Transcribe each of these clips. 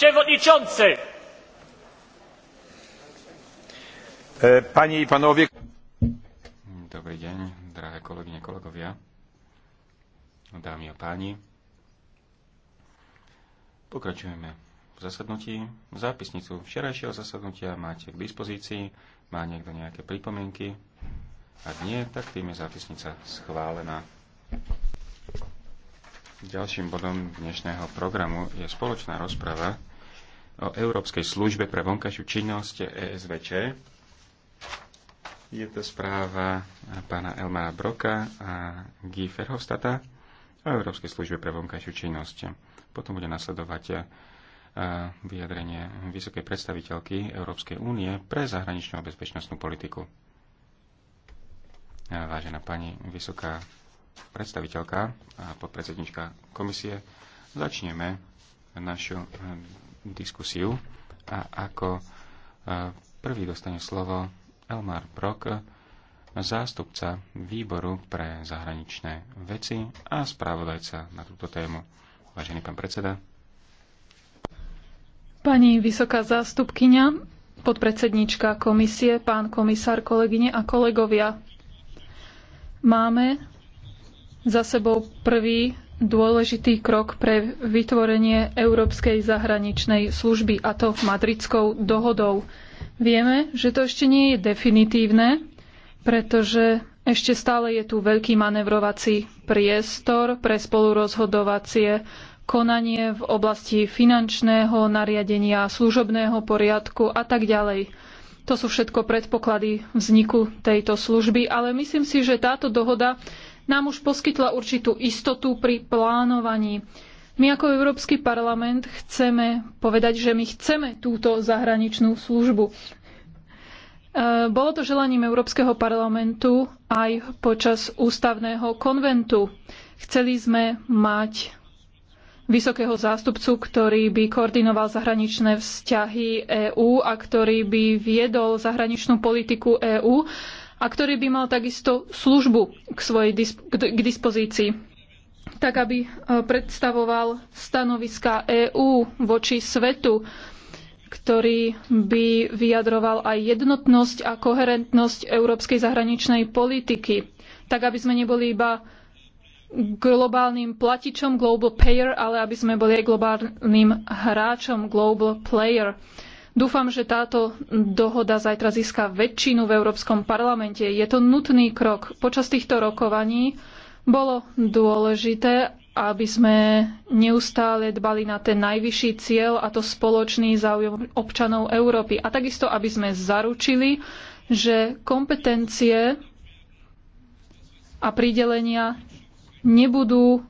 przewodniczący! E, panie i panowie. Dobrý deň, drahé kolegyne, kolegovia, dámy a páni. Pokračujeme v zasadnutí. Zápisnicu včerajšieho zasadnutia máte k dispozícii. Má niekto nejaké pripomienky? Ak nie, tak tým je zápisnica schválená. Ďalším bodom dnešného programu je spoločná rozprava o Európskej službe pre vonkajšiu činnosť ESVČ. Je to správa pána Elmara Broka a Guy Ferhofstata o Európskej službe pre vonkajšiu činnosť. Potom bude nasledovať e, vyjadrenie vysokej predstaviteľky Európskej únie pre zahraničnú a bezpečnostnú politiku. E, vážená pani vysoká predstaviteľka a podpredsednička komisie, začneme našu diskusiu a ako e, prvý dostane slovo Elmar Brock, zástupca výboru pre zahraničné veci a správodajca na túto tému. Vážený pán predseda. Pani vysoká zástupkyňa, podpredsednička komisie, pán komisár, kolegyne a kolegovia. Máme za sebou prvý dôležitý krok pre vytvorenie Európskej zahraničnej služby, a to madrickou dohodou. Vieme, že to ešte nie je definitívne, pretože ešte stále je tu veľký manevrovací priestor pre spolurozhodovacie konanie v oblasti finančného nariadenia, služobného poriadku a tak ďalej. To sú všetko predpoklady vzniku tejto služby, ale myslím si, že táto dohoda nám už poskytla určitú istotu pri plánovaní. My ako Európsky parlament chceme povedať, že my chceme túto zahraničnú službu. E, bolo to želaním Európskeho parlamentu aj počas ústavného konventu. Chceli sme mať vysokého zástupcu, ktorý by koordinoval zahraničné vzťahy EÚ a ktorý by viedol zahraničnú politiku EÚ a ktorý by mal takisto službu k svojej k dispozícii, tak aby e, predstavoval stanoviska EÚ voči svetu, ktorý by vyjadroval aj jednotnosť a koherentnosť európskej zahraničnej politiky, tak aby sme neboli iba globálnym platičom, global payer, ale aby sme boli aj globálnym hráčom, global player. Dúfam, že táto dohoda zajtra získa väčšinu v Európskom parlamente. Je to nutný krok. Počas týchto rokovaní bolo dôležité, aby sme neustále dbali na ten najvyšší cieľ, a to spoločný záujem občanov Európy. A takisto, aby sme zaručili, že kompetencie a pridelenia nebudú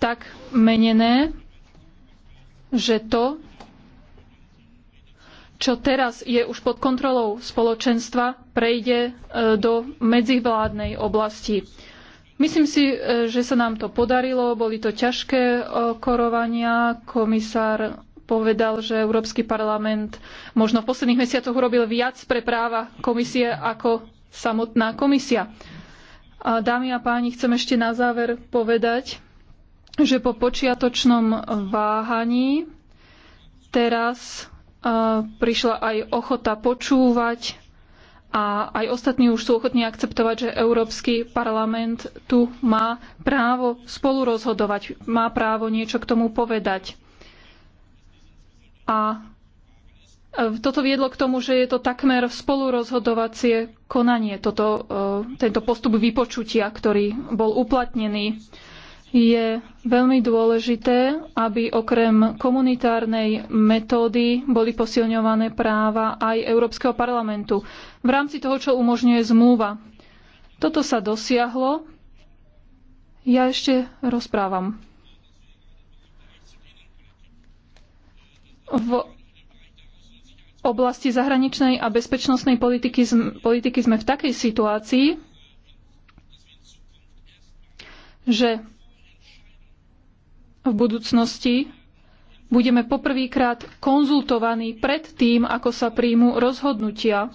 tak menené, že to, čo teraz je už pod kontrolou spoločenstva, prejde e, do medzivládnej oblasti. Myslím si, e, že sa nám to podarilo, boli to ťažké e, korovania. Komisár povedal, že Európsky parlament možno v posledných mesiacoch urobil viac pre práva komisie ako samotná komisia. A dámy a páni, chcem ešte na záver povedať, že po počiatočnom váhaní teraz prišla aj ochota počúvať a aj ostatní už sú ochotní akceptovať, že Európsky parlament tu má právo spolurozhodovať, má právo niečo k tomu povedať. A e, toto viedlo k tomu, že je to takmer spolurozhodovacie konanie, toto, e, tento postup vypočutia, ktorý bol uplatnený je veľmi dôležité, aby okrem komunitárnej metódy boli posilňované práva aj Európskeho parlamentu v rámci toho, čo umožňuje zmluva. Toto sa dosiahlo. Ja ešte rozprávam. V oblasti zahraničnej a bezpečnostnej politiky, politiky sme v takej situácii, že v budúcnosti budeme poprvýkrát konzultovaní pred tým, ako sa príjmu rozhodnutia.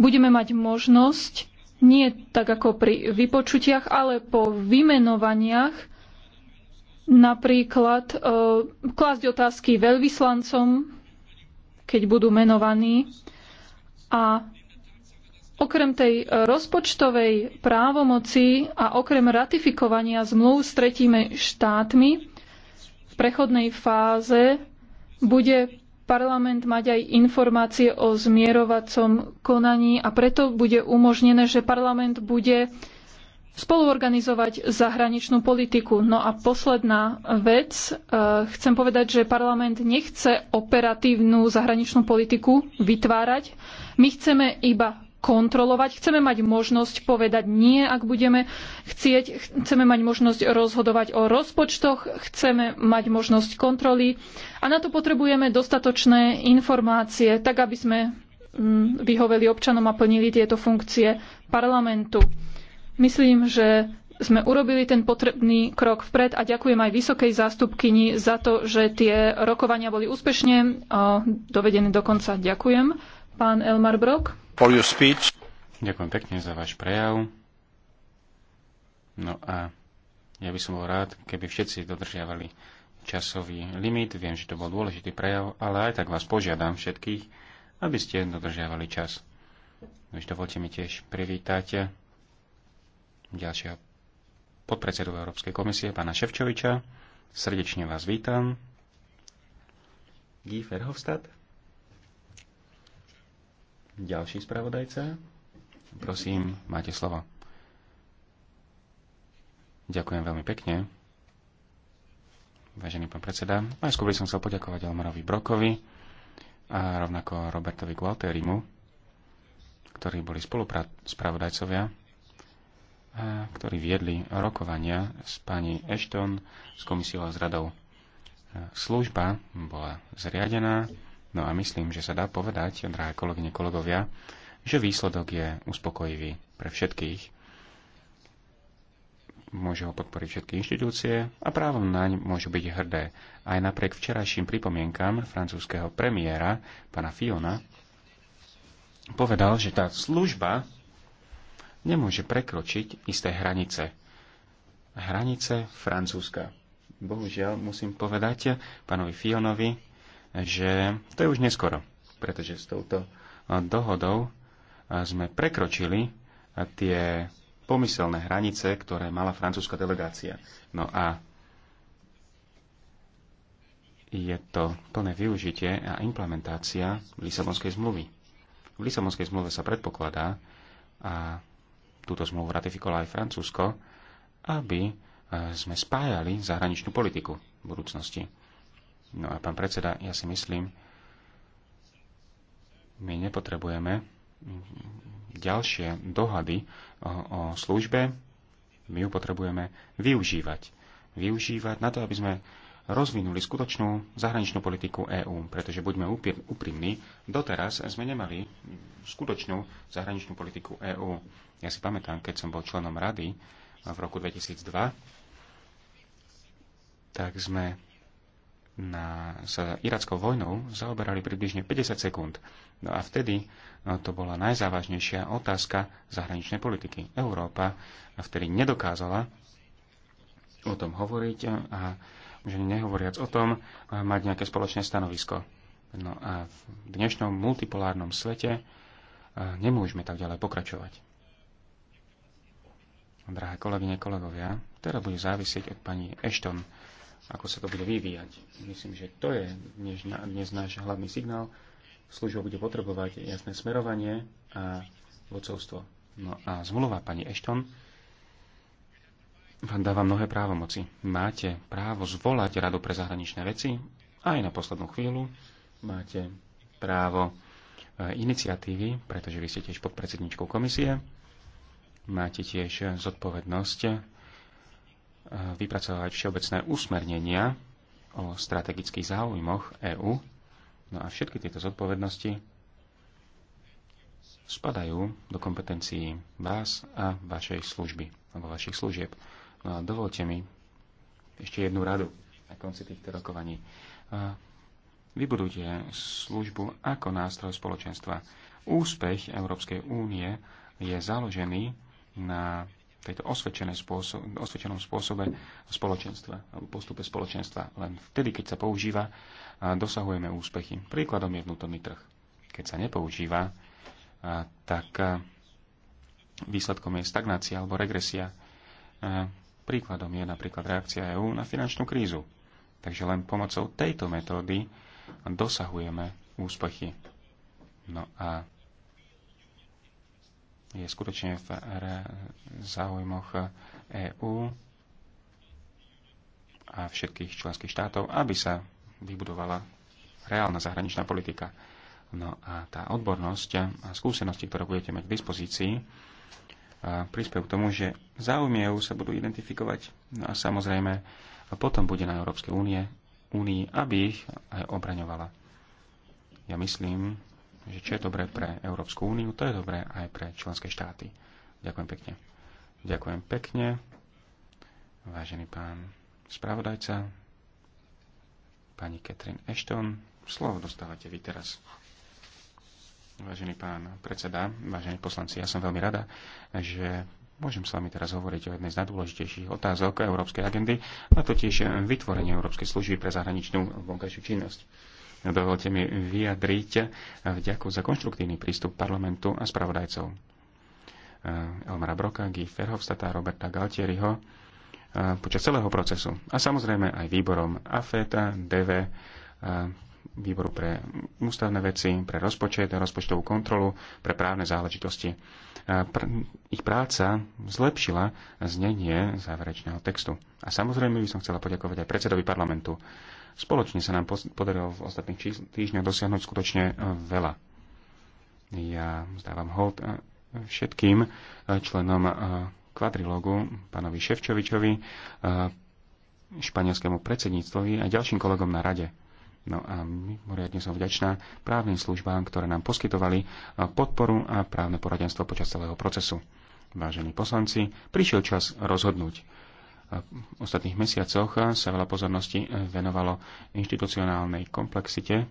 Budeme mať možnosť, nie tak ako pri vypočutiach, ale po vymenovaniach, napríklad e, klásť otázky veľvyslancom, keď budú menovaní, a Okrem tej e, rozpočtovej právomoci a okrem ratifikovania zmluv s tretími štátmi v prechodnej fáze bude parlament mať aj informácie o zmierovacom konaní a preto bude umožnené, že parlament bude spoluorganizovať zahraničnú politiku. No a posledná vec. E, chcem povedať, že parlament nechce operatívnu zahraničnú politiku vytvárať. My chceme iba kontrolovať, chceme mať možnosť povedať nie, ak budeme chcieť, chceme mať možnosť rozhodovať o rozpočtoch, chceme mať možnosť kontroly a na to potrebujeme dostatočné informácie, tak aby sme mm, vyhoveli občanom a plnili tieto funkcie parlamentu. Myslím, že sme urobili ten potrebný krok vpred a ďakujem aj vysokej zástupkyni za to, že tie rokovania boli úspešne dovedené do konca. Ďakujem. Pán Elmar Brok for your speech. Ďakujem pekne za váš prejav. No a ja by som bol rád, keby všetci dodržiavali časový limit. Viem, že to bol dôležitý prejav, ale aj tak vás požiadam všetkých, aby ste dodržiavali čas. Už dovolte mi tiež privítať ďalšieho podpredsedu Európskej komisie, pána Ševčoviča. Srdečne vás vítam. Guy Verhofstadt. Ďalší spravodajca. Prosím, máte slovo. Ďakujem veľmi pekne. Vážený pán predseda, najskôr by som chcel poďakovať Elmarovi Brokovi a rovnako Robertovi Gualterimu, ktorí boli spolupravodajcovia, a ktorí viedli rokovania s pani Ashton, s komisiou a s radou. Služba bola zriadená No a myslím, že sa dá povedať, drahé kolegyne, kolegovia, že výsledok je uspokojivý pre všetkých. Môže ho podporiť všetky inštitúcie a právom naň môžu byť hrdé. Aj napriek včerajším pripomienkam francúzského premiéra, pana Fiona, povedal, že tá služba nemôže prekročiť isté hranice. Hranice Francúzska. Bohužiaľ, musím povedať pánovi Fionovi, že to je už neskoro, pretože s touto dohodou sme prekročili tie pomyselné hranice, ktoré mala francúzska delegácia. No a je to plné využitie a implementácia Lisabonskej zmluvy. V Lisabonskej zmluve sa predpokladá, a túto zmluvu ratifikovala aj Francúzsko, aby sme spájali zahraničnú politiku v budúcnosti. No a pán predseda, ja si myslím, my nepotrebujeme ďalšie dohady o, o službe, my ju potrebujeme využívať. Využívať na to, aby sme rozvinuli skutočnú zahraničnú politiku EÚ, pretože buďme úprimní, doteraz sme nemali skutočnú zahraničnú politiku EÚ. Ja si pamätám, keď som bol členom rady v roku 2002, tak sme na, sa irackou vojnou zaoberali približne 50 sekúnd. No a vtedy no, to bola najzávažnejšia otázka zahraničnej politiky. Európa vtedy nedokázala o tom hovoriť a že nehovoriac o tom mať nejaké spoločné stanovisko. No a v dnešnom multipolárnom svete nemôžeme tak ďalej pokračovať. Drahé kolegyne, kolegovia, teraz bude závisieť od pani Ashton, ako sa to bude vyvíjať. Myslím, že to je dnes, dnes náš hlavný signál. Služba bude potrebovať jasné smerovanie a vodcovstvo. No a zmluva pani Ešton vám dáva mnohé právomoci. Máte právo zvolať Radu pre zahraničné veci aj na poslednú chvíľu. Máte právo e, iniciatívy, pretože vy ste tiež podpredsedničkou komisie. Máte tiež zodpovednosť vypracovať všeobecné usmernenia o strategických záujmoch EÚ. No a všetky tieto zodpovednosti spadajú do kompetencií vás a vašej služby, alebo vašich služieb. No a dovolte mi ešte jednu radu na konci týchto rokovaní. Vybudujte službu ako nástroj spoločenstva. Úspech Európskej únie je založený na tejto osvedčenom spôsobe spoločenstva, alebo postupe spoločenstva. Len vtedy, keď sa používa, dosahujeme úspechy. Príkladom je vnútorný trh. Keď sa nepoužíva, tak výsledkom je stagnácia alebo regresia. Príkladom je napríklad reakcia EÚ na finančnú krízu. Takže len pomocou tejto metódy dosahujeme úspechy. No a je skutočne v záujmoch EÚ a všetkých členských štátov, aby sa vybudovala reálna zahraničná politika. No a tá odbornosť a skúsenosti, ktoré budete mať k dispozícii, prispiev k tomu, že záujmy EU sa budú identifikovať. No a samozrejme, a potom bude na Európskej únie, únii, aby ich aj obraňovala. Ja myslím, že čo je dobré pre Európsku úniu, to je dobré aj pre členské štáty. Ďakujem pekne. Ďakujem pekne, vážený pán spravodajca, pani Katrin Ashton. Slovo dostávate vy teraz. Vážený pán predseda, vážení poslanci, ja som veľmi rada, že môžem s vami teraz hovoriť o jednej z najdôležitejších otázok európskej agendy, a totiž vytvorenie Európskej služby pre zahraničnú vonkajšiu činnosť Dovolte mi vyjadriť vďaku za konštruktívny prístup parlamentu a spravodajcov. Eh, Elmara Broka, Guy Ferhofstata, Roberta Galtieriho eh, počas celého procesu. A samozrejme aj výborom AFETA, DV, eh, výboru pre ústavné veci, pre rozpočet a rozpočtovú kontrolu, pre právne záležitosti. Pr- ich práca zlepšila znenie záverečného textu. A samozrejme by som chcela poďakovať aj predsedovi parlamentu. Spoločne sa nám podarilo v ostatných týždňoch dosiahnuť skutočne e, veľa. Ja zdávam hold e, všetkým e, členom kvadrilógu, pánovi Ševčovičovi, španielskému predsedníctvovi a ďalším kolegom na rade. No a mimoriadne som vďačná právnym službám, ktoré nám poskytovali podporu a právne poradenstvo počas celého procesu. Vážení poslanci, prišiel čas rozhodnúť ostatných mesiacoch sa veľa pozornosti venovalo inštitucionálnej komplexite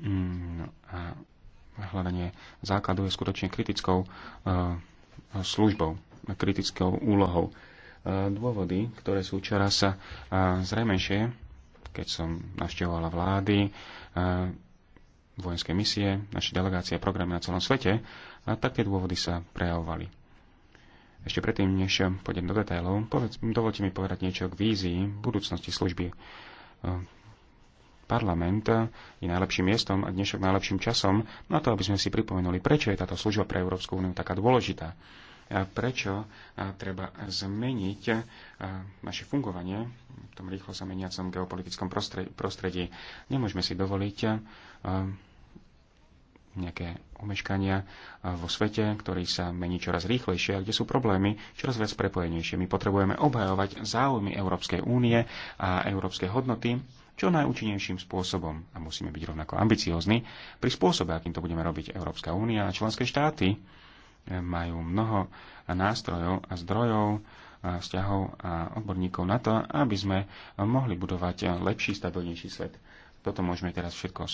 mm, no a hľadanie základu je skutočne kritickou eh, službou, kritickou úlohou. Eh, dôvody, ktoré sú čoraz eh, zrejmejšie, keď som navštevovala vlády, vojenské misie, naše delegácie a programy na celom svete, a tak tie dôvody sa prejavovali ešte predtým, než pôjdem do detailov, povedz, dovolte mi povedať niečo k vízii budúcnosti služby. Parlament je najlepším miestom a dnešok najlepším časom na to, aby sme si pripomenuli, prečo je táto služba pre Európsku úniu taká dôležitá. A prečo treba zmeniť naše fungovanie v tom rýchlo sa meniacom geopolitickom prostredí. Nemôžeme si dovoliť nejaké omeškania eh, vo svete, ktorý sa mení čoraz rýchlejšie a kde sú problémy čoraz viac prepojenejšie. My potrebujeme obhajovať záujmy Európskej únie a európske hodnoty čo najúčinnejším spôsobom a musíme byť rovnako ambiciózni pri spôsobe, akým to budeme robiť Európska únia a členské štáty eh, majú mnoho nástrojov a zdrojov, a vzťahov a odborníkov na to, aby sme mohli budovať lepší, stabilnejší svet. Toto môžeme teraz všetko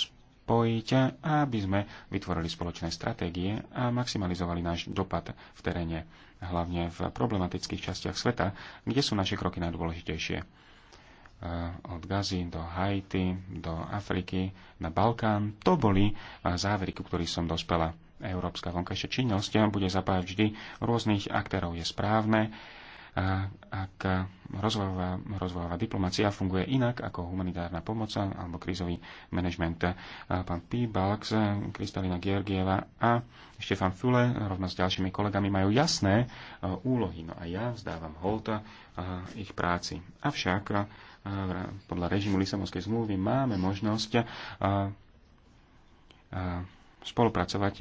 spojiť, aby sme vytvorili spoločné stratégie a maximalizovali náš dopad v teréne, hlavne v problematických častiach sveta, kde sú naše kroky najdôležitejšie. E, od Gazy do Haiti, do Afriky, na Balkán, to boli e, závery, ku ktorých som dospela. Európska vonkajšia činnosť bude zapájať vždy rôznych aktérov, je správne, ak rozvojová, rozvojová diplomacia funguje inak ako humanitárna pomoc alebo krízový manažment. Pán P. Balx, Kristalina Georgieva a Štefan Fule rovno s ďalšími kolegami majú jasné e, úlohy. No a ja vzdávam holta e, ich práci. Avšak e, podľa režimu Lisabonskej zmluvy máme možnosť spolupracovať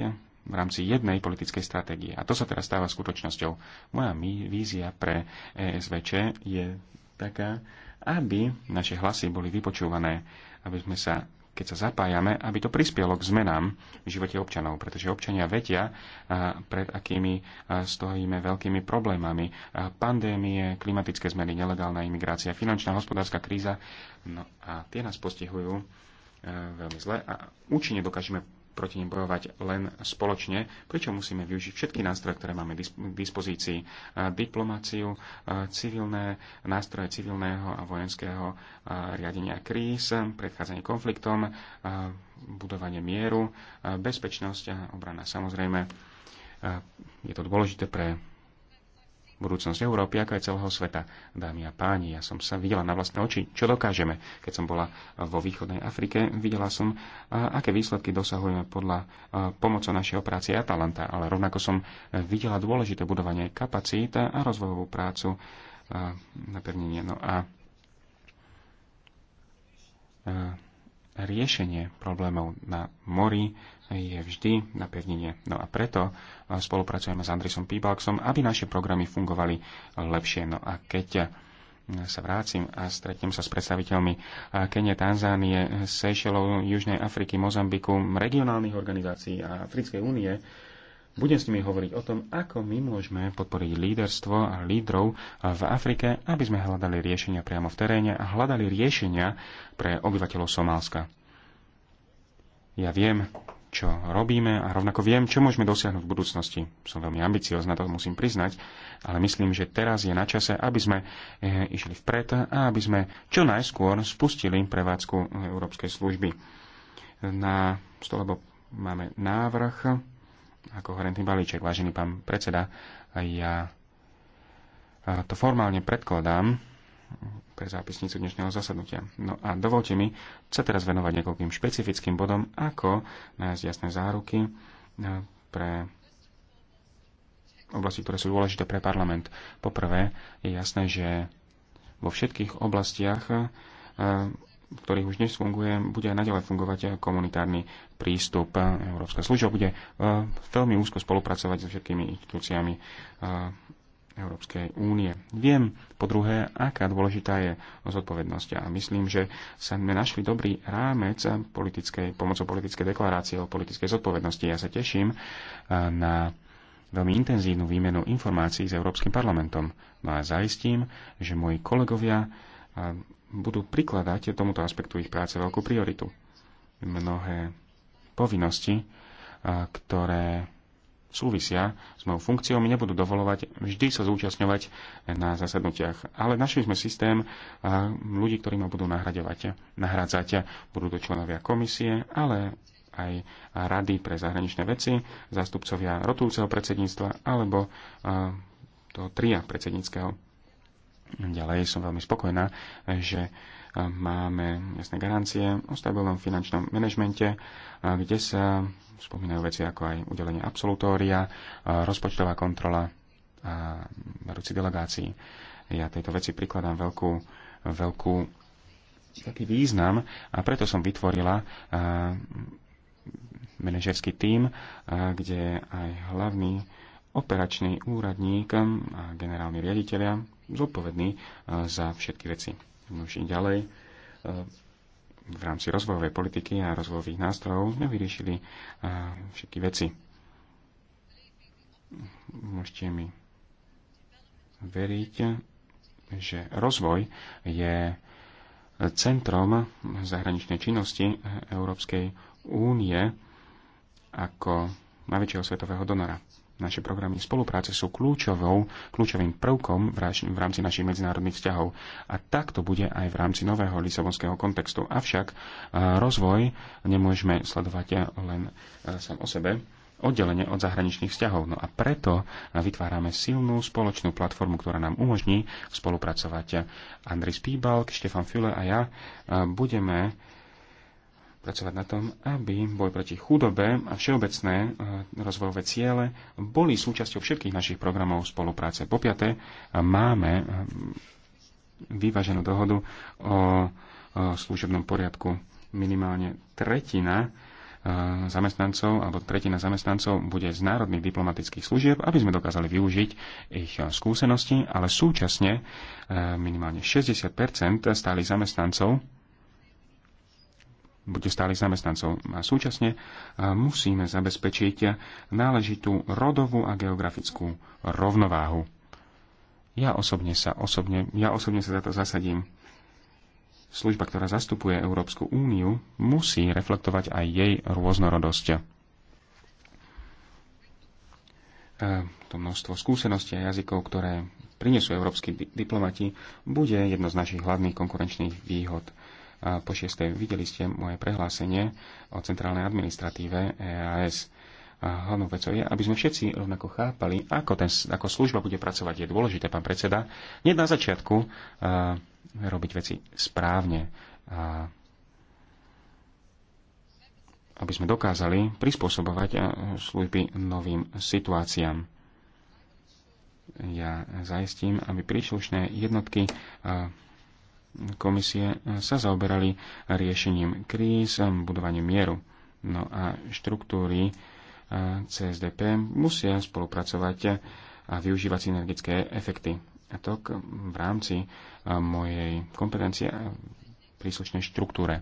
v rámci jednej politickej stratégie. A to sa teraz stáva skutočnosťou. Moja vízia pre ESVČ je taká, aby naše hlasy boli vypočúvané, aby sme sa, keď sa zapájame, aby to prispielo k zmenám v živote občanov, pretože občania vedia, pred akými stojíme veľkými problémami. Pandémie, klimatické zmeny, nelegálna imigrácia, finančná hospodárska kríza, no a tie nás postihujú veľmi zle a účinne dokážeme proti nim bojovať len spoločne, pričom musíme využiť všetky nástroje, ktoré máme k dispozícii. Diplomáciu, civilné nástroje civilného a vojenského riadenia kríz, predchádzanie konfliktom, budovanie mieru, bezpečnosť a obrana. Samozrejme, je to dôležité pre budúcnosť Európy, ako aj celého sveta. Dámy a páni, ja som sa videla na vlastné oči, čo dokážeme. Keď som bola vo východnej Afrike, videla som, aké výsledky dosahujeme podľa pomocou našej operácie Atalanta, ale rovnako som videla dôležité budovanie kapacít a rozvojovú prácu na pevnenie. No a riešenie problémov na mori je vždy na pevnine. No a preto e, spolupracujeme s Andrisom Píbalksom, aby naše programy fungovali lepšie. No a keď e, sa vrátim a stretnem sa s predstaviteľmi e, Kenie, Tanzánie, Seychelov, Južnej Afriky, Mozambiku, regionálnych organizácií a Africkej únie, budem s nimi hovoriť o tom, ako my môžeme podporiť líderstvo a lídrov v Afrike, aby sme hľadali riešenia priamo v teréne a hľadali riešenia pre obyvateľov Somálska. Ja viem, čo robíme a rovnako viem, čo môžeme dosiahnuť v budúcnosti. Som veľmi ambiciózna, to musím priznať, ale myslím, že teraz je na čase, aby sme eh, išli vpred a aby sme čo najskôr spustili prevádzku Európskej služby. Na stole máme návrh ako horentný balíček. Vážený pán predseda, ja e, to formálne predkladám pre zápisnicu dnešného zasadnutia. No a dovolte mi sa teraz venovať niekoľkým špecifickým bodom, ako nájsť jasné záruky e, pre oblasti, ktoré sú dôležité pre parlament. Poprvé, je jasné, že vo všetkých oblastiach e, ktorých už dnes funguje, bude aj naďalej fungovať komunitárny prístup. Európska služba bude e, veľmi úzko spolupracovať so všetkými inštitúciami e, Európskej únie. Viem po druhé, aká dôležitá je zodpovednosť a myslím, že sa sme našli dobrý rámec politickej, pomocou politickej deklarácie o politickej zodpovednosti. Ja sa teším e, na veľmi intenzívnu výmenu informácií s Európskym parlamentom. No a zaistím, že moji kolegovia budú prikladať tomuto aspektu ich práce veľkú prioritu. Mnohé povinnosti, ktoré súvisia s mojou funkciou, mi nebudú dovolovať vždy sa zúčastňovať na zasadnutiach. Ale našli sme systém ľudí, ktorí ma budú nahradovať, Nahradzať Budú to členovia komisie, ale aj rady pre zahraničné veci, zástupcovia rotujúceho predsedníctva alebo toho tria predsedníckého Ďalej som veľmi spokojná, že eh, máme jasné garancie o stabilnom finančnom manažmente, eh, kde sa spomínajú veci ako aj udelenie absolutória, eh, rozpočtová kontrola a vedúci delegácií. Ja tejto veci prikladám veľkú, veľkú taký význam a preto som vytvorila manažerský tím, kde aj hlavný operačný úradník a generálny riaditeľia zodpovední e, za všetky veci. Môžem ďalej, e, v rámci rozvojovej politiky a rozvojových nástrojov sme vyriešili e, všetky veci. Môžete mi veriť, že rozvoj je centrom zahraničnej činnosti Európskej únie ako najväčšieho svetového donora. Naše programy spolupráce sú kľúčovou, kľúčovým prvkom v rámci našich medzinárodných vzťahov. A tak to bude aj v rámci nového lisabonského kontextu. Avšak e, rozvoj nemôžeme sledovať len e, sám o sebe oddelenie od zahraničných vzťahov. No a preto vytvárame silnú spoločnú platformu, ktorá nám umožní spolupracovať. Andris Píbalk, Štefan Füle a ja e, budeme pracovať na tom, aby boj proti chudobe a všeobecné e, rozvojové ciele boli súčasťou všetkých našich programov spolupráce. Po piaté, máme e, vyváženú dohodu o služebnom poriadku. Minimálne tretina e, zamestnancov alebo tretina zamestnancov bude z národných diplomatických služieb, aby sme dokázali využiť ich skúsenosti, ale súčasne minimálne 60 stálych zamestnancov bude stálych zamestnancov. A súčasne e, musíme zabezpečiť náležitú rodovú a geografickú rovnováhu. Ja osobne sa, osobne, ja osobne sa za to zasadím. Služba, ktorá zastupuje Európsku úniu, musí reflektovať aj jej rôznorodosť. E, to množstvo skúseností a jazykov, ktoré prinesú európsky diplomati, bude jedno z našich hlavných konkurenčných výhod po šieste videli ste moje prehlásenie o centrálnej administratíve EAS. A hlavnou vecou je, aby sme všetci rovnako chápali, ako, ten, ako služba bude pracovať. Je dôležité, pán predseda, hneď na začiatku a, robiť veci správne. A aby sme dokázali prispôsobovať služby novým situáciám. Ja zaistím, aby príslušné jednotky komisie sa zaoberali riešením kríz, budovaním mieru. No a štruktúry e, CSDP musia spolupracovať a využívať synergické efekty. A to v rámci e, mojej kompetencie a príslušnej štruktúre.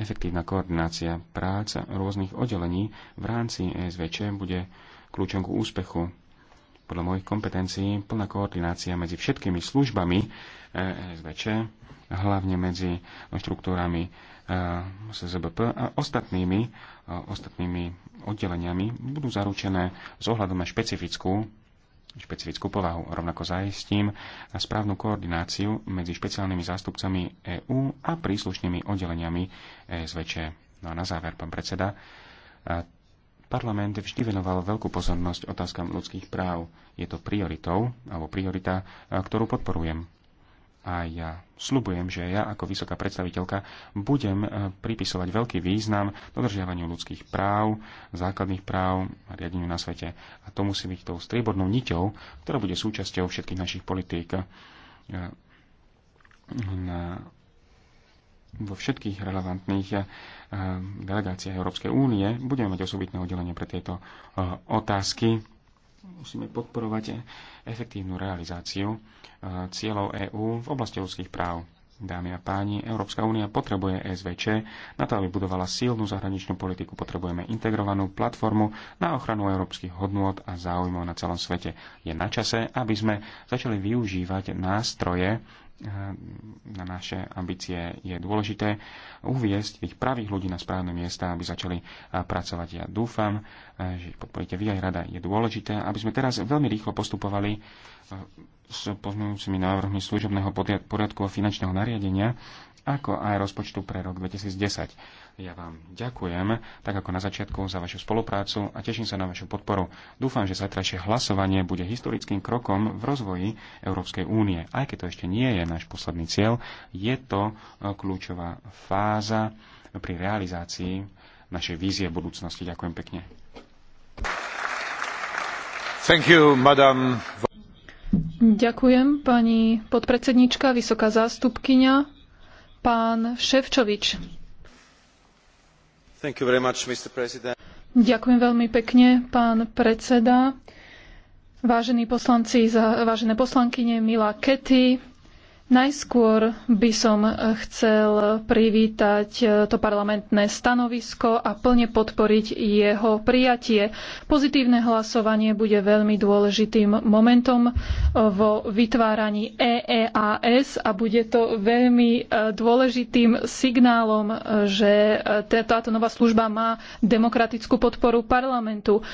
Efektívna koordinácia prác rôznych oddelení v rámci e SVČ bude kľúčom k úspechu podľa mojich kompetencií plná koordinácia medzi všetkými službami eh, SVČ, hlavne medzi štruktúrami eh, SZBP a ostatnými, eh, ostatnými oddeleniami budú zaručené s ohľadom na špecifickú špecifickú povahu. Rovnako zaistím správnu koordináciu medzi špeciálnymi zástupcami EÚ a príslušnými oddeleniami e SVČ. No a na záver, pán predseda, Parlament vždy venoval veľkú pozornosť otázkam ľudských práv. Je to prioritou, alebo priorita, e, ktorú podporujem. A ja slubujem, že ja ako vysoká predstaviteľka budem e, pripisovať veľký význam dodržiavaniu ľudských práv, základných práv a riadeniu na svete. A to musí byť tou striebornou niťou, ktorá bude súčasťou všetkých našich politík. E, na vo všetkých relevantných eh, delegáciách Európskej únie. Budeme mať osobitné oddelenie pre tieto eh, otázky. Musíme podporovať efektívnu realizáciu eh, cieľov EÚ v oblasti ľudských práv. Dámy a páni, Európska únia potrebuje SVČ. Na to, aby budovala silnú zahraničnú politiku, potrebujeme integrovanú platformu na ochranu európskych hodnôt a záujmov na celom svete. Je na čase, aby sme začali využívať nástroje na naše ambície je dôležité uviesť tých pravých ľudí na správne miesta, aby začali pracovať. Ja dúfam, že podporíte vy aj rada. Je dôležité, aby sme teraz veľmi rýchlo postupovali s pozmeňujúcimi návrhmi služobného poriadku a finančného nariadenia, ako aj rozpočtu pre rok 2010. Ja vám ďakujem, tak ako na začiatku, za vašu spoluprácu a teším sa na vašu podporu. Dúfam, že zajtrajšie hlasovanie bude historickým krokom v rozvoji Európskej únie. Aj keď to ešte nie je náš posledný cieľ, je to e, kľúčová fáza pri realizácii našej vízie budúcnosti. Ďakujem pekne. Thank you, madam. Ďakujem, pani podpredsednička, vysoká zástupkyňa, pán Ševčovič. Much, Ďakujem veľmi pekne, pán predseda. Vážení poslanci, vážené poslankyne, milá Kety, Najskôr by som chcel privítať eh, to parlamentné stanovisko a plne podporiť jeho prijatie. Pozitívne hlasovanie bude veľmi dôležitým momentom eh, vo vytváraní EEAS a bude to veľmi eh, dôležitým signálom, že táto nová služba má demokratickú podporu parlamentu.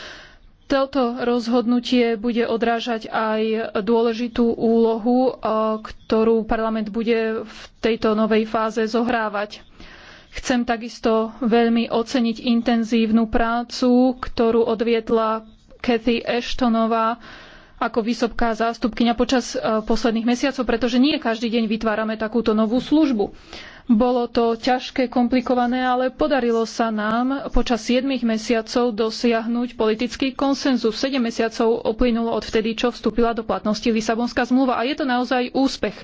Toto rozhodnutie bude odrážať aj dôležitú úlohu, e, ktorú parlament bude v tejto novej fáze zohrávať. Chcem takisto veľmi oceniť intenzívnu prácu, ktorú odviedla Cathy Ashtonová ako vysoká zástupkyňa počas e, posledných mesiacov, pretože nie každý deň vytvárame takúto novú službu. Bolo to ťažké, komplikované, ale podarilo sa nám počas 7 mesiacov dosiahnuť politický konsenzus. 7 mesiacov uplynulo od vtedy, čo vstúpila do platnosti Lisabonská zmluva a je to naozaj úspech.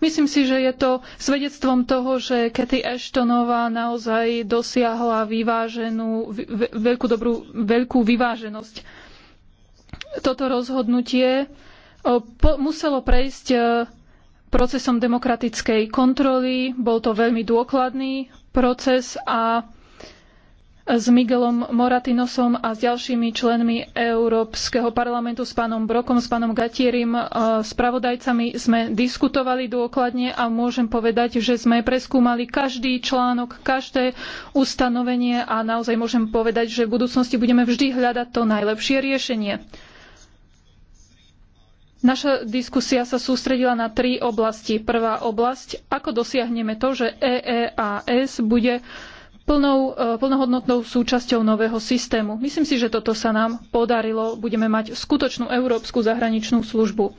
Myslím si, že je to svedectvom toho, že Cathy Ashtonová naozaj dosiahla vyváženú, veľkú, dobrú, veľkú vyváženosť. Toto rozhodnutie eh, muselo prejsť eh, procesom demokratickej kontroly. Bol to veľmi dôkladný proces a s Miguelom Moratinosom a s ďalšími členmi Európskeho parlamentu, s pánom Brokom, s pánom Gatierim, e, spravodajcami sme diskutovali dôkladne a môžem povedať, že sme preskúmali každý článok, každé ustanovenie a naozaj môžem povedať, že v budúcnosti budeme vždy hľadať to najlepšie riešenie. Naša diskusia sa sústredila na tri oblasti. Prvá oblasť, ako dosiahneme to, že EEAS bude plnou, e, plnohodnotnou súčasťou nového systému. Myslím si, že toto sa nám podarilo. Budeme mať skutočnú európsku zahraničnú službu.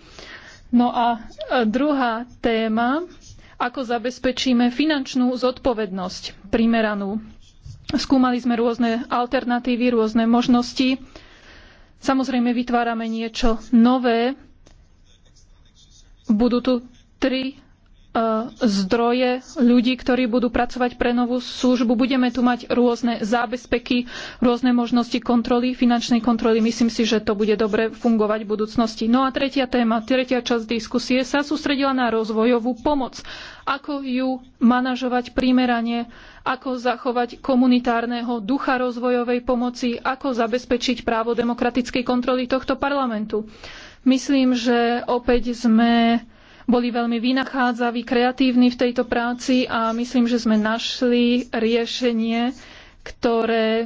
No a e, druhá téma, ako zabezpečíme finančnú zodpovednosť primeranú. Skúmali sme rôzne alternatívy, rôzne možnosti. Samozrejme vytvárame niečo nové, budú tu tri e, zdroje ľudí, ktorí budú pracovať pre novú službu. Budeme tu mať rôzne zábezpeky, rôzne možnosti kontroly, finančnej kontroly. Myslím si, že to bude dobre fungovať v budúcnosti. No a tretia téma, tretia časť diskusie sa sústredila na rozvojovú pomoc. Ako ju manažovať primerane, ako zachovať komunitárneho ducha rozvojovej pomoci, ako zabezpečiť právo demokratickej kontroly tohto parlamentu. Myslím, že opäť sme boli veľmi vynachádzaví, kreatívni v tejto práci a myslím, že sme našli riešenie, ktoré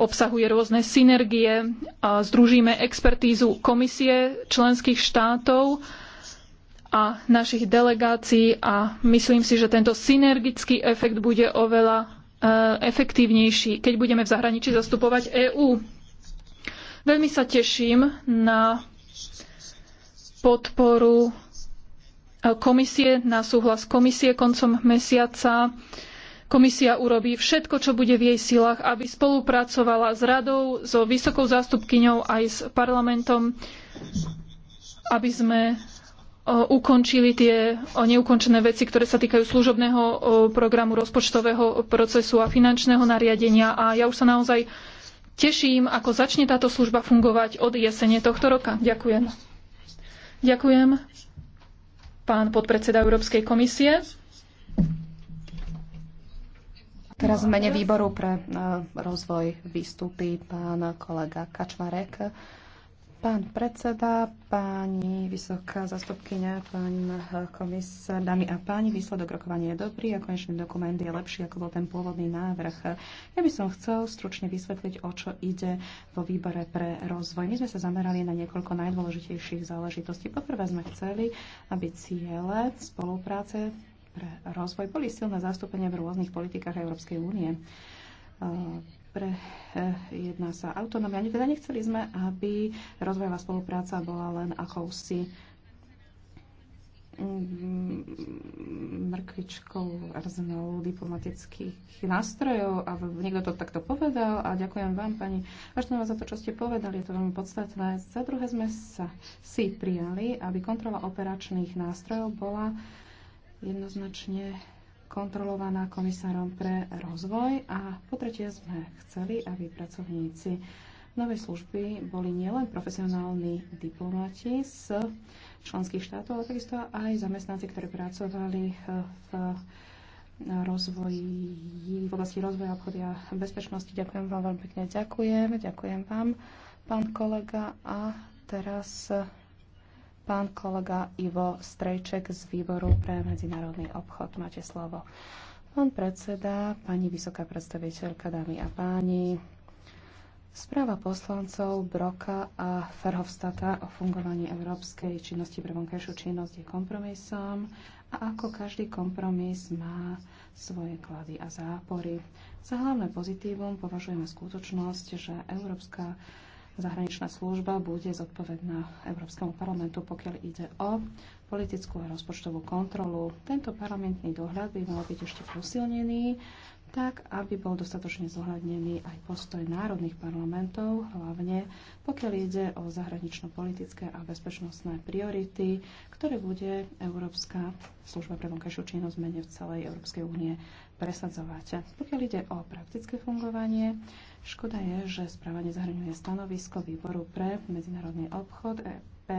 obsahuje rôzne synergie. A združíme expertízu komisie členských štátov a našich delegácií a myslím si, že tento synergický efekt bude oveľa e, efektívnejší, keď budeme v zahraničí zastupovať EÚ. Veľmi sa teším na podporu komisie, na súhlas komisie koncom mesiaca. Komisia urobí všetko, čo bude v jej silách, aby spolupracovala s radou, so vysokou zástupkyňou aj s parlamentom, aby sme e, ukončili tie neukončené veci, ktoré sa týkajú služobného programu, rozpočtového procesu a finančného nariadenia. A ja už sa naozaj teším, ako začne táto služba fungovať od jesene tohto roka. Ďakujem. Ďakujem. Pán podpredseda Európskej komisie. Teraz v mene výboru pre eh, rozvoj vystúpi pán kolega Kačmarek. Pán predseda, pani vysoká zastupkynia, pán komisár, dámy a páni, výsledok rokovania je dobrý a konečný dokument je lepší, ako bol ten pôvodný návrh. Ja by som chcel stručne vysvetliť, o čo ide vo výbore pre rozvoj. My sme sa zamerali na niekoľko najdôležitejších záležitostí. Poprvé sme chceli, aby ciele spolupráce pre rozvoj boli silné zastúpenia v rôznych politikách Európskej únie pre eh, jedná sa autonómia. teda nechceli sme, aby rozvojová spolupráca bola len akousi mm, mrkvičkou arzenou diplomatických nástrojov a niekto to takto povedal a ďakujem vám, pani Vaštanova, za to, čo ste povedali, je to veľmi podstatné. Za druhé sme sa si prijali, aby kontrola operačných nástrojov bola jednoznačne kontrolovaná komisárom pre rozvoj a po tretie sme chceli, aby pracovníci novej služby boli nielen profesionálni diplomati z členských štátov, ale takisto aj zamestnanci, ktorí pracovali v rozvoji, v oblasti rozvoja obchodia a bezpečnosti. Ďakujem vám veľmi pekne. Ďakujem, ďakujem vám, pán kolega. A teraz pán kolega Ivo Strejček z Výboru pre medzinárodný obchod. Máte slovo. Pán predseda, pani vysoká predstaviteľka, dámy a páni, Správa poslancov Broka a Ferhovstata o fungovaní európskej činnosti pre vonkajšiu činnosť je kompromisom a ako každý kompromis má svoje klady a zápory. Za hlavné pozitívum považujeme skutočnosť, že Európska zahraničná služba bude zodpovedná Európskemu parlamentu, pokiaľ ide o politickú a rozpočtovú kontrolu. Tento parlamentný dohľad by mal byť ešte posilnený, tak aby bol dostatočne zohľadnený aj postoj národných parlamentov, hlavne pokiaľ ide o zahranično-politické a bezpečnostné priority, ktoré bude Európska služba pre vonkajšiu činnosť mene v celej Európskej únie presadzovať. Pokiaľ ide o praktické fungovanie, škoda je, že správa nezahrňuje stanovisko výboru pre medzinárodný obchod EP,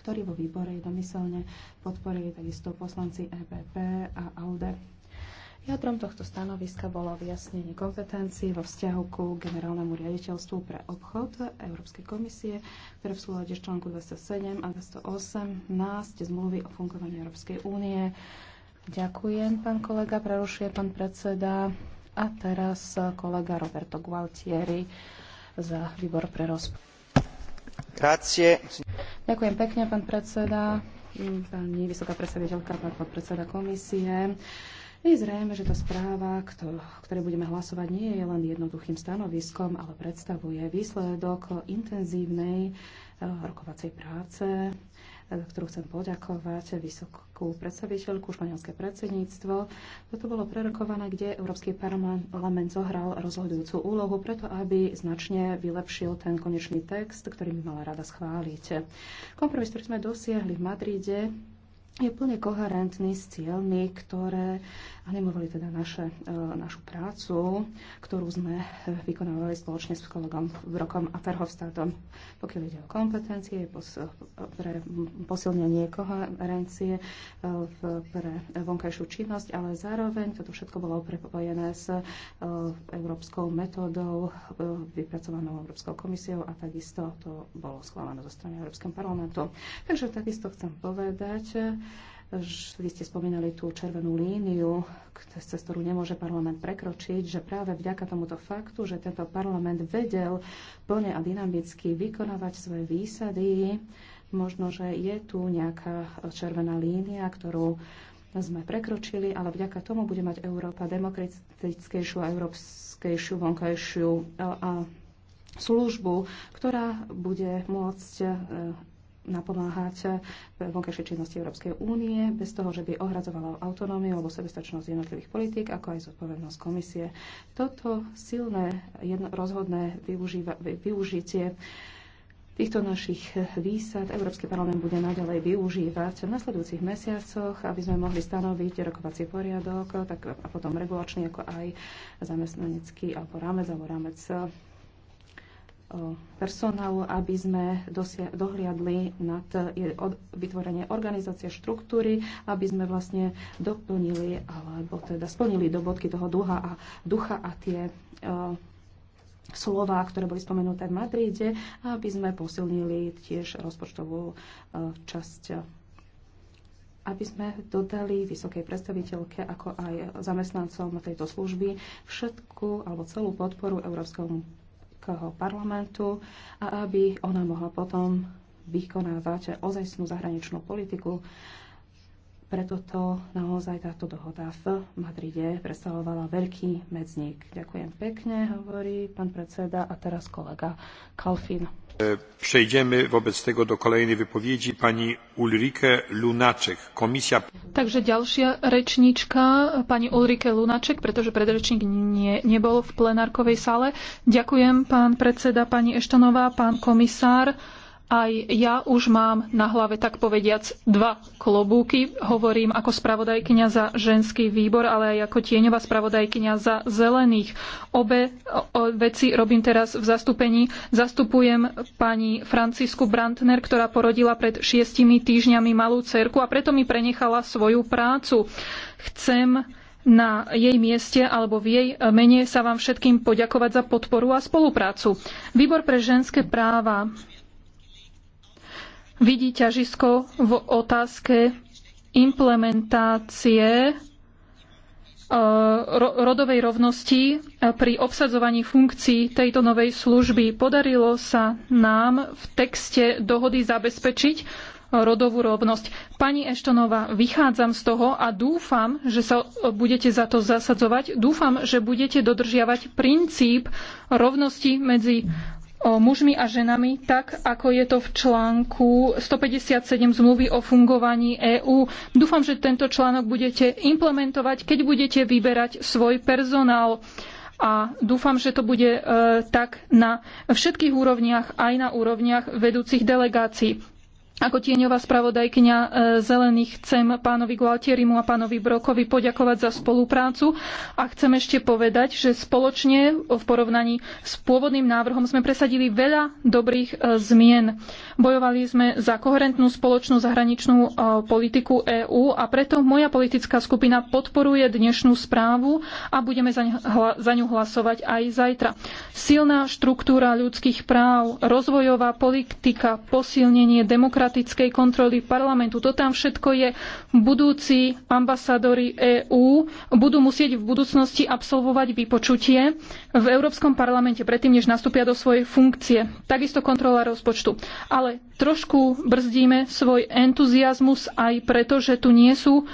ktorý vo výbore domyselne podporili takisto poslanci EPP a AUDE. Jadrom tohto stanoviska bolo vyjasnenie kompetencií vo vzťahu ku generálnemu riaditeľstvu pre obchod Európskej komisie, ktoré v súlade s článku 207 a 208 zmluvy o fungovaní Európskej únie Ďakujem, pán kolega, prerušuje pán predseda. A teraz e, kolega Roberto Gualtieri za výbor pre rozpočet. Ďakujem pekne, pán predseda, mm, pani vysoká predstaviteľka, pán podpredseda komisie. Je zrejme, že tá správa, ktoré budeme hlasovať, nie je len jednoduchým stanoviskom, ale predstavuje výsledok intenzívnej e, rokovacej práce E, za ktorú chcem poďakovať vysokú predstaviteľku, španielské predsedníctvo. Toto bolo prerokované, kde Európsky parlament zohral rozhodujúcu úlohu preto, aby značne vylepšil ten konečný text, ktorý by mala rada schváliť. Kompromis, ktorý sme dosiahli v Madride, je plne koherentný s cieľmi, ktoré animovali teda naše, e, našu prácu, ktorú sme vykonávali spoločne s kolegom Brokom a Ferhovstátom. Pokiaľ ide o kompetencie, pos, pre posilnenie koherencie e, v, pre vonkajšiu činnosť, ale zároveň toto všetko bolo prepojené s e, európskou metódou, vypracovanou Európskou komisiou a takisto to bolo schválené zo strany Európskeho parlamentu. Takže takisto chcem povedať, vy ste spomínali tú červenú líniu, cez ktorú nemôže parlament prekročiť, že práve vďaka tomuto faktu, že tento parlament vedel plne a dynamicky vykonávať svoje výsady, možno, že je tu nejaká červená línia, ktorú sme prekročili, ale vďaka tomu bude mať Európa demokratickejšiu a európskejšiu, vonkajšiu a službu, ktorá bude môcť napomáhať vonkajšej činnosti Európskej únie bez toho, že by ohradzovala autonómiu alebo sebestačnosť jednotlivých politík, ako aj zodpovednosť komisie. Toto silné, jedno, rozhodné využíva, využitie Týchto našich výsad Európsky parlament bude naďalej využívať v nasledujúcich mesiacoch, aby sme mohli stanoviť rokovací poriadok tak, a potom regulačný, ako aj zamestnanecký alebo rámec, alebo rámec personálu, aby sme dohliadli na vytvorenie organizácie štruktúry, aby sme vlastne doplnili alebo teda splnili do bodky toho duha a, ducha a tie e, slova, ktoré boli spomenuté v Madride, aby sme posilnili tiež rozpočtovú e, časť aby sme dodali vysokej predstaviteľke, ako aj zamestnancom tejto služby, všetku alebo celú podporu Európskemu Európskeho parlamentu a aby ona mohla potom vykonávať ozajstnú zahraničnú politiku. Preto to naozaj táto dohoda v Madride predstavovala veľký medzník. Ďakujem pekne, hovorí pán predseda a teraz kolega Kalfin. E, przejdziemy wobec tego do kolejnej wypowiedzi pani Ulrike Lunaczek. komisja... Takže ďalšia rečníčka, pani Ulrike Lunaček, pretože predrečník nie, nebol v plenárkovej sále. Ďakujem, pán predseda, pani Eštanová, pán komisár. Aj ja už mám na hlave, tak povediac, dva klobúky. Hovorím ako spravodajkyňa za ženský výbor, ale aj ako tieňová spravodajkyňa za zelených. Obe veci robím teraz v zastúpení. Zastupujem pani Francisku Brantner, ktorá porodila pred šiestimi týždňami malú cerku a preto mi prenechala svoju prácu. Chcem na jej mieste alebo v jej mene sa vám všetkým poďakovať za podporu a spoluprácu. Výbor pre ženské práva vidí ťažisko v otázke implementácie e, rodovej rovnosti e, pri obsadzovaní funkcií tejto novej služby. Podarilo sa nám v texte dohody zabezpečiť e, rodovú rovnosť. Pani Eštonová, vychádzam z toho a dúfam, že sa budete za to zasadzovať. Dúfam, že budete dodržiavať princíp rovnosti medzi mužmi a ženami, tak ako je to v článku 157 zmluvy o fungovaní EÚ. Dúfam, že tento článok budete implementovať, keď budete vyberať svoj personál a dúfam, že to bude e, tak na všetkých úrovniach, aj na úrovniach vedúcich delegácií. Ako tieňová spravodajkyňa e, zelených chcem pánovi Gualtierimu a pánovi Brokovi poďakovať za spoluprácu a chcem ešte povedať, že spoločne v porovnaní s pôvodným návrhom sme presadili veľa dobrých e, zmien. Bojovali sme za koherentnú spoločnú zahraničnú e, politiku EÚ a preto moja politická skupina podporuje dnešnú správu a budeme za ňu hlasovať aj zajtra. Silná štruktúra ľudských práv, rozvojová politika, posilnenie demokracie, demokratickej kontroly parlamentu. To tam všetko je. Budúci ambasádori EÚ budú musieť v budúcnosti absolvovať vypočutie v Európskom parlamente predtým, než nastúpia do svojej funkcie. Takisto kontrola rozpočtu. Ale trošku brzdíme svoj entuziasmus aj preto, že tu nie sú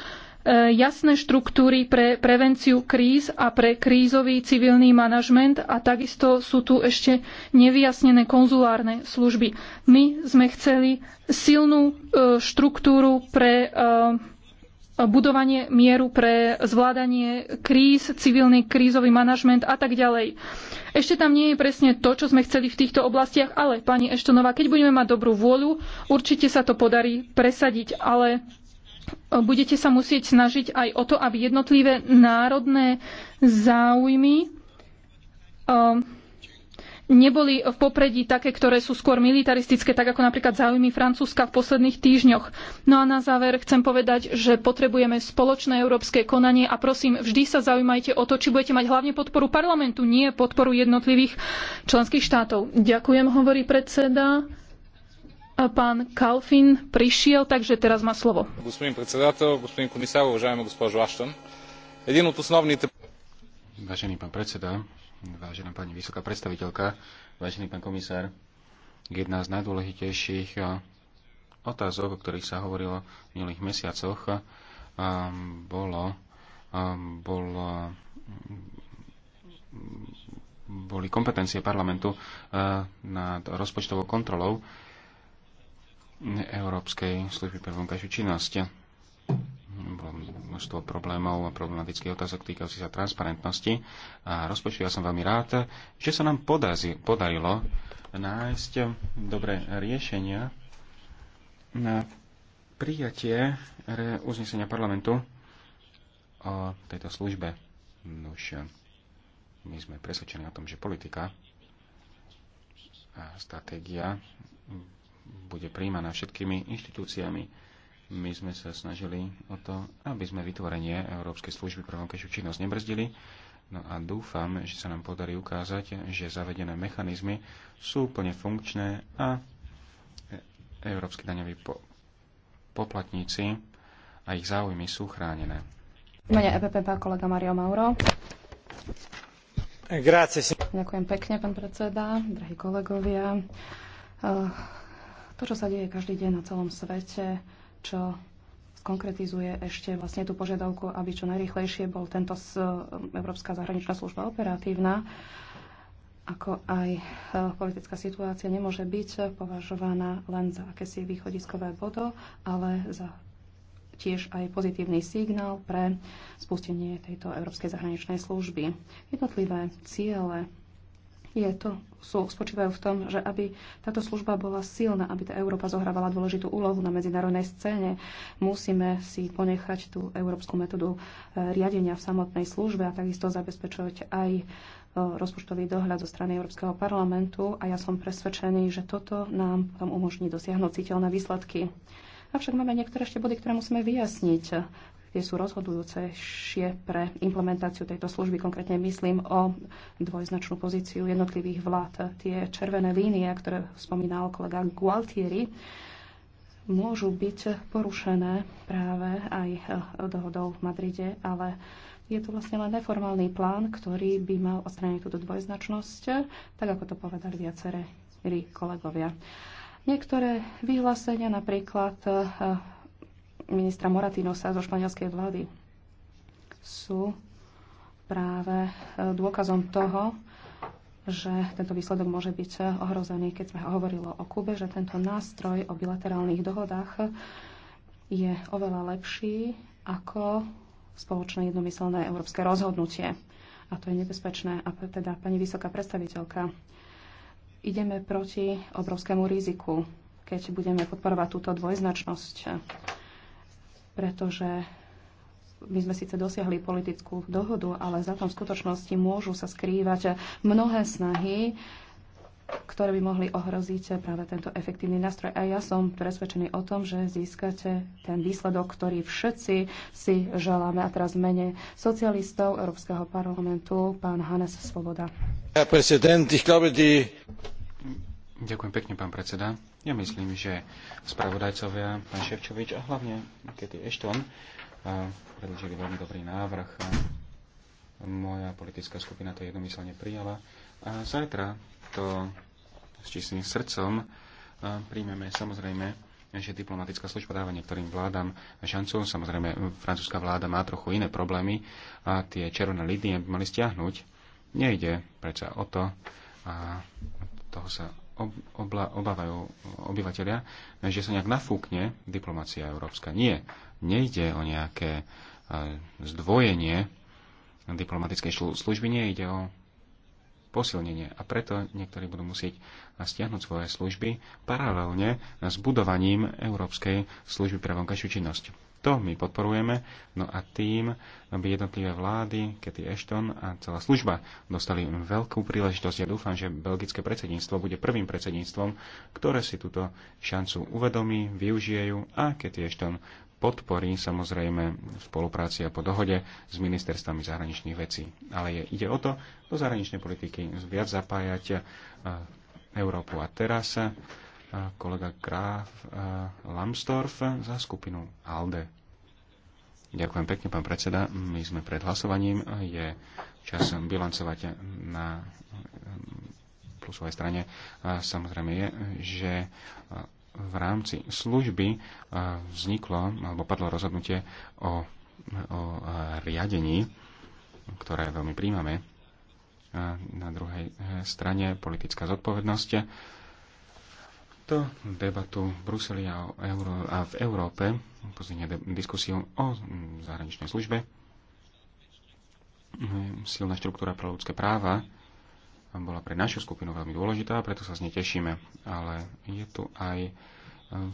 E, jasné štruktúry pre prevenciu kríz a pre krízový civilný manažment a takisto sú tu ešte nevyjasnené konzulárne služby. My sme chceli silnú e, štruktúru pre e, budovanie mieru pre zvládanie kríz, civilný krízový manažment a tak ďalej. Ešte tam nie je presne to, čo sme chceli v týchto oblastiach, ale pani Eštonová, keď budeme mať dobrú vôľu, určite sa to podarí presadiť, ale budete sa musieť snažiť aj o to, aby jednotlivé národné záujmy ehm, neboli v popredí také, ktoré sú skôr militaristické, tak ako napríklad záujmy Francúzska v posledných týždňoch. No a na záver chcem povedať, že potrebujeme spoločné európske konanie a prosím, vždy sa zaujímajte o to, či budete mať hlavne podporu parlamentu, nie podporu jednotlivých členských štátov. Ďakujem, hovorí predseda. Pán Kalfin prišiel, takže teraz má slovo. Vážený pán predseda, vážená pani vysoká predstaviteľka, vážený pán komisár, jedna z najdôležitejších otázok, o ktorých sa hovorilo v minulých mesiacoch, bolo, bolo, boli kompetencie parlamentu nad rozpočtovou kontrolou Európskej služby pre vonkajšiu činnosť. Bolo množstvo problémov a problematických otázok týkajúci sa transparentnosti a rozpočtu. Ja som veľmi rád, že sa nám podazi, podarilo nájsť dobré riešenia na prijatie uznesenia parlamentu o tejto službe. Nož, my sme presvedčení o tom, že politika a stratégia bude príjmaná všetkými inštitúciami. My sme sa snažili o to, aby sme vytvorenie Európskej služby pre vonkajšiu činnosť nebrzdili. No a dúfam, že sa nám podarí ukázať, že zavedené mechanizmy sú úplne funkčné a európsky daňoví po- poplatníci a ich záujmy sú chránené. Mene EPP, pán kolega Mario Mauro. Grazie. Ďakujem pekne, pán predseda, drahí kolegovia. Eh, to, čo sa deje každý deň na celom svete, čo skonkretizuje ešte vlastne tú požiadavku, aby čo najrýchlejšie bol tento e, Európska zahraničná služba operatívna, ako aj e, politická situácia nemôže byť považovaná len za akési východiskové bodo, ale za tiež aj pozitívny signál pre spustenie tejto Európskej zahraničnej služby. Jednotlivé ciele je to, sú, spočívajú v tom, že aby táto služba bola silná, aby tá Európa zohrávala dôležitú úlohu na medzinárodnej scéne, musíme si ponechať tú európsku metódu e, riadenia v samotnej službe a takisto zabezpečovať aj e, rozpočtový dohľad zo strany Európskeho parlamentu a ja som presvedčený, že toto nám tam umožní dosiahnuť citeľné výsledky. Avšak máme niektoré ešte body, ktoré musíme vyjasniť tie sú rozhodujúcejšie pre implementáciu tejto služby. Konkrétne myslím o dvojznačnú pozíciu jednotlivých vlád. Tie červené línie, ktoré spomínal kolega Gualtieri, môžu byť porušené práve aj dohodou v Madride, ale je to vlastne len neformálny plán, ktorý by mal odstrániť túto dvojznačnosť, tak ako to povedali viaceré kolegovia. Niektoré vyhlásenia, napríklad ministra Moratinosa zo španielskej vlády sú práve e, dôkazom toho, že tento výsledok môže byť ohrozený, keď sme hovorilo o Kube, že tento nástroj o bilaterálnych dohodách je oveľa lepší ako spoločné jednomyselné európske rozhodnutie. A to je nebezpečné. A teda, pani vysoká predstaviteľka, ideme proti obrovskému riziku, keď budeme podporovať túto dvojznačnosť pretože my sme síce dosiahli politickú dohodu, ale za tom v skutočnosti môžu sa skrývať mnohé snahy, ktoré by mohli ohroziť práve tento efektívny nástroj. A ja som presvedčený o tom, že získate ten výsledok, ktorý všetci si želáme. A teraz mene socialistov Európskeho parlamentu pán Hannes Svoboda. Ďakujem pekne, pán predseda. Ja myslím, že spravodajcovia, pán Ševčovič a hlavne Kety Ešton predložili veľmi dobrý návrh. Moja politická skupina to jednomyselne prijala a zajtra to s čistým srdcom príjmeme samozrejme že diplomatická služba dáva niektorým vládam šancu. Samozrejme, francúzska vláda má trochu iné problémy a tie červené línie mali stiahnuť. Nejde predsa o to a toho sa obla, obávajú obyvateľia, že sa nejak nafúkne diplomacia európska. Nie, nejde o nejaké e, zdvojenie diplomatickej služby, nie ide o posilnenie. A preto niektorí budú musieť stiahnuť svoje služby paralelne s budovaním Európskej služby pre vonkajšiu činnosť. To my podporujeme. No a tým by jednotlivé vlády, Kety Ashton a celá služba dostali veľkú príležitosť. Ja dúfam, že belgické predsedníctvo bude prvým predsedníctvom, ktoré si túto šancu uvedomí, využije ju a Kety Ashton podporí samozrejme v spolupráci a po dohode s ministerstvami zahraničných vecí. Ale je, ide o to, do zahraničnej politiky viac zapájať e, Európu a teraz kolega Graf eh, Lambsdorff za skupinu ALDE. Ďakujem pekne, pán predseda. My sme pred hlasovaním. Je čas bilancovať na eh, plusovej strane. Samozrejme je, že eh, v rámci služby vzniklo alebo padlo rozhodnutie o, o riadení, ktoré veľmi príjmame. Na druhej strane politická zodpovednosť to debatu v Bruseli a, Euró- a v Európe, pozrieme diskusiu o zahraničnej službe, silná štruktúra pre ľudské práva bola pre našu skupinu veľmi dôležitá, preto sa z nej tešíme. Ale je tu aj, e,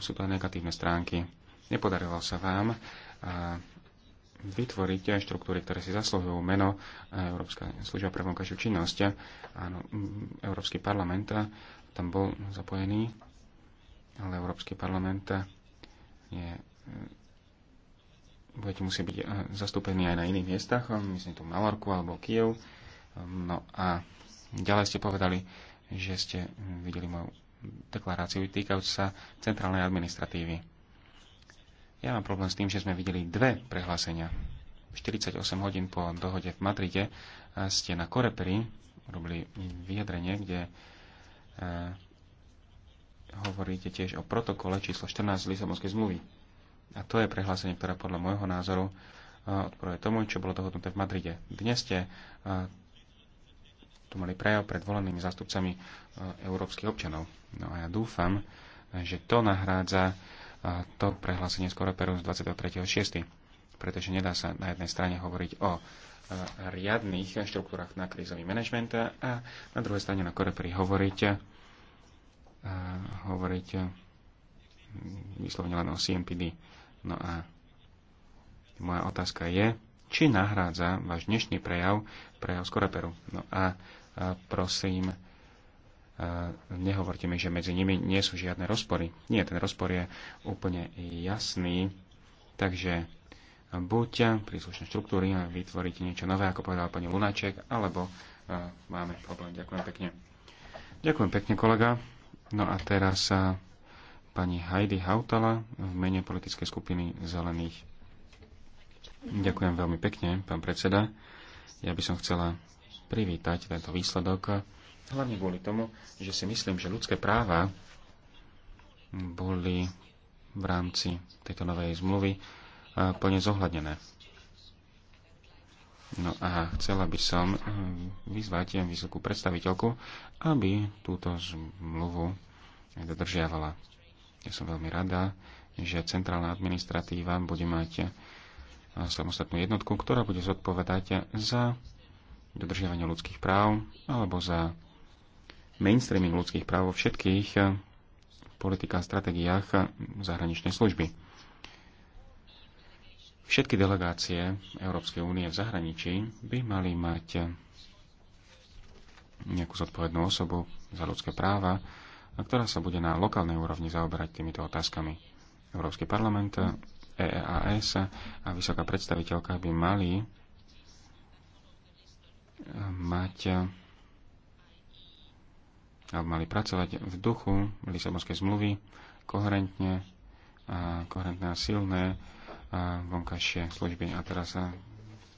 sú tu aj negatívne stránky. Nepodarilo sa vám e, vytvoriť aj štruktúry, ktoré si zaslúhujú meno Európska služba pre vonkajšiu činnosť. Áno, Európsky parlament tam bol zapojený ale Európsky parlament je, e, budete musieť byť e, zastúpení aj na iných miestach, e, myslím tu Malorku alebo Kiev. No a ďalej ste povedali, že ste videli moju deklaráciu týkajúcu sa centrálnej administratívy. Ja mám problém s tým, že sme videli dve prehlásenia. 48 hodín po dohode v Madride ste na Koreperi robili vyjadrenie, kde hovoríte tiež o protokole číslo 14 Lisabonskej zmluvy. A to je prehlásenie, ktoré podľa môjho názoru e, odporuje tomu, čo bolo dohodnuté v Madride. Dnes ste e, tu mali prejav pred volenými zástupcami e, európskych občanov. No a ja dúfam, že to nahrádza to prehlásenie z Koreperu z 23.6. Pretože nedá sa na jednej strane hovoriť o riadných štruktúrach na krízový manažment a na druhej strane na Koreperi hovoriť hovoriť mm, vyslovne len o CMPD. No a moja otázka je, či nahrádza váš dnešný prejav prejav z Koreperu. No a prosím, nehovorte mi, že medzi nimi nie sú žiadne rozpory. Nie, ten rozpor je úplne jasný. Takže buď príslušné štruktúry a vytvoríte niečo nové, ako povedal pani Lunáček, alebo máme problém. Ďakujem pekne. Ďakujem pekne, kolega. No a teraz sa eh, pani Heidi Hautala v mene politickej skupiny Zelených. Ďakujem veľmi pekne, pán predseda. Ja by som chcela privítať tento výsledok, eh, hlavne kvôli tomu, že si myslím, že ľudské práva boli v rámci tejto novej zmluvy eh, plne zohľadnené. No a chcela by som eh, vyzvať vysokú predstaviteľku, aby túto zmluvu dodržiavala. Ja som veľmi rada, že centrálna administratíva bude mať eh, samostatnú jednotku, ktorá bude zodpovedať za dodržiavanie ľudských práv alebo za mainstreaming ľudských práv vo všetkých eh, politikách a stratégiách zahraničnej služby. Všetky delegácie Európskej únie v zahraničí by mali mať nejakú zodpovednú osobu za ľudské práva, ktorá sa bude na lokálnej úrovni zaoberať týmito otázkami. Európsky parlament, EEAS a vysoká predstaviteľka by mali eh, mať alebo mali pracovať v duchu Lisabonskej zmluvy koherentne a koherentné a silné vonkajšie služby. A teraz e,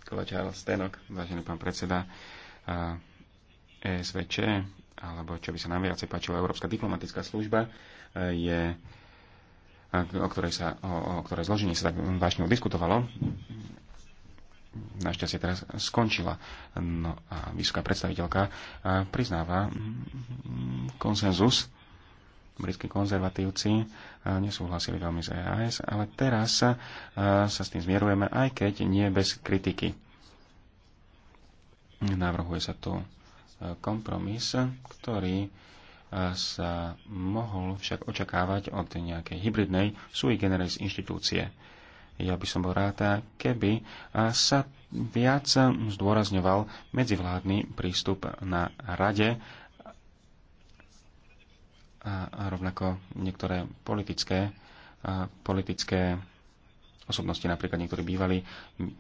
Kovačár Stenok, vážený pán predseda ESVČ, e alebo čo by sa nám viacej páčilo, Európska diplomatická služba, e, je, o ktorej, sa, o, o ktorej zloženie sa tak vážne diskutovalo, našťastie teraz skončila. No a vysoká predstaviteľka priznáva konsenzus britskí konzervatívci e, nesúhlasili veľmi s EAS, ale teraz sa, e, sa s tým zmierujeme, aj keď nie bez kritiky. Navrhuje sa tu e, kompromis, ktorý sa mohol však očakávať od nejakej hybridnej sui generis inštitúcie. Ja by som bol rád, keby sa viac zdôrazňoval medzivládny prístup na rade a, a rovnako niektoré politické, a, politické osobnosti, napríklad niektorí bývalí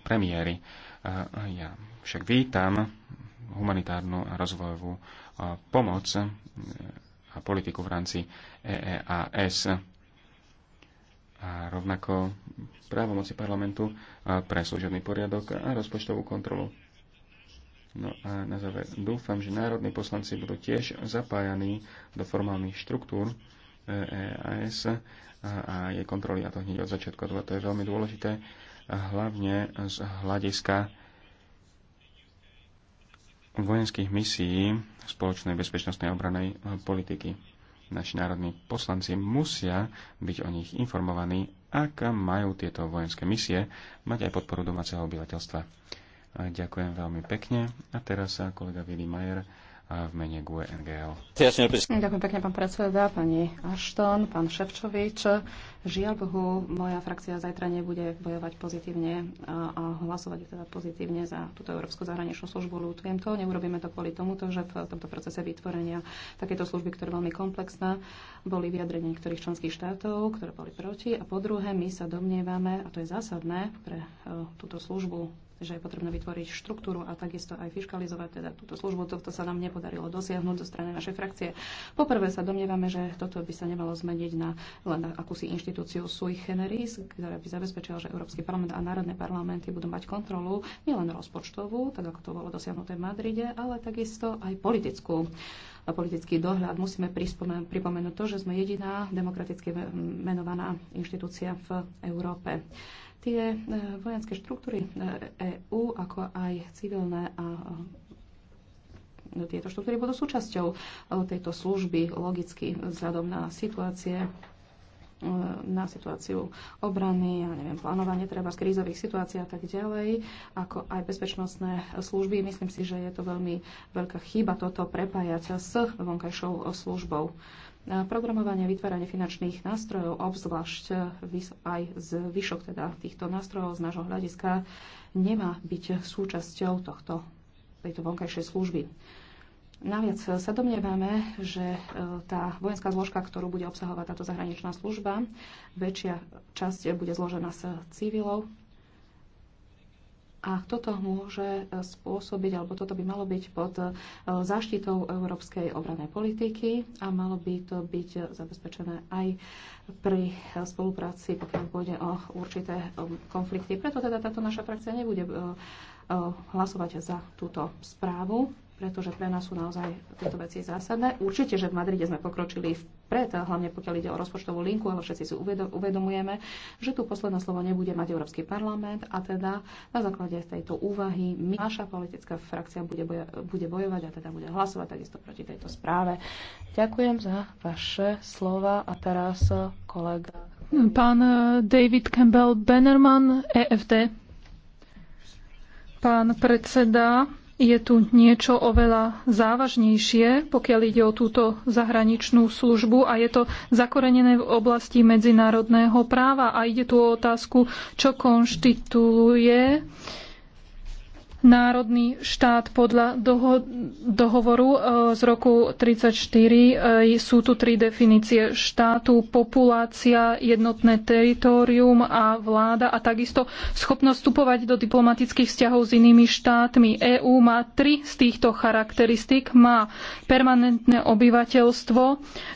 premiéry. A, a ja však vítam humanitárnu a rozvojovú a, pomoc e, a politiku v rámci EEAS. A rovnako právomoci parlamentu pre služobný poriadok a rozpočtovú kontrolu. No a na záver dúfam, že národní poslanci budú tiež zapájaní do formálnych štruktúr EAS e a jej kontroly, a to hneď od začiatku. To je veľmi dôležité, hlavne z hľadiska vojenských misií spoločnej bezpečnostnej obranej e, politiky. Naši národní poslanci musia byť o nich informovaní, ak majú tieto vojenské misie, mať aj podporu domáceho obyvateľstva ďakujem veľmi pekne. A teraz sa eh, kolega Vili Majer eh, v mene GUE NGL. Ďakujem pekne, pán predseda, pani Ashton, pán Ševčovič. Žiaľ Bohu, moja frakcia zajtra nebude bojovať pozitívne a, eh, a hlasovať teda pozitívne za túto Európsku zahraničnú službu. Ľutujem to, neurobíme to kvôli tomuto, že v tomto procese vytvorenia takéto služby, ktorá je veľmi komplexná, boli vyjadrenia niektorých členských štátov, ktoré boli proti. A po druhé, my sa domnievame, a to je zásadné pre túto službu že je potrebné vytvoriť štruktúru a takisto aj fiskalizovať teda túto službu. Toto sa nám nepodarilo dosiahnuť zo strany našej frakcie. Poprvé sa domnievame, že toto by sa nemalo zmeniť na len na akúsi inštitúciu sui generis, ktorá by zabezpečila, že Európsky parlament a národné parlamenty budú mať kontrolu nielen rozpočtovú, tak ako to bolo dosiahnuté v Madride, ale takisto aj politickú a politický dohľad. Musíme pripomenúť to, že sme jediná demokraticky menovaná inštitúcia v Európe tie e, vojenské štruktúry EÚ, e ako aj civilné a tieto štruktúry budú súčasťou e, tejto služby logicky vzhľadom na situácie na situáciu obrany, ja neviem, plánovanie treba z krízových situácií a tak ďalej, ako aj bezpečnostné služby. Myslím si, že je to veľmi veľká chyba toto prepájať sa s vonkajšou službou. Programovanie a vytváranie finančných nástrojov, obzvlášť eh, aj zvyšok teda týchto nástrojov z nášho hľadiska, nemá byť súčasťou tohto, tejto vonkajšej služby. Naviac eh, sa domnievame, že eh, tá vojenská zložka, ktorú bude obsahovať táto zahraničná služba, väčšia časť bude zložená z civilov, a toto môže spôsobiť, alebo toto by malo byť pod e, záštitou európskej obranej politiky a malo by to byť zabezpečené aj pri spolupráci, pokiaľ pôjde o určité e, konflikty. Preto teda táto naša frakcia nebude e, hlasovať za túto správu pretože pre nás sú naozaj tieto veci zásadné. Určite, že v Madride sme pokročili vpred, hlavne pokiaľ ide o rozpočtovú linku, ale všetci si uvedomujeme, že tu posledné slovo nebude mať Európsky parlament a teda na základe tejto úvahy my, naša politická frakcia bude, boja, bude bojovať a teda bude hlasovať takisto proti tejto správe. Ďakujem za vaše slova a teraz kolega. Pán eh, David Campbell Bannerman, EFD. Pán predseda, je tu niečo oveľa závažnejšie, pokiaľ ide o túto zahraničnú službu a je to zakorenené v oblasti medzinárodného práva a ide tu o otázku, čo konštituje národný štát podľa doho- dohovoru e, z roku 1934. E, sú tu tri definície štátu, populácia, jednotné teritorium a vláda a takisto schopnosť vstupovať do diplomatických vzťahov s inými štátmi. EÚ má tri z týchto charakteristik, Má permanentné obyvateľstvo.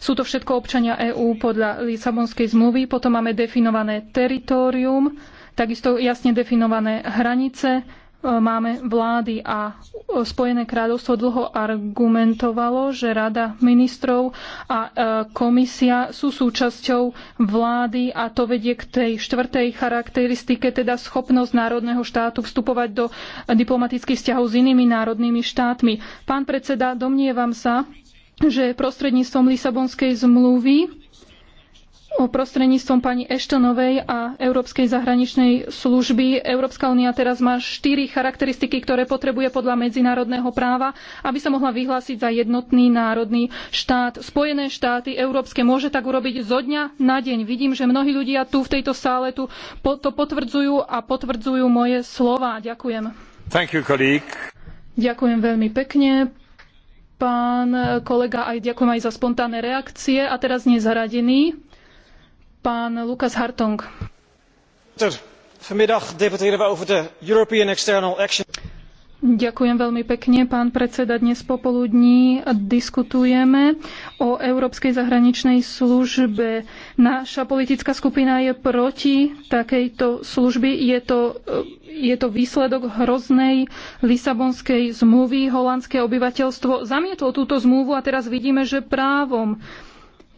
Sú to všetko občania EÚ podľa Lisabonskej zmluvy. Potom máme definované teritorium, takisto jasne definované hranice, E, máme vlády a Spojené kráľovstvo dlho argumentovalo, že Rada ministrov a e, komisia sú súčasťou vlády a to vedie k tej štvrtej charakteristike, teda schopnosť národného štátu vstupovať do diplomatických vzťahov s inými národnými štátmi. Pán predseda, domnievam sa, že prostredníctvom Lisabonskej zmluvy No, prostredníctvom pani Eštonovej a Európskej zahraničnej služby. Európska únia teraz má štyri charakteristiky, ktoré potrebuje podľa medzinárodného práva, aby sa mohla vyhlásiť za jednotný národný štát. Spojené štáty európske môže tak urobiť zo dňa na deň. Vidím, že mnohí ľudia tu v tejto sále tu to potvrdzujú a potvrdzujú moje slova. Ďakujem. You, ďakujem veľmi pekne pán kolega, aj ďakujem aj za spontánne reakcie. A teraz nezaradený Pán Lukas Hartong. Ďakujem veľmi pekne, pán predseda. Dnes popoludní diskutujeme o Európskej zahraničnej službe. Naša politická skupina je proti takejto služby. Je to e, je to výsledok hroznej Lisabonskej zmluvy. Holandské obyvateľstvo zamietlo túto zmluvu a teraz vidíme, že právom.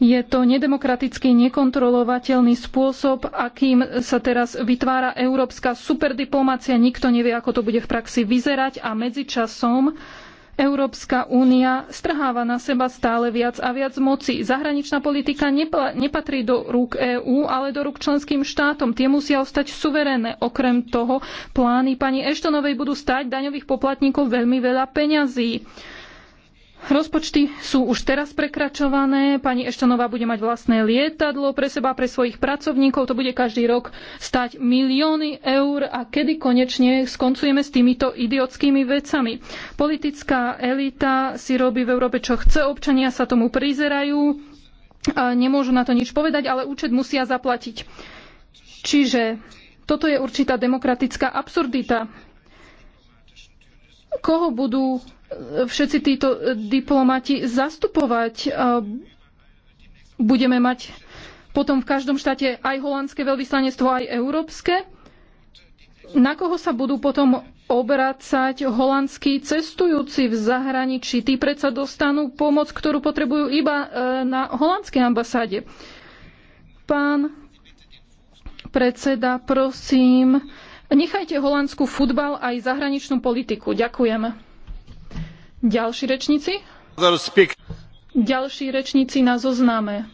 Je to nedemokratický, nekontrolovateľný spôsob, akým sa teraz vytvára európska superdiplomácia. Nikto nevie, ako to bude v praxi vyzerať a medzičasom Európska únia strháva na seba stále viac a viac moci. Zahraničná politika nepatrí do rúk EÚ, ale do rúk členským štátom. Tie musia ostať suverénne. Okrem toho, plány pani Eštonovej budú stáť daňových poplatníkov veľmi veľa peňazí. Rozpočty sú už teraz prekračované. Pani Eštanová bude mať vlastné lietadlo pre seba, pre svojich pracovníkov. To bude každý rok stať milióny eur. A kedy konečne skoncujeme s týmito idiotskými vecami? Politická elita si robí v Európe, čo chce. Občania sa tomu prizerajú. Nemôžu na to nič povedať, ale účet musia zaplatiť. Čiže toto je určitá demokratická absurdita. Koho budú všetci títo e, diplomati zastupovať. Budeme mať potom v každom štáte aj holandské veľvyslanectvo, aj európske. Na koho sa budú potom obracať holandskí cestujúci v zahraničí? Tí predsa dostanú pomoc, ktorú potrebujú iba e, na holandskej ambasáde. Pán predseda, prosím, nechajte holandskú futbal aj zahraničnú politiku. Ďakujeme. Ďalší rečníci? Ďalší rečníci na zozname.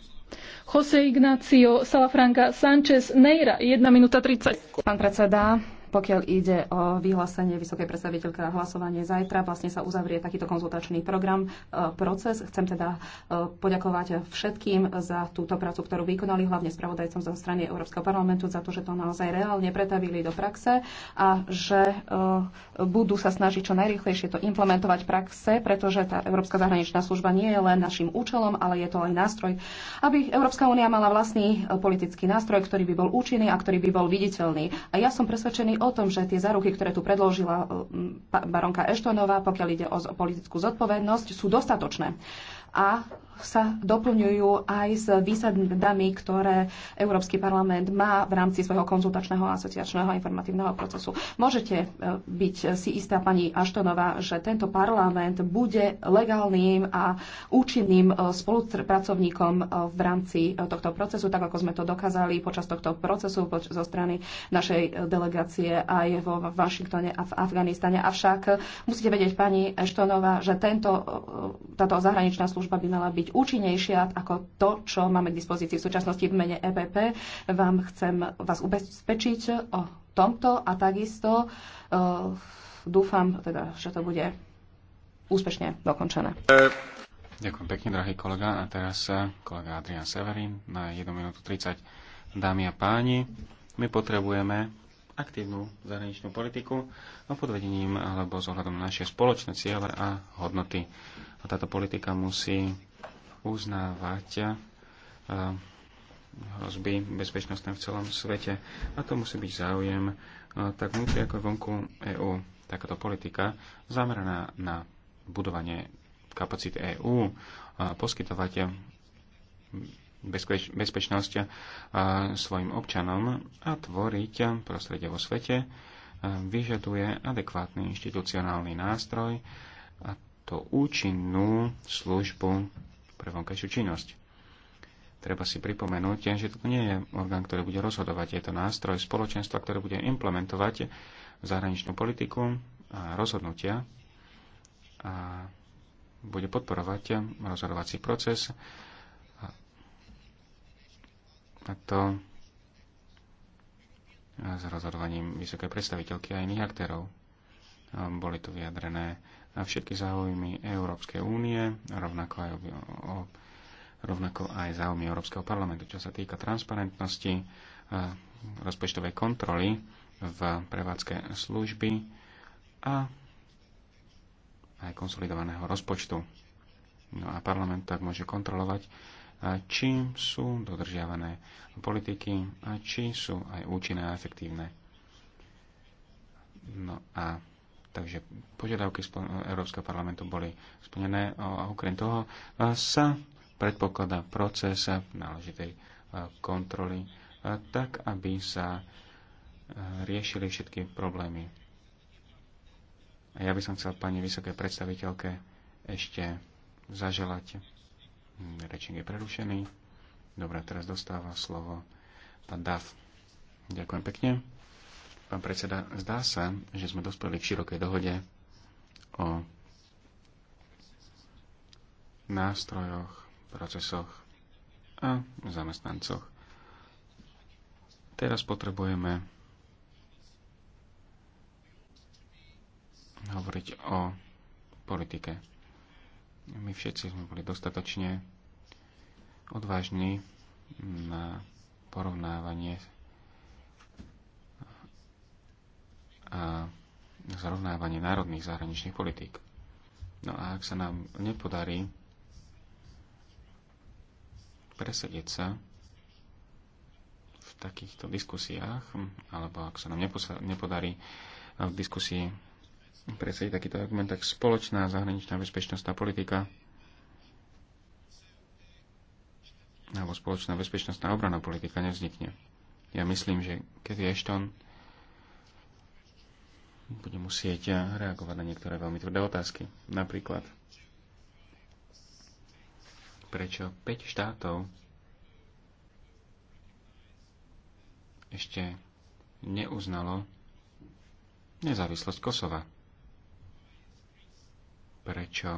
Jose Ignacio Salafranca Sanchez Neira, 1 minúta 30. Pán predseda, pokiaľ ide o vyhlásenie vysokej predstaviteľka na hlasovanie zajtra, vlastne sa uzavrie takýto konzultačný program, e, proces. Chcem teda e, poďakovať všetkým za túto prácu, ktorú vykonali, hlavne spravodajcom zo strany Európskeho parlamentu, za to, že to naozaj reálne pretavili do praxe a že e, budú sa snažiť čo najrýchlejšie to implementovať v praxe, pretože tá Európska zahraničná služba nie je len našim účelom, ale je to aj nástroj, aby Európska únia mala vlastný politický nástroj, ktorý by bol účinný a ktorý by bol viditeľný. A ja som presvedčený o tom, že tie záruky, ktoré tu predložila e, baronka Eštonová, pokiaľ ide o politickú zodpovednosť, sú dostatočné. A sa doplňujú aj s výsadami, ktoré Európsky parlament má v rámci svojho konzultačného a asociačného informatívneho procesu. Môžete e, byť si istá, pani Aštonová, že tento parlament bude legálnym a účinným e, spolupracovníkom e, v rámci tohto procesu, tak ako sme to dokázali počas tohto procesu poč zo strany našej delegácie aj vo Washingtone a v Afganistane. Avšak musíte vedieť, pani Aštonová, že tento, táto zahraničná služba by mala byť účinnejšia ako to, čo máme k dispozícii v súčasnosti v mene EPP. Vám chcem vás ubezpečiť o tomto a takisto uh, dúfam, teda, že to bude úspešne dokončené. Ďakujem pekne, drahý kolega. A teraz eh, kolega Adrian Severin na 1 minútu 30. Dámy a páni, my potrebujeme aktívnu zahraničnú politiku no pod vedením alebo s ohľadom na naše spoločné ciele a hodnoty. A táto politika musí uznávať eh, hrozby bezpečnostné v celom svete. A to musí byť záujem eh, tak vnútri ako vonku EÚ. Takáto politika zameraná na budovanie kapacity EÚ, poskytovať eh, bezpečnosť svojim občanom a tvoriť prostredie vo svete, vyžaduje adekvátny inštitucionálny nástroj a to účinnú službu pre vonkajšiu činnosť. Treba si pripomenúť, že toto nie je orgán, ktorý bude rozhodovať. Je to nástroj spoločenstva, ktoré bude implementovať zahraničnú politiku a rozhodnutia a bude podporovať rozhodovací proces a to s rozhodovaním vysokej predstaviteľky a iných aktérov. Boli tu vyjadrené a všetky záujmy Európskej únie, rovnako aj, o, rovnako aj záujmy Európskeho parlamentu. Čo sa týka transparentnosti, e, rozpočtovej kontroly v prevádzke služby a aj konsolidovaného rozpočtu. No a parlament tak môže kontrolovať, e, či sú dodržiavané politiky a či sú aj účinné a efektívne. No a Takže požiadavky Európskeho parlamentu boli splnené a okrem toho sa predpokladá proces náležitej kontroly tak, aby sa riešili všetky problémy. A ja by som chcel pani vysokej predstaviteľke ešte zaželať. Hm, rečník je prerušený. Dobre, teraz dostáva slovo pán Dav. Ďakujem pekne. Pán predseda, zdá sa, že sme dospeli k širokej dohode o nástrojoch, procesoch a zamestnancoch. Teraz potrebujeme hovoriť o politike. My všetci sme boli dostatočne odvážni na porovnávanie a zrovnávanie národných zahraničných politík. No a ak sa nám nepodarí presediť sa v takýchto diskusiách, alebo ak sa nám nepodarí v diskusii presediť takýto argument, tak spoločná zahraničná bezpečnostná politika alebo spoločná bezpečnostná obraná politika nevznikne. Ja myslím, že keď je Ešton bude musieť eh, reagovať na niektoré veľmi tvrdé otázky. Napríklad, prečo 5 štátov ešte neuznalo nezávislosť Kosova? Prečo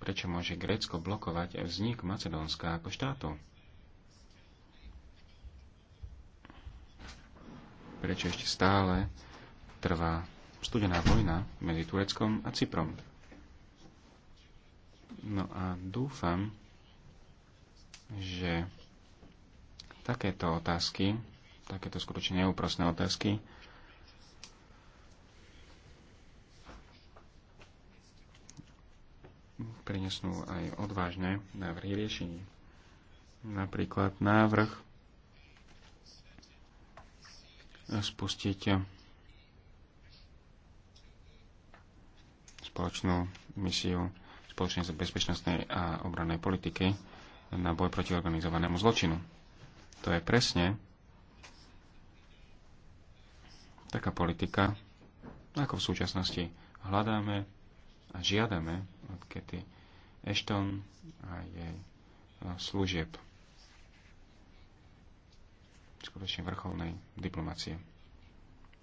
prečo môže Grécko blokovať vznik Macedónska ako štátu? prečo ešte stále trvá studená vojna medzi Tureckom a Cyprom. No a dúfam, že takéto otázky, takéto skutočne neúprostné otázky, prinesnú aj odvážne návrhy riešení. Napríklad návrh spustiť spoločnú misiu spoločnej bezpečnostnej a obrannej politiky na boj proti organizovanému zločinu. To je presne taká politika, ako v súčasnosti hľadáme a žiadame od Kety Ashton a jej e, služieb skutočne vrcholnej diplomacie.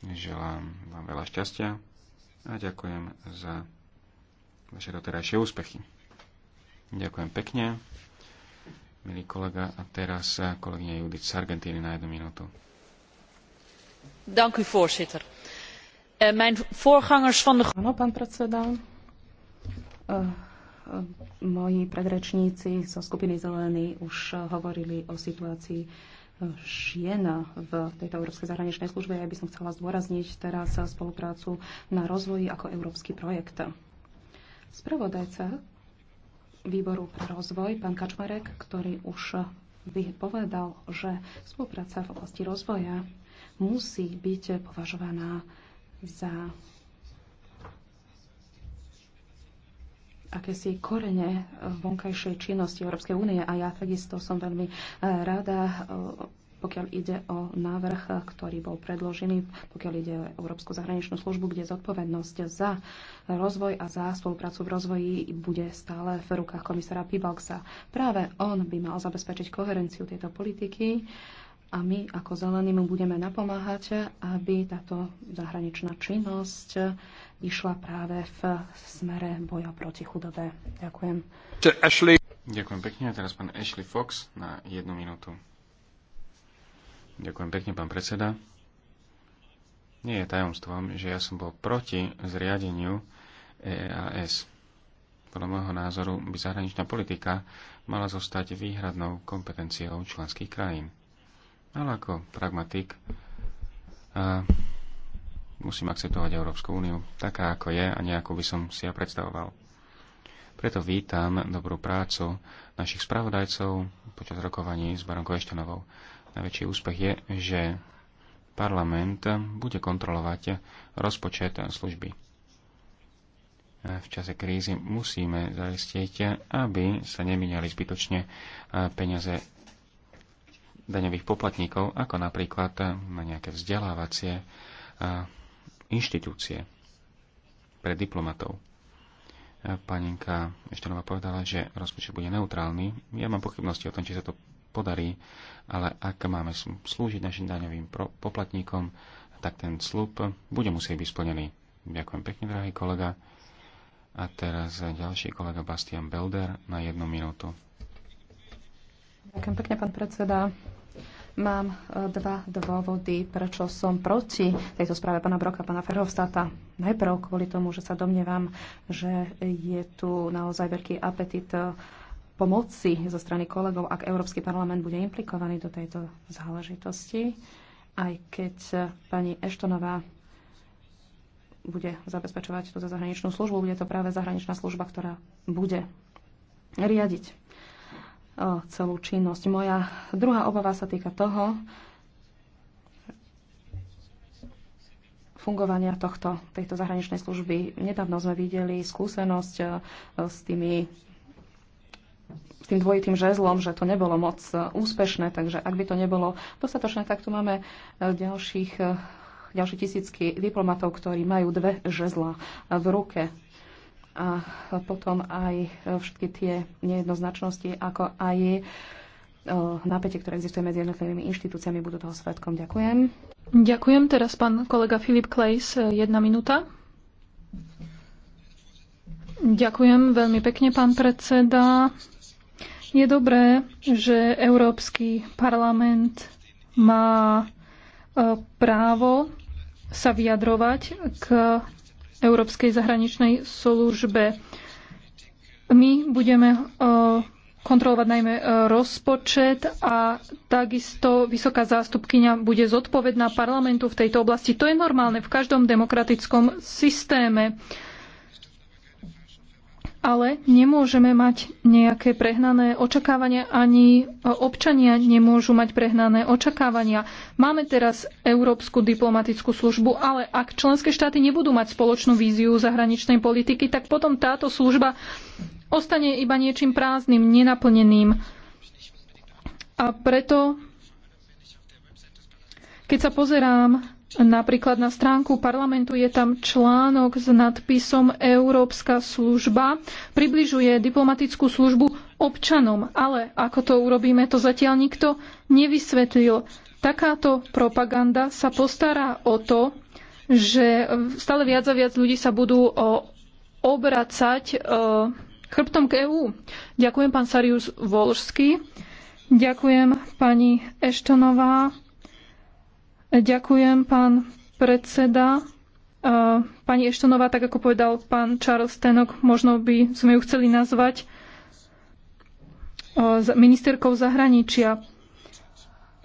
Želám vám veľa šťastia a ďakujem za vaše doterajšie úspechy. Ďakujem pekne, milý kolega. A teraz eh, kolegyňa Judith z Argentíny na jednu minútu. Dank u, voorzitter. Eh, mijn voorgangers van de... Áno, pán predseda. Eh, moji predrečníci zo skupiny Zelený už hovorili o situácii žien v tejto Európskej zahraničnej službe. Ja by som chcela zdôrazniť teraz spoluprácu na rozvoji ako európsky projekt. Spravodajca výboru pre rozvoj, pán Kačmarek, ktorý už by povedal, že spolupráca v oblasti rozvoja musí byť považovaná za akési korene vonkajšej činnosti Európskej únie a ja takisto som veľmi e, rada e, pokiaľ ide o návrh, ktorý bol predložený, pokiaľ ide o Európsku zahraničnú službu, kde zodpovednosť za rozvoj a za spoluprácu v rozvoji bude stále v rukách komisára Pibalksa. Práve on by mal zabezpečiť koherenciu tejto politiky a my ako zeleným budeme napomáhať, aby táto zahraničná činnosť išla práve v smere boja proti chudobe. Ďakujem. Ashley. Ďakujem pekne. A teraz pán Ashley Fox na jednu minútu. Ďakujem pekne, pán predseda. Nie je tajomstvom, že ja som bol proti zriadeniu EEAS. Podľa môjho názoru by zahraničná politika mala zostať výhradnou kompetenciou členských krajín. Ale ako pragmatik, musím akceptovať Európsku úniu, taká ako je a nejakú by som si ja predstavoval. Preto vítam dobrú prácu našich spravodajcov počas rokovaní s baronkou Eštanovou. Najväčší úspech je, že parlament bude kontrolovať rozpočet služby. V čase krízy musíme zaistiť, aby sa neminiali zbytočne peniaze daňových poplatníkov, ako napríklad na nejaké vzdelávacie inštitúcie pre diplomatov. Paninka Eštenová povedala, že rozpočet bude neutrálny. Ja mám pochybnosti o tom, či sa to podarí, ale ak máme slúžiť našim daňovým poplatníkom, tak ten slúb bude musieť byť splnený. Ďakujem pekne, drahý kolega. A teraz ďalší kolega Bastian Belder na jednu minútu. Ďakujem pekne, pán predseda. Mám e, dva dôvody, prečo som proti tejto správe pána Broka, pána Ferhovstata. Najprv kvôli tomu, že sa domnievam, že je tu naozaj veľký apetit e, pomoci zo strany kolegov, ak Európsky parlament bude implikovaný do tejto záležitosti, aj keď pani Eštonová bude zabezpečovať túto zahraničnú službu. Bude to práve zahraničná služba, ktorá bude riadiť celú činnosť. Moja druhá obava sa týka toho fungovania tohto, tejto zahraničnej služby. Nedávno sme videli skúsenosť e, s tými tým dvojitým žezlom, že to nebolo moc e, úspešné, takže ak by to nebolo dostatočné, tak tu máme e, ďalších, ďalšie tisícky diplomatov, ktorí majú dve žezla v ruke a potom aj všetky tie nejednoznačnosti, ako aj e, napätie, ktoré existuje medzi jednotlivými inštitúciami, budú toho svetkom. Ďakujem. Ďakujem. Teraz pán kolega Filip Klejs, e, jedna minúta. Ďakujem veľmi pekne, pán predseda. Je dobré, že Európsky parlament má e, právo sa vyjadrovať k Európskej zahraničnej službe. My budeme e, kontrolovať najmä e, rozpočet a takisto vysoká zástupkyňa bude zodpovedná parlamentu v tejto oblasti. To je normálne v každom demokratickom systéme ale nemôžeme mať nejaké prehnané očakávania, ani občania nemôžu mať prehnané očakávania. Máme teraz Európsku diplomatickú službu, ale ak členské štáty nebudú mať spoločnú víziu zahraničnej politiky, tak potom táto služba ostane iba niečím prázdnym, nenaplneným. A preto, keď sa pozerám Napríklad na stránku parlamentu je tam článok s nadpisom Európska služba približuje diplomatickú službu občanom, ale ako to urobíme, to zatiaľ nikto nevysvetlil. Takáto propaganda sa postará o to, že stále viac a viac ľudí sa budú obracať chrbtom k EÚ. Ďakujem, pán Sarius Volžský. Ďakujem, pani Eštonová. Ďakujem, pán predseda. Pani Eštonová, tak ako povedal pán Charles Tenok, možno by sme ju chceli nazvať ministerkou zahraničia.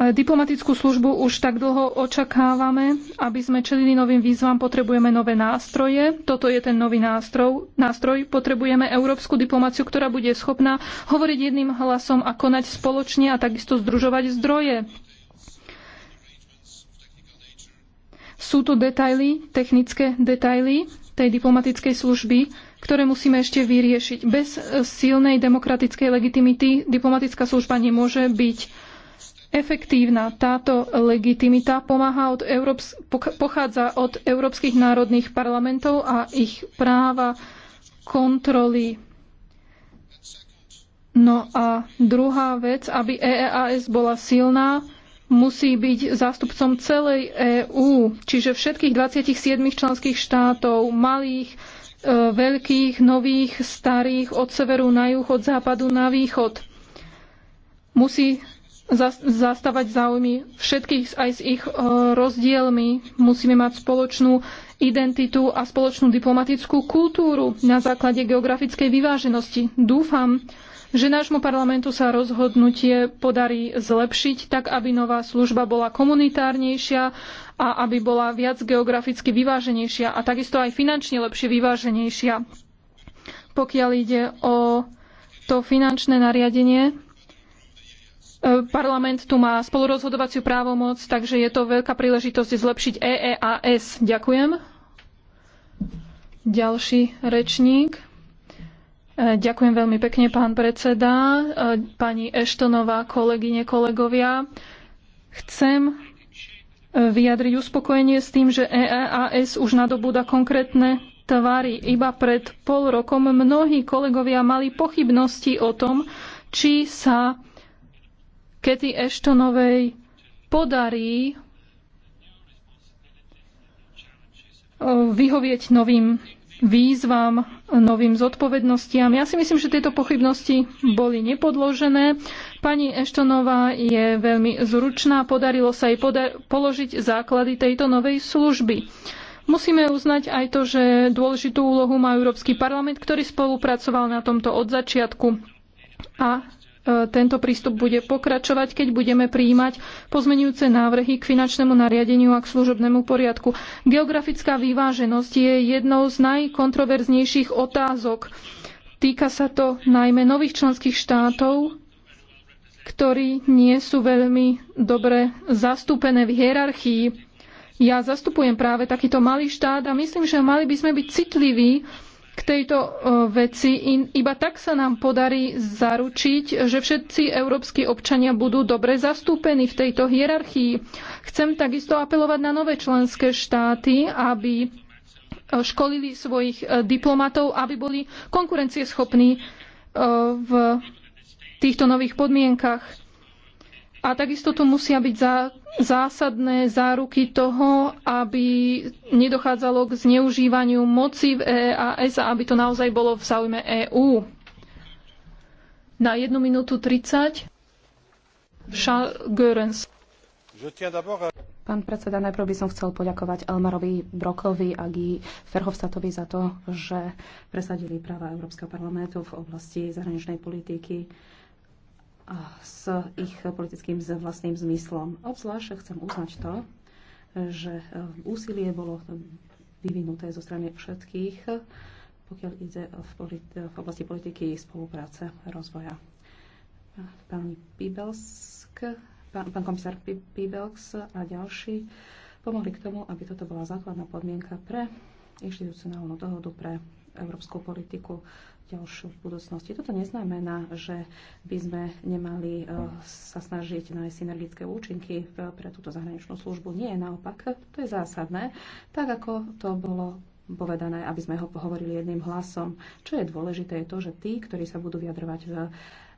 Diplomatickú službu už tak dlho očakávame. Aby sme čelili novým výzvam, potrebujeme nové nástroje. Toto je ten nový nástroj. nástroj. Potrebujeme európsku diplomáciu, ktorá bude schopná hovoriť jedným hlasom a konať spoločne a takisto združovať zdroje Sú to detaily, technické detaily tej diplomatickej služby, ktoré musíme ešte vyriešiť. Bez e, silnej demokratickej legitimity diplomatická služba nemôže byť efektívna. Táto legitimita pomáha od Európs- pochádza od európskych národných parlamentov a ich práva kontroly. No a druhá vec, aby EEAS bola silná, musí byť zástupcom celej EÚ, čiže všetkých 27 členských štátov, malých, e, veľkých, nových, starých, od severu na juh, od západu na východ. Musí zastávať záujmy všetkých aj s ich e, rozdielmi. Musíme mať spoločnú identitu a spoločnú diplomatickú kultúru na základe geografickej vyváženosti. Dúfam, že nášmu parlamentu sa rozhodnutie podarí zlepšiť tak, aby nová služba bola komunitárnejšia a aby bola viac geograficky vyváženejšia a takisto aj finančne lepšie vyváženejšia. Pokiaľ ide o to finančné nariadenie, e, Parlament tu má spolurozhodovaciu právomoc, takže je to veľká príležitosť zlepšiť EEAS. Ďakujem. Ďalší rečník. E, ďakujem veľmi pekne, pán predseda, e, pani Eštonová, kolegyne, kolegovia. Chcem vyjadriť uspokojenie s tým, že EEAS už nadobúda konkrétne tvary. Iba pred pol rokom mnohí kolegovia mali pochybnosti o tom, či sa Kety Eštonovej podarí e, vyhovieť novým výzvam novým zodpovednostiam. Ja si myslím, že tieto pochybnosti boli nepodložené. Pani Eštonová je veľmi zručná, podarilo sa jej poda- položiť základy tejto novej služby. Musíme uznať aj to, že dôležitú úlohu má Európsky parlament, ktorý spolupracoval na tomto od začiatku. A E, tento prístup bude pokračovať, keď budeme prijímať pozmenujúce návrhy k finančnému nariadeniu a k služobnému poriadku. Geografická vyváženosť je jednou z najkontroverznejších otázok. Týka sa to najmä nových členských štátov, ktorí nie sú veľmi dobre zastúpené v hierarchii. Ja zastupujem práve takýto malý štát a myslím, že mali by sme byť citliví k tejto e, veci. Iba tak sa nám podarí zaručiť, že všetci európsky občania budú dobre zastúpení v tejto hierarchii. Chcem takisto apelovať na nové členské štáty, aby e, školili svojich e, diplomatov, aby boli konkurencieschopní v týchto nových podmienkach. A takisto tu musia byť zásadné záruky toho, aby nedochádzalo k zneužívaniu moci v EAS a aby to naozaj bolo v záujme EÚ. Na 1 minútu 30 Charles Görens. Pán predseda, najprv by som chcel poďakovať Elmarovi Brokovi a Guy Ferhovstatovi za to, že presadili práva Európskeho parlamentu v oblasti zahraničnej politiky s ich politickým vlastným zmyslom. Obzvlášť chcem uznať to, že eh, úsilie bolo vyvinuté zo strany všetkých, pokiaľ ide v, politi- v oblasti politiky spolupráce rozvoja. Pán Pibelsk, pán, pán komisár Pibelks a ďalší pomohli k tomu, aby toto bola základná podmienka pre inštitucionálnu dohodu pre európsku politiku ďalšiu v budúcnosti. Toto neznamená, že by sme nemali e, sa snažiť nájsť synergické účinky pre túto zahraničnú službu. Nie, naopak, to je zásadné, tak ako to bolo povedané, aby sme ho pohovorili jedným hlasom. Čo je dôležité je to, že tí, ktorí sa budú vyjadrovať e,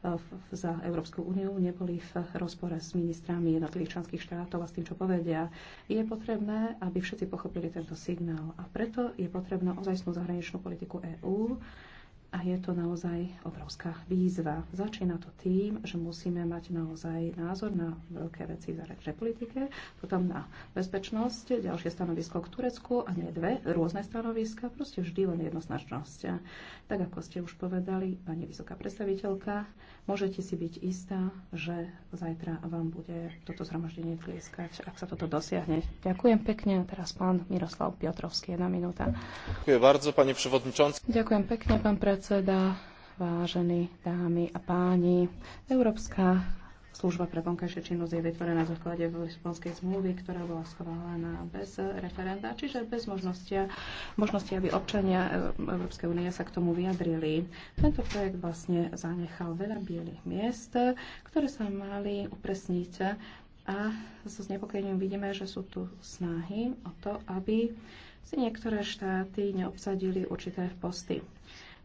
v, za Európsku úniu, neboli v rozpore s ministrami jednotlivých členských štátov a s tým, čo povedia. Je potrebné, aby všetci pochopili tento signál a preto je potrebné ozajstnú zahraničnú politiku EÚ, a je to naozaj obrovská výzva. Začína to tým, že musíme mať naozaj názor na veľké veci v zahraničnej politike, potom na bezpečnosť, ďalšie stanovisko k Turecku a nie dve rôzne stanoviska, proste vždy len jednoznačnosť. Tak ako ste už povedali, pani vysoká predstaviteľka, môžete si byť istá, že zajtra vám bude toto zhromaždenie tlieskať, ak sa toto dosiahne. Ďakujem pekne. Teraz pán Miroslav Piotrovský, jedna minúta. Ďakujem bardzo, pani Ďakujem pekne, pán predseda predseda, vážení dámy a páni, Európska Služba pre vonkajšie činnosť je vytvorená na základe Lisbonskej zmluvy, ktorá bola schválená bez referenda, čiže bez možnosti, možnosti aby občania Európskej únie sa k tomu vyjadrili. Tento projekt vlastne zanechal veľa bielých miest, ktoré sa mali upresniť a so znepokojením vidíme, že sú tu snahy o to, aby si niektoré štáty neobsadili určité posty.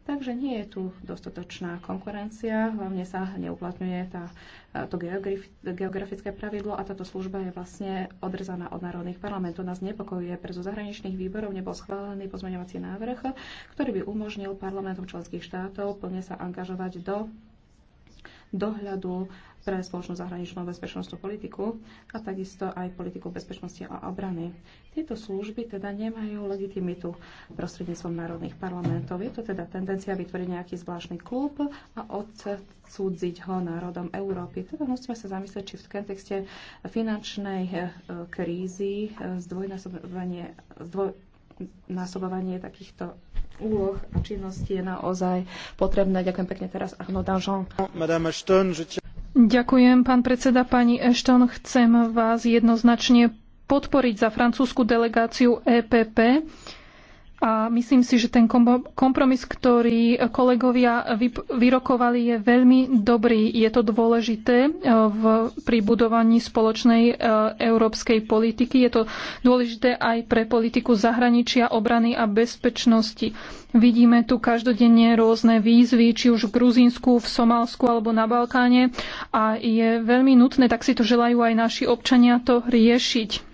Takže nie je tu dostatočná konkurencia, hlavne sa neuplatňuje tá, e, to geografické pravidlo a táto služba je vlastne odrezaná od národných parlamentov. Nás nepokojuje, pre zo zahraničných výborov nebol schválený pozmeňovací návrh, ktorý by umožnil parlamentom členských štátov plne sa angažovať do dohľadu pre spoločnú zahraničnú bezpečnostnú politiku a takisto aj politiku bezpečnosti a obrany. Tieto služby teda nemajú legitimitu prostredníctvom národných parlamentov. Je to teda tendencia vytvoriť nejaký zvláštny klub a odsúdziť ho národom Európy. Teda musíme sa zamyslieť, či v kontexte finančnej eh, krízy eh, zdvojnásobovanie, zdvojnásobovanie takýchto úloh a činností je naozaj potrebné. Ďakujem pekne teraz Arnaud tiens... Ďakujem, pán predseda. Pani Ashton, chcem vás jednoznačne podporiť za francúzsku delegáciu EPP a myslím si, že ten kompromis, ktorý kolegovia vyrokovali, je veľmi dobrý. Je to dôležité e, v, pri budovaní spoločnej e, európskej politiky. Je to dôležité aj pre politiku zahraničia, obrany a bezpečnosti. Vidíme tu každodenne rôzne výzvy, či už v Gruzínsku, v Somálsku alebo na Balkáne. A je veľmi nutné, tak si to želajú aj naši občania, to riešiť.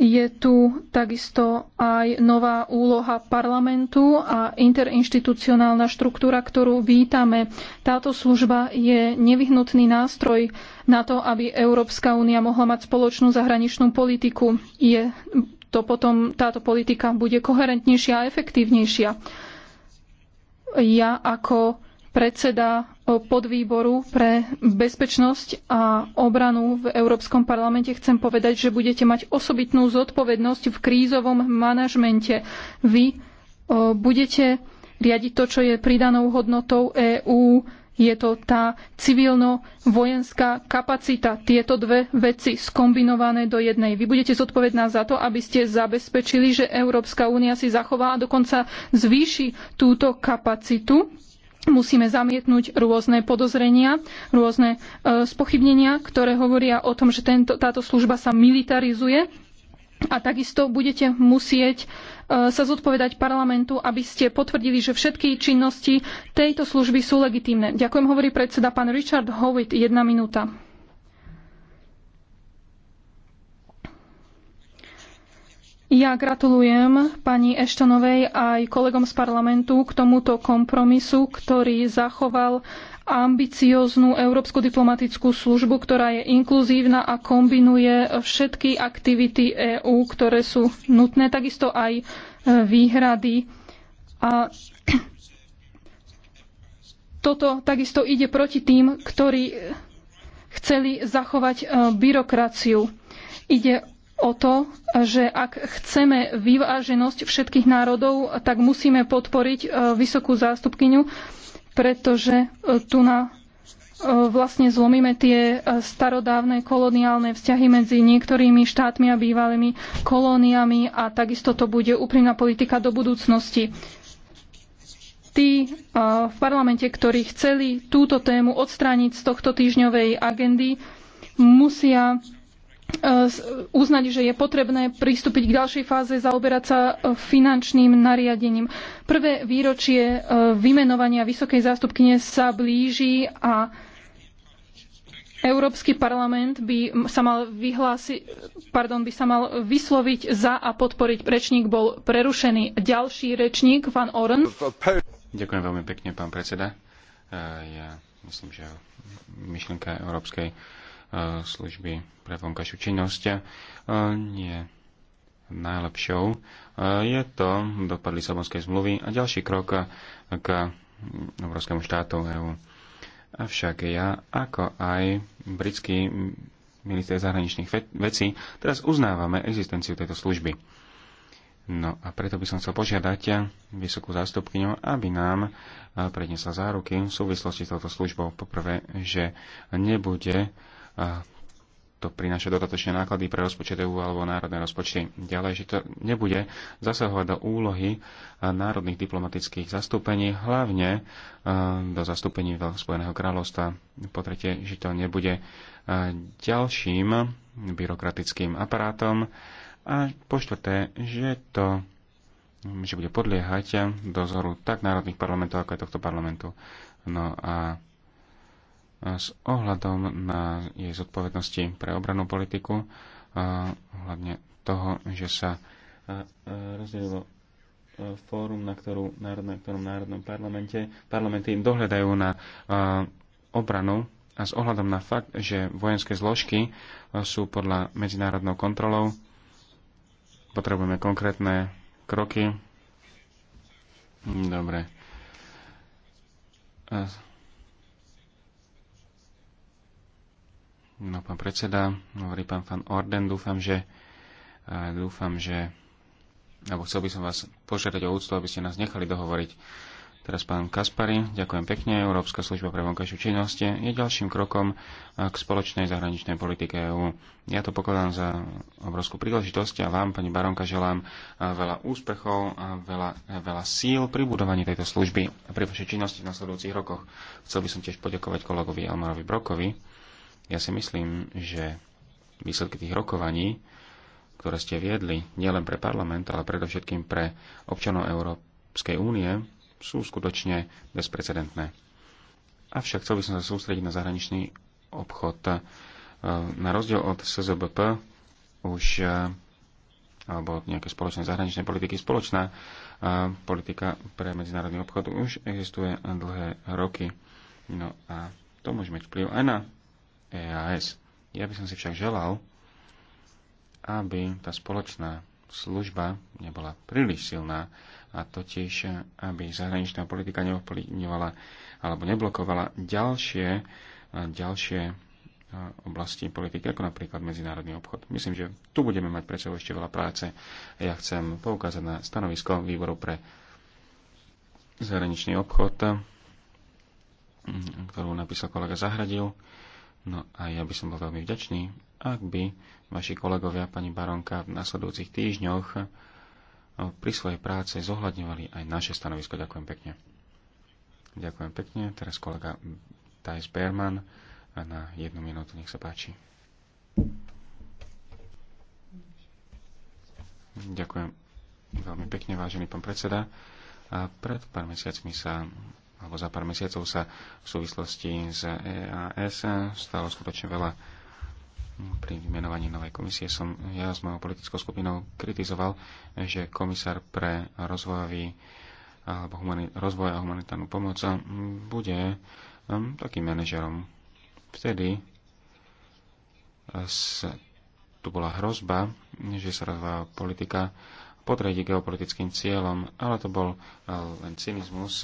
Je tu takisto aj nová úloha parlamentu a interinštitucionálna štruktúra, ktorú vítame. Táto služba je nevyhnutný nástroj na to, aby Európska únia mohla mať spoločnú zahraničnú politiku. Je to potom táto politika bude koherentnejšia a efektívnejšia. Ja ako predseda podvýboru pre bezpečnosť a obranu v Európskom parlamente chcem povedať, že budete mať osobitnú zodpovednosť v krízovom manažmente. Vy budete riadiť to, čo je pridanou hodnotou EÚ. Je to tá civilno-vojenská kapacita. Tieto dve veci skombinované do jednej. Vy budete zodpovedná za to, aby ste zabezpečili, že Európska únia si zachová a dokonca zvýši túto kapacitu musíme zamietnúť rôzne podozrenia, rôzne e, spochybnenia, ktoré hovoria o tom, že tento, táto služba sa militarizuje. A takisto budete musieť e, sa zodpovedať parlamentu, aby ste potvrdili, že všetky činnosti tejto služby sú legitímne. Ďakujem, hovorí predseda pán Richard Howitt. Jedna minúta. Ja gratulujem pani Eštonovej aj kolegom z parlamentu k tomuto kompromisu, ktorý zachoval ambicióznu európsku diplomatickú službu, ktorá je inkluzívna a kombinuje všetky aktivity EÚ, ktoré sú nutné, takisto aj e, výhrady. A toto takisto ide proti tým, ktorí chceli zachovať e, byrokraciu. Ide o to, že ak chceme vyváženosť všetkých národov, tak musíme podporiť e, vysokú zástupkyňu, pretože e, tu na e, vlastne zlomíme tie starodávne koloniálne vzťahy medzi niektorými štátmi a bývalými kolóniami a takisto to bude úprimná politika do budúcnosti. Tí v parlamente, ktorí chceli túto tému odstrániť z tohto týždňovej agendy, musia E, uznať, že je potrebné pristúpiť k ďalšej fáze, zaoberať sa e, finančným nariadením. Prvé výročie e, vymenovania vysokej zástupkyne sa blíži a Európsky parlament by sa mal vyhlási, pardon, by sa mal vysloviť za a podporiť. Rečník bol prerušený. Ďalší rečník, pán Oren. Ďakujem veľmi pekne, pán predseda. Ja myslím, že myšlienka Európskej služby pre vonkajšiu činnosť nie najlepšou. Je to dopad Lisabonskej zmluvy a ďalší krok k obrovskému štátu EÚ. Avšak ja, ako aj britský minister zahraničných vecí, teraz uznávame existenciu tejto služby. No a preto by som chcel požiadať vysokú zástupkyňu, aby nám prednesla záruky v súvislosti s touto službou. Poprvé, že nebude a to prináša dodatočné náklady pre rozpočet EU alebo národné rozpočty. Ďalej, že to nebude zasahovať do úlohy e, národných diplomatických zastúpení, hlavne e, do zastúpení Spojeného kráľovstva. Po tretie, že to nebude e, ďalším byrokratickým aparátom. A po štvrté, že to že bude podliehať dozoru tak národných parlamentov, ako aj tohto parlamentu. No a s ohľadom na jej zodpovednosti pre obranú politiku, hlavne toho, že sa rozdelilo fórum, na, ktorú, na ktorom národnom parlamente parlamenty dohľadajú na obranu a s ohľadom na fakt, že vojenské zložky sú podľa medzinárodnou kontrolou, potrebujeme konkrétne kroky. Dobre. No, pán predseda, hovorí pán Fan Orden, dúfam, že e, dúfam, že alebo chcel by som vás požiadať o úctu, aby ste nás nechali dohovoriť. Teraz pán Kaspari, ďakujem pekne. Európska služba pre vonkajšiu činnosť je ďalším krokom e, k spoločnej zahraničnej politike EÚ. Ja to pokladám za obrovskú príležitosť a vám, pani Baronka, želám e, veľa úspechov a veľa, veľa síl pri budovaní tejto služby a pri vašej činnosti v nasledujúcich rokoch. Chcel by som tiež poďakovať kolegovi Elmarovi Brokovi ja si myslím, že výsledky tých rokovaní, ktoré ste viedli nielen pre parlament, ale predovšetkým pre občanov Európskej únie, sú skutočne bezprecedentné. Avšak chcel by som sa sústrediť na zahraničný obchod. E, na rozdiel od SZBP už e, alebo nejaké spoločné zahraničné politiky. Spoločná e, politika pre medzinárodný obchod už existuje dlhé roky. No a to môže mať vplyv aj na EAS. Ja by som si však želal, aby tá spoločná služba nebola príliš silná a totiž, aby zahraničná politika neovplyvňovala alebo neblokovala ďalšie, ďalšie e, oblasti politiky, ako napríklad medzinárodný obchod. Myslím, že tu budeme mať pre sebou ešte veľa práce. Ja chcem poukázať na stanovisko výboru pre zahraničný obchod, ktorú napísal kolega Zahradil No a ja by som bol veľmi vďačný, ak by vaši kolegovia, pani Baronka, v nasledujúcich týždňoch eh, pri svojej práce zohľadňovali aj naše stanovisko. Ďakujem pekne. Ďakujem pekne. Teraz kolega Thijs Berman eh, na jednu minútu. Nech sa páči. Ďakujem veľmi pekne, vážený pán predseda. A pred pár mesiacmi sa alebo za pár mesiacov sa v súvislosti s EAS stalo skutočne veľa. Pri vymenovaní novej komisie som ja s mojou politickou skupinou kritizoval, že komisár pre rozvojový alebo humani- rozvoj a humanitárnu pomoc bude um, takým manažerom. Vtedy uh, s, tu bola hrozba, že sa rozvojová politika podredí geopolitickým cieľom, ale to bol uh, len cynizmus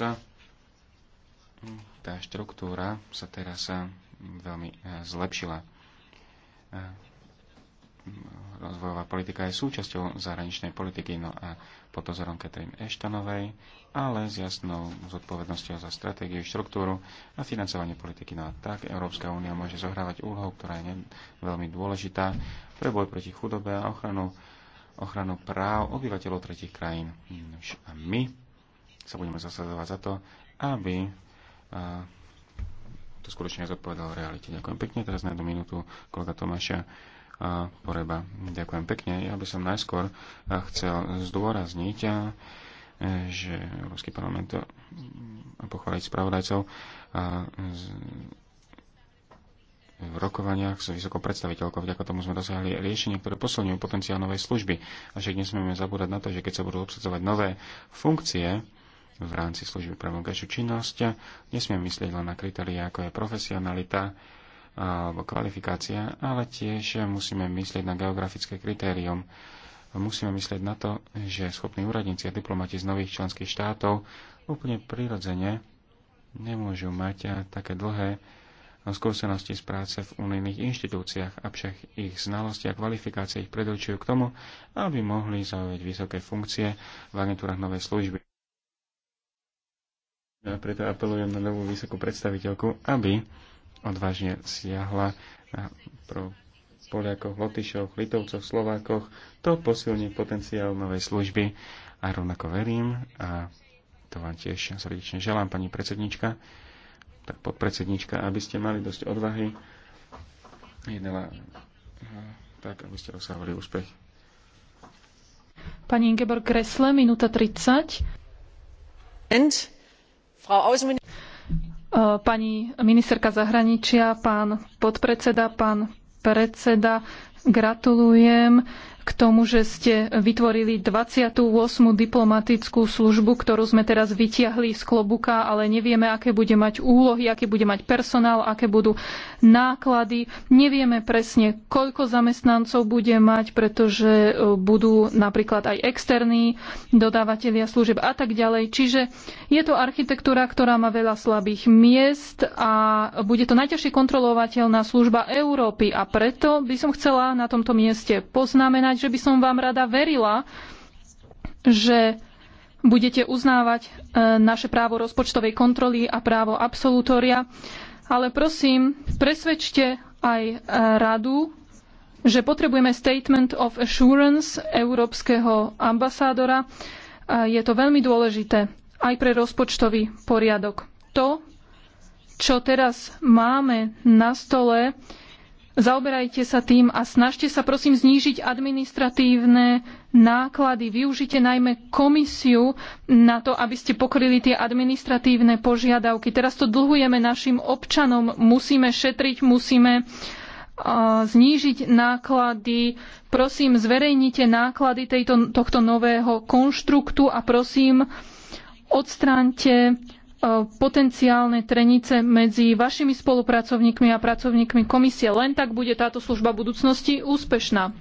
tá štruktúra sa teraz eh, veľmi eh, zlepšila. Eh, rozvojová politika je súčasťou zahraničnej politiky, no a pod dozorom Katrin Eštanovej, ale s jasnou zodpovednosťou za stratégiu, štruktúru a financovanie politiky. No a tak Európska únia môže zohrávať úlohu, ktorá je veľmi dôležitá pre boj proti chudobe a ochranu, ochranu práv obyvateľov tretich krajín. A my sa budeme zasadzovať za to, aby a to skutočne zodpovedalo realite. Ďakujem pekne. Teraz na jednu minútu kolega Tomáša Poreba. Ďakujem pekne. Ja by som najskôr chcel zdôrazniť, že Európsky parlament a pochváliť spravodajcov v rokovaniach s vysokou predstaviteľkou. Vďaka tomu sme dosiahli riešenie, ktoré posilňujú potenciál novej služby. však nesmieme zabúdať na to, že keď sa budú obsadzovať nové funkcie, v rámci služby pre vonkajšiu činnosť. Nesmiem myslieť len na kritériá, ako je profesionalita alebo kvalifikácia, ale tiež musíme myslieť na geografické kritérium. Musíme myslieť na to, že schopní úradníci a diplomati z nových členských štátov úplne prirodzene nemôžu mať také dlhé skúsenosti z práce v unijných inštitúciách, avšak ich znalosti a kvalifikácie ich predurčujú k tomu, aby mohli zaujať vysoké funkcie v agentúrach novej služby. Ja preto apelujem na novú vysokú predstaviteľku, aby odvážne siahla pro Poliakov, Lotyšov, Litovcov, Slovákoch. To posilní potenciál novej služby a rovnako verím a to vám tiež srdečne želám, pani predsednička, tak podpredsednička, aby ste mali dosť odvahy jednala tak, aby ste dosahovali úspech. Pani Ingeborg Kresle, minúta 30. And Pani ministerka zahraničia, pán podpredseda, pán predseda, Gratulujem k tomu, že ste vytvorili 28. diplomatickú službu, ktorú sme teraz vytiahli z klobuka, ale nevieme, aké bude mať úlohy, aký bude mať personál, aké budú náklady. Nevieme presne, koľko zamestnancov bude mať, pretože e, budú napríklad aj externí dodávateľia služieb a tak ďalej. Čiže je to architektúra, ktorá má veľa slabých miest a bude to najťažšie kontrolovateľná služba Európy. A preto by som chcela na tomto mieste poznamenať, že by som vám rada verila, že budete uznávať e, naše právo rozpočtovej kontroly a právo absolutória. Ale prosím, presvedčte aj e, radu, že potrebujeme statement of assurance európskeho ambasádora. E, je to veľmi dôležité aj pre rozpočtový poriadok. To, čo teraz máme na stole, Zaoberajte sa tým a snažte sa prosím znížiť administratívne náklady. Využite najmä komisiu na to, aby ste pokryli tie administratívne požiadavky. Teraz to dlhujeme našim občanom. Musíme šetriť, musíme znížiť náklady. Prosím, zverejnite náklady tejto, tohto nového konštruktu a prosím, odstráňte E, potenciálne trenice medzi vašimi spolupracovníkmi a pracovníkmi komisie. Len tak bude táto služba budúcnosti úspešná.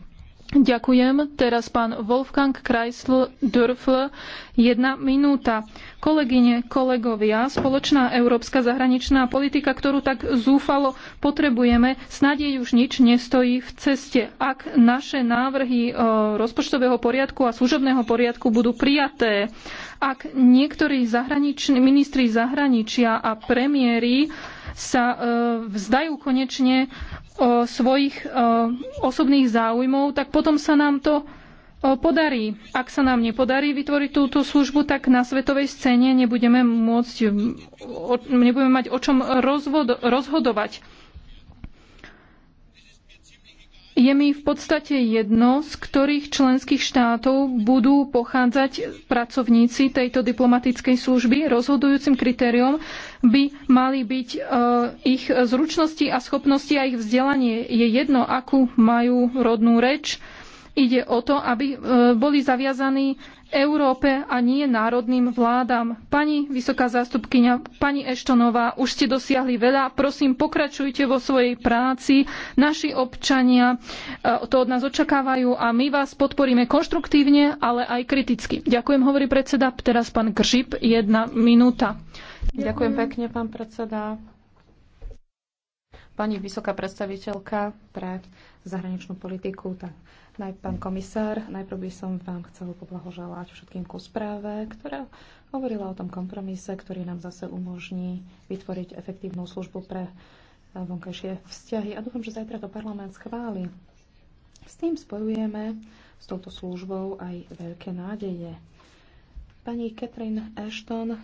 Ďakujem. Teraz pán Wolfgang Kreisl Dörfl. Jedna minúta. Kolegyne, kolegovia, spoločná európska zahraničná politika, ktorú tak zúfalo potrebujeme, snad jej už nič nestojí v ceste. Ak naše návrhy e, rozpočtového poriadku a služobného poriadku budú prijaté, ak niektorí zahraniční, ministri zahraničia a premiéry sa e, vzdajú konečne svojich osobných záujmov, tak potom sa nám to podarí. Ak sa nám nepodarí vytvoriť túto službu, tak na svetovej scéne nebudeme môcť, nebudeme mať o čom rozhodovať. Je mi v podstate jedno, z ktorých členských štátov budú pochádzať pracovníci tejto diplomatickej služby. Rozhodujúcim kritériom by mali byť e, ich zručnosti a schopnosti a ich vzdelanie. Je jedno, akú majú rodnú reč, Ide o to, aby e, boli zaviazaní Európe a nie národným vládam. Pani vysoká zástupkyňa, pani Eštonová, už ste dosiahli veľa. Prosím, pokračujte vo svojej práci. Naši občania e, to od nás očakávajú a my vás podporíme konštruktívne, ale aj kriticky. Ďakujem, hovorí predseda. Teraz pán Gržip, jedna minúta. Ďakujem pekne, pán predseda. Pani vysoká predstaviteľka pre zahraničnú politiku, tak Pán komisár, najprv by som vám chcel poblahoželať všetkým ku správe, ktorá hovorila o tom kompromise, ktorý nám zase umožní vytvoriť efektívnu službu pre eh, vonkajšie vzťahy. A dúfam, že zajtra to parlament schváli. S tým spojujeme s touto službou aj veľké nádeje. Pani Catherine Ashton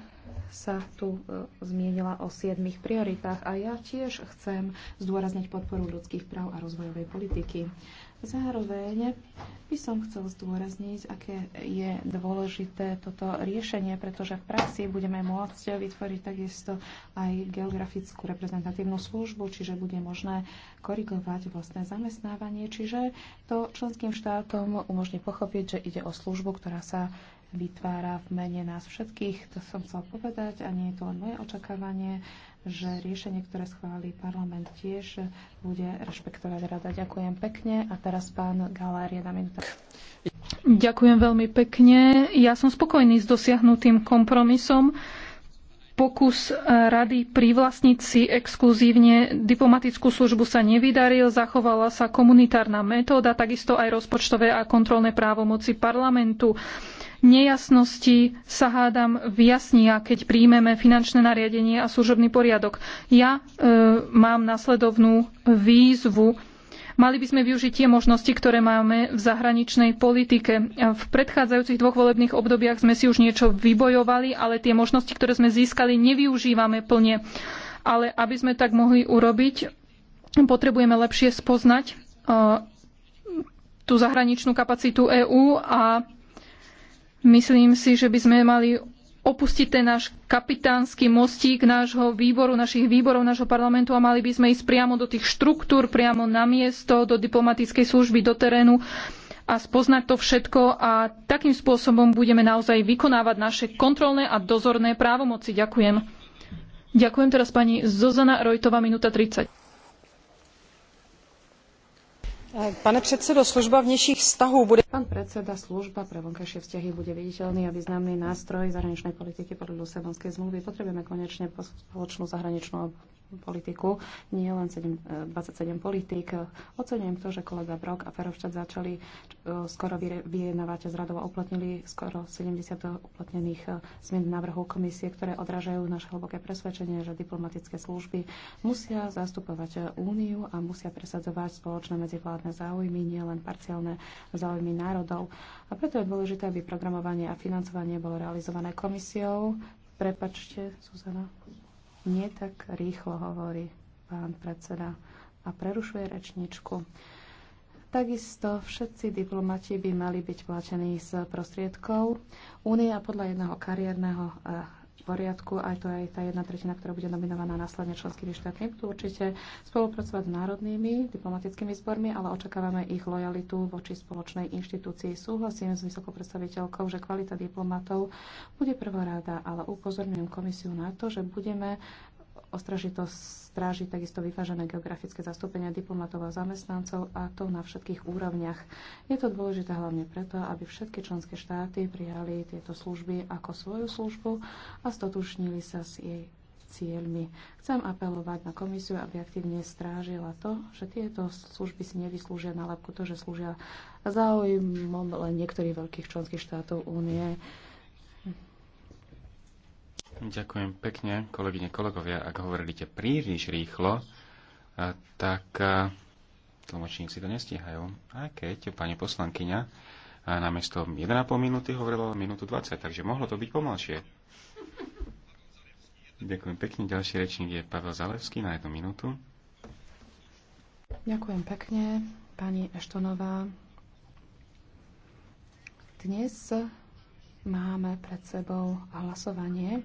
sa tu e, zmienila o siedmých prioritách a ja tiež chcem zdôrazniť podporu ľudských práv a rozvojovej politiky. Zároveň by som chcel zdôrazniť, aké je dôležité toto riešenie, pretože v praxi budeme môcť vytvoriť takisto aj geografickú reprezentatívnu službu, čiže bude možné korigovať vlastné zamestnávanie, čiže to členským štátom umožní pochopiť, že ide o službu, ktorá sa vytvára v mene nás všetkých. To som chcel povedať a nie je to len moje očakávanie, že riešenie, ktoré schválí parlament, tiež bude rešpektovať rada. Ďakujem pekne a teraz pán Galár, jedna minúta. Ďakujem veľmi pekne. Ja som spokojný s dosiahnutým kompromisom. Pokus rady privlastniť si exkluzívne diplomatickú službu sa nevydaril, zachovala sa komunitárna metóda, takisto aj rozpočtové a kontrolné právomoci parlamentu nejasnosti sa hádam vyjasnia, keď príjmeme finančné nariadenie a služobný poriadok. Ja e, mám nasledovnú výzvu. Mali by sme využiť tie možnosti, ktoré máme v zahraničnej politike. V predchádzajúcich dvoch volebných obdobiach sme si už niečo vybojovali, ale tie možnosti, ktoré sme získali, nevyužívame plne. Ale aby sme tak mohli urobiť, potrebujeme lepšie spoznať e, tú zahraničnú kapacitu EÚ a Myslím si, že by sme mali opustiť ten náš kapitánsky mostík nášho výboru, našich výborov, nášho parlamentu a mali by sme ísť priamo do tých štruktúr, priamo na miesto, do diplomatickej služby, do terénu a spoznať to všetko a takým spôsobom budeme naozaj vykonávať naše kontrolné a dozorné právomoci. Ďakujem. Ďakujem teraz pani Zozana Rojtová, minúta 30. Pane predsedo, služba vnejších vzťahov bude... Pán predseda, služba pre vonkajšie vzťahy bude viditeľný a významný nástroj zahraničnej politiky podľa Lisabonskej zmluvy. Potrebujeme konečne spoločnú zahraničnú politiku, nie len 7, 27 e, politík. Ocenujem to, že kolega Brok a Ferovšťat začali e, skoro vyjednávať z radov a uplatnili skoro 70 uplatnených e, zmien návrhov komisie, ktoré odrážajú naše hlboké presvedčenie, že diplomatické služby musia zastupovať úniu a musia presadzovať spoločné medzivládne záujmy, nielen parciálne záujmy národov. A preto je dôležité, aby programovanie a financovanie bolo realizované komisiou. Prepačte, Suzana nie tak rýchlo hovorí pán predseda a prerušuje rečničku. Takisto všetci diplomati by mali byť platení z prostriedkov únie podľa jedného kariérneho eh, poriadku, aj to je tá jedna tretina, ktorá bude nominovaná následne členskými štátmi. Tu určite spolupracovať s národnými diplomatickými zbormi, ale očakávame ich lojalitu voči spoločnej inštitúcii. Súhlasím s vysokou predstaviteľkou, že kvalita diplomatov bude prvoráda, ale upozorňujem komisiu na to, že budeme ostražito stráži takisto vyvážené geografické zastúpenia diplomatov a zamestnancov a to na všetkých úrovniach. Je to dôležité hlavne preto, aby všetky členské štáty prijali tieto služby ako svoju službu a stotušnili sa s jej cieľmi. Chcem apelovať na komisiu, aby aktívne strážila to, že tieto služby si nevyslúžia na to, že slúžia záujmom len niektorých veľkých členských štátov únie. Ďakujem pekne, kolegyne, kolegovia. Ak hovoríte príliš rýchlo, tak tlmočníci to nestíhajú. A keď pani poslankyňa namiesto 1,5 minúty hovorila minútu 20, takže mohlo to byť pomalšie. Ďakujem pekne. Ďalší rečník je Pavel Zalevský na jednu minútu. Ďakujem pekne, pani Eštonová. Dnes máme pred sebou hlasovanie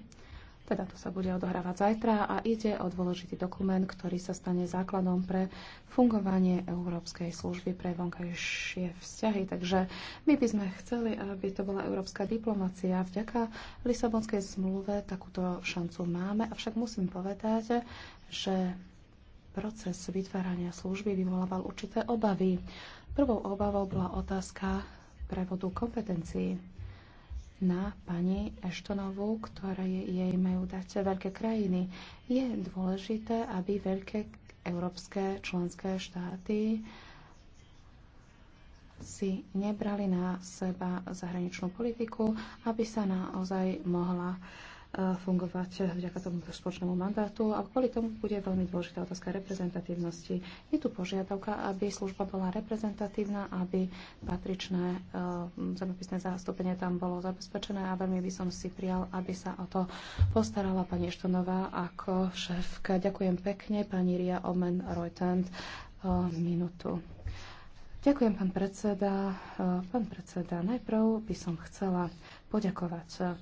teda to sa bude odohrávať zajtra a ide o dôležitý dokument, ktorý sa stane základom pre fungovanie Európskej služby pre vonkajšie vzťahy. Takže my by sme chceli, aby to bola európska diplomacia. Vďaka Lisabonskej zmluve takúto šancu máme, avšak musím povedať, že proces vytvárania služby vyvolával určité obavy. Prvou obavou bola otázka prevodu kompetencií na pani Eštonovú, ktoré jej majú dať veľké krajiny. Je dôležité, aby veľké európske členské štáty si nebrali na seba zahraničnú politiku, aby sa naozaj mohla fungovať vďaka tomu spoločnému mandátu a kvôli tomu bude veľmi dôležitá otázka reprezentatívnosti. Je tu požiadavka, aby služba bola reprezentatívna, aby patričné e, zemepisné zastúpenie tam bolo zabezpečené a veľmi by som si prijal, aby sa o to postarala pani Štonová ako šéfka. Ďakujem pekne, pani Ria Omen Reutant. E, Minútu. Ďakujem, pán predseda. E, pán predseda, najprv by som chcela poďakovať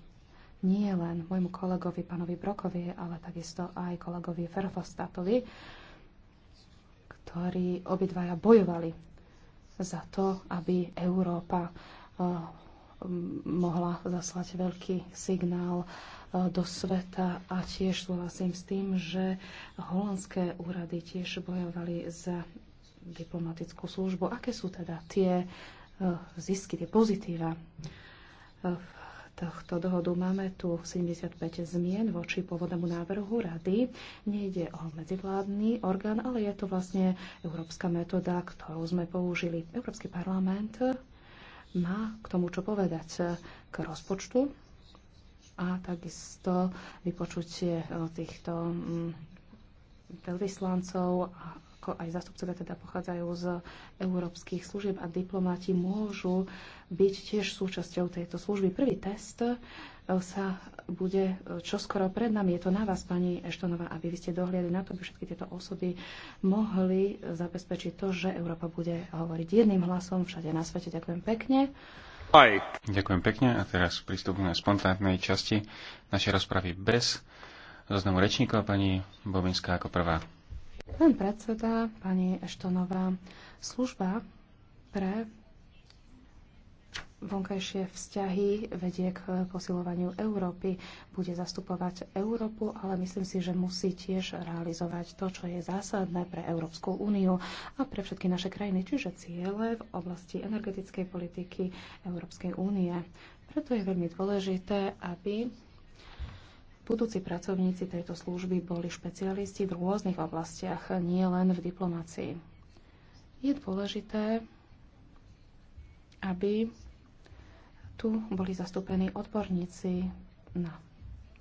nie len môjmu kolegovi, pánovi Brokovi, ale takisto aj kolegovi Ferfostatovi, ktorí obidvaja bojovali za to, aby Európa eh, mohla zaslať veľký signál eh, do sveta a tiež súhlasím s tým, že holandské úrady tiež bojovali za diplomatickú službu. Aké sú teda tie eh, zisky, tie pozitíva v tohto dohodu. Máme tu 75 zmien voči pôvodnému návrhu rady. Nejde o medzivládny orgán, ale je to vlastne európska metóda, ktorú sme použili. Európsky parlament má k tomu, čo povedať k rozpočtu a takisto vypočutie e, týchto mm, veľvyslancov a ako aj zastupcovia teda pochádzajú z európskych služieb a diplomáti môžu byť tiež súčasťou tejto služby. Prvý test e, sa bude e, čoskoro pred nami. Je to na vás, pani Eštonová, aby vy ste dohliadli na to, aby všetky tieto osoby mohli zabezpečiť to, že Európa bude hovoriť jedným hlasom všade na svete. Ďakujem pekne. Aj. Ďakujem pekne a teraz pristúpime k spontánnej časti našej rozpravy bez zoznamu rečníkov. Pani Bobinská ako prvá. Pán predseda, pani Eštonová, služba pre vonkajšie vzťahy vedie k posilovaniu Európy, bude zastupovať Európu, ale myslím si, že musí tiež realizovať to, čo je zásadné pre Európsku úniu a pre všetky naše krajiny, čiže ciele v oblasti energetickej politiky Európskej únie. Preto je veľmi dôležité, aby budúci pracovníci tejto služby boli špecialisti v rôznych oblastiach, nie len v diplomácii. Je dôležité, aby tu boli zastúpení odborníci na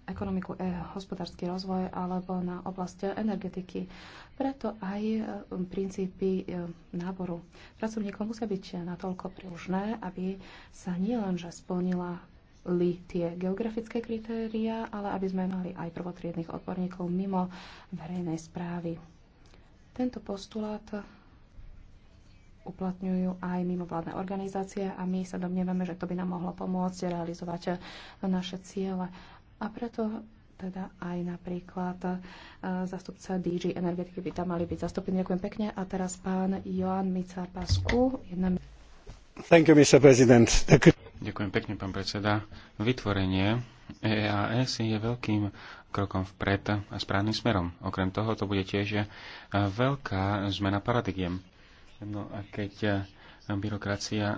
ekonomiku, e, hospodársky rozvoj alebo na oblasti energetiky. Preto aj e, princípy e, náboru pracovníkov musia byť natoľko pružné, aby sa nielenže splnila li tie geografické kritéria, ale aby sme mali aj prvotriedných odborníkov mimo verejnej správy. Tento postulát uplatňujú aj mimovládne organizácie a my sa domnievame, že to by nám mohlo pomôcť realizovať naše ciele. A preto teda aj napríklad e, zastupca DG Energetiky by tam mali byť zastúpení. Ďakujem pekne. A teraz pán Joan Mica Pasku. Jedna... Thank you, Mr. President. Ďakujem pekne, pán predseda. Vytvorenie EAS je veľkým krokom vpred a správnym smerom. Okrem toho, to bude tiež e, veľká zmena paradigiem. No a keď e, byrokracia e,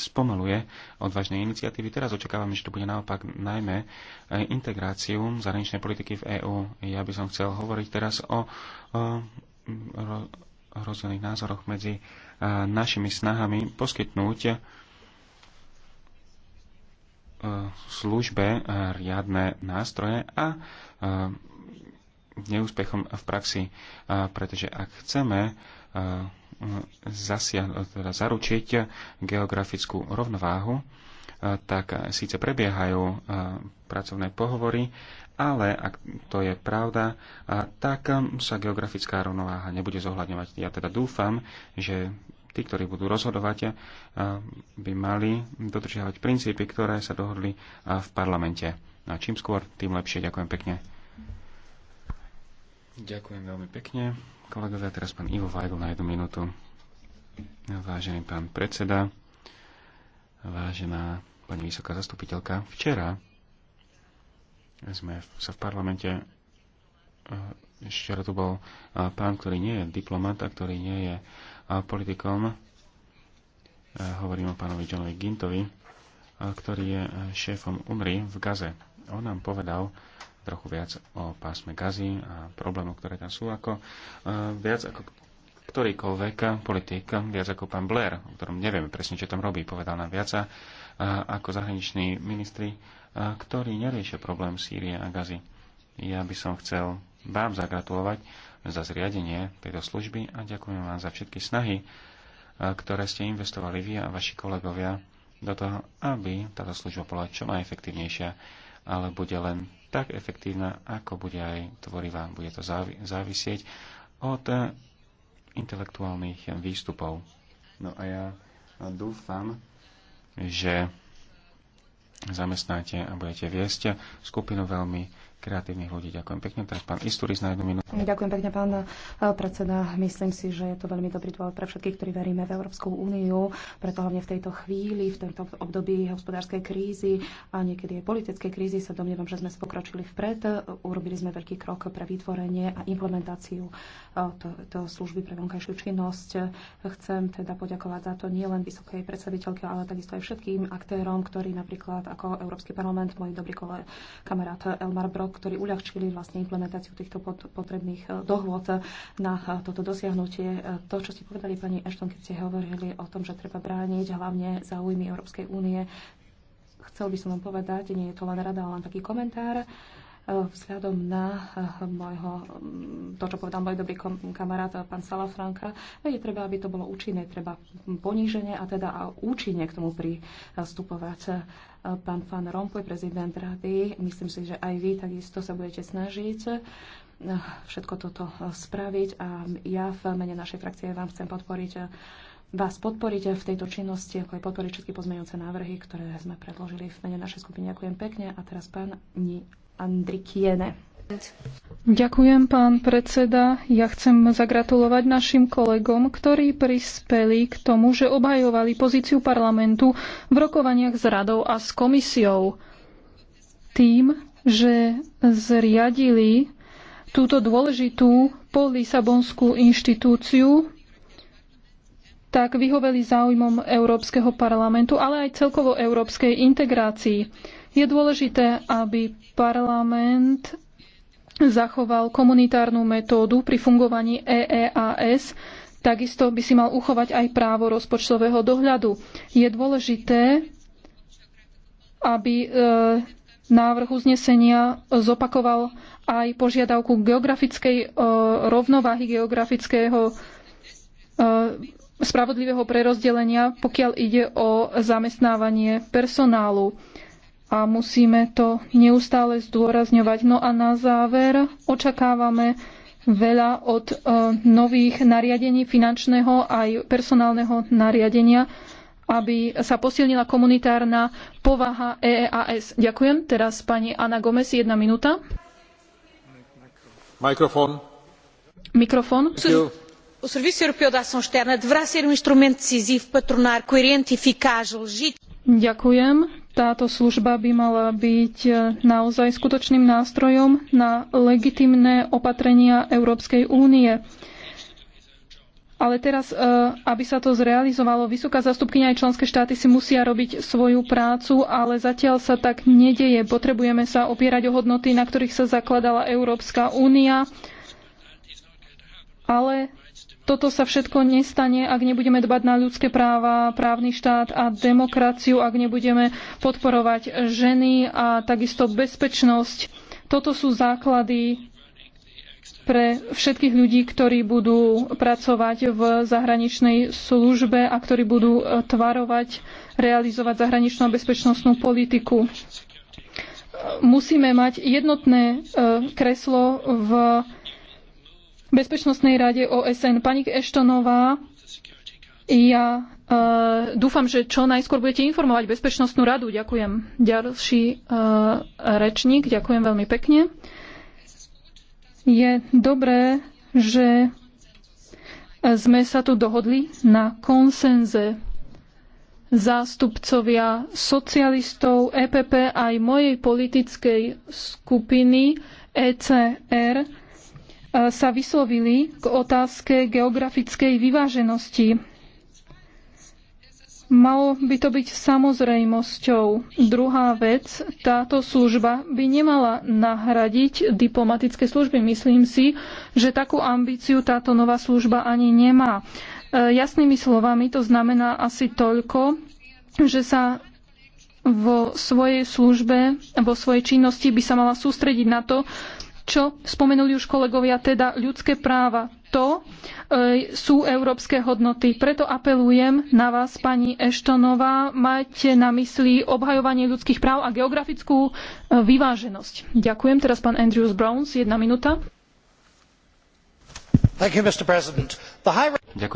spomaluje odvážne iniciatívy. Teraz očakávame, že to bude naopak najmä integráciu zahraničnej politiky v EÚ. Ja by som chcel hovoriť teraz o, o rozdielných názoroch medzi našimi snahami poskytnúť E, službe e, riadne nástroje a e, neúspechom v praxi, pretože ak chceme zasia, teda zaručiť geografickú rovnováhu, tak síce prebiehajú pracovné pohovory, ale ak to je pravda, tak sa geografická rovnováha nebude zohľadňovať. Ja teda dúfam, že tí, ktorí budú rozhodovať, eh, by mali dodržiavať princípy, ktoré sa dohodli eh, v parlamente. No a čím skôr, tým lepšie. Ďakujem pekne. Ďakujem veľmi pekne. Kolegovia, teraz pán Ivo Vajdl na jednu minútu. Vážený pán predseda, vážená pani vysoká zastupiteľka, včera sme sa v parlamente ešte eh, tu bol pán, ktorý nie je diplomat a ktorý nie je politikom. E, hovorím o pánovi Johnovi Gintovi, e, ktorý je e, šéfom UMRI v Gaze. On nám povedal trochu viac o pásme Gazy a problémoch, ktoré tam sú, ako viac ako ktorýkoľvek politik, viac ako pán Blair, o ktorom nevieme presne, čo tam robí, povedal nám viac ako zahraniční ministri, ktorí neriešia problém Sýrie a Gazy. Ja by som chcel vám zagratulovať za zriadenie tejto služby a ďakujem vám za všetky snahy, e, ktoré ste investovali vy a vaši kolegovia do toho, aby táto služba bola čo najefektívnejšia, ale bude len tak efektívna, ako bude aj tvorivá. Bude to závisieť od intelektuálnych výstupov. No a ja dúfam, že zamestnáte a budete viesť skupinu veľmi kreatívnych ľudí. Ďakujem pekne. Teraz pán Isturis na jednu minútu. Ďakujem pekne, pán eh, predseda. Myslím si, že je to veľmi dobrý dôvod pre všetkých, ktorí veríme v Európsku úniu, preto hlavne v tejto chvíli, v tomto období hospodárskej krízy a niekedy aj politickej krízy sa domnievam, že sme pokročili vpred. Urobili sme veľký krok pre vytvorenie a implementáciu eh, to, to služby pre vonkajšiu činnosť. Chcem teda poďakovať za to nielen vysokej predstaviteľke, ale takisto aj všetkým aktérom, ktorí napríklad ako Európsky parlament, môj dobrý kole, kamarát Elmar Brok, ktorí uľahčili vlastne implementáciu týchto potrebných eh, dohôd eh, na eh, toto dosiahnutie. To, čo ste povedali, pani Ashton, keď ste hovorili o tom, že treba brániť hlavne záujmy Európskej únie, chcel by som vám povedať, nie je to len rada, ale len taký komentár, Vzhľadom na eh, môjho, mm, to, čo povedal môj dobrý kamarát eh, pán Salafranka, eh, je treba, aby to bolo účinné, treba poníženie a teda a účinne k tomu pristupovať. Pán Fan Rompuy, prezident rady, myslím si, že aj vy takisto sa budete snažiť všetko toto spraviť a ja v mene našej frakcie vám chcem podporiť vás podporiť v tejto činnosti, ako aj podporiť všetky pozmeňujúce návrhy, ktoré sme predložili v mene našej skupiny. Ďakujem pekne a teraz pán Ni Andrikiene. Ďakujem, pán predseda. Ja chcem zagratulovať našim kolegom, ktorí prispeli k tomu, že obhajovali pozíciu parlamentu v rokovaniach s radou a s komisiou. Tým, že zriadili túto dôležitú polisabonskú inštitúciu, tak vyhoveli záujmom Európskeho parlamentu, ale aj celkovo európskej integrácii. Je dôležité, aby parlament zachoval komunitárnu metódu pri fungovaní EEAS, takisto by si mal uchovať aj právo rozpočtového dohľadu. Je dôležité, aby e, návrh uznesenia zopakoval aj požiadavku geografickej e, rovnováhy geografického e, spravodlivého prerozdelenia, pokiaľ ide o zamestnávanie personálu a musíme to neustále zdôrazňovať. No a na záver očakávame veľa od uh, nových nariadení finančného aj personálneho nariadenia, aby sa posilnila komunitárna povaha EEAS. Ďakujem. Teraz pani Ana Gomez, jedna minúta. Mikrofón. Mikrofón. O Serviço Europeu de Ação Externa deverá ser um instrumento decisivo para tornar coerente e eficaz o legítimo. Ďakujem táto služba by mala byť e, naozaj skutočným nástrojom na legitimné opatrenia Európskej únie. Ale teraz, e, aby sa to zrealizovalo, vysoká zastupkynia aj členské štáty si musia robiť svoju prácu, ale zatiaľ sa tak nedeje. Potrebujeme sa opierať o hodnoty, na ktorých sa zakladala Európska únia, ale toto sa všetko nestane, ak nebudeme dbať na ľudské práva, právny štát a demokraciu, ak nebudeme podporovať ženy a takisto bezpečnosť. Toto sú základy pre všetkých ľudí, ktorí budú pracovať v zahraničnej službe a ktorí budú e, tvarovať, realizovať zahraničnú a bezpečnostnú politiku. E, musíme mať jednotné e, kreslo v Bezpečnostnej rade OSN. Pani Eštonová, ja uh, dúfam, že čo najskôr budete informovať Bezpečnostnú radu. Ďakujem. Ďalší uh, rečník, ďakujem veľmi pekne. Je dobré, že sme sa tu dohodli na konsenze zástupcovia socialistov EPP aj mojej politickej skupiny ECR Eh, sa vyslovili k otázke geografickej vyváženosti. Malo by to byť samozrejmosťou. Druhá vec, táto služba by nemala nahradiť diplomatické služby. Myslím si, že takú ambíciu táto nová služba ani nemá. Eh, jasnými slovami to znamená asi toľko, že sa vo svojej službe, vo svojej činnosti by sa mala sústrediť na to, čo spomenuli už kolegovia, teda ľudské práva. To e, sú európske hodnoty. Preto apelujem na vás, pani Eštonová, majte na mysli obhajovanie ľudských práv a geografickú e, vyváženosť. Ďakujem. Teraz pán Andrews Browns, jedna minúta. Ďakujem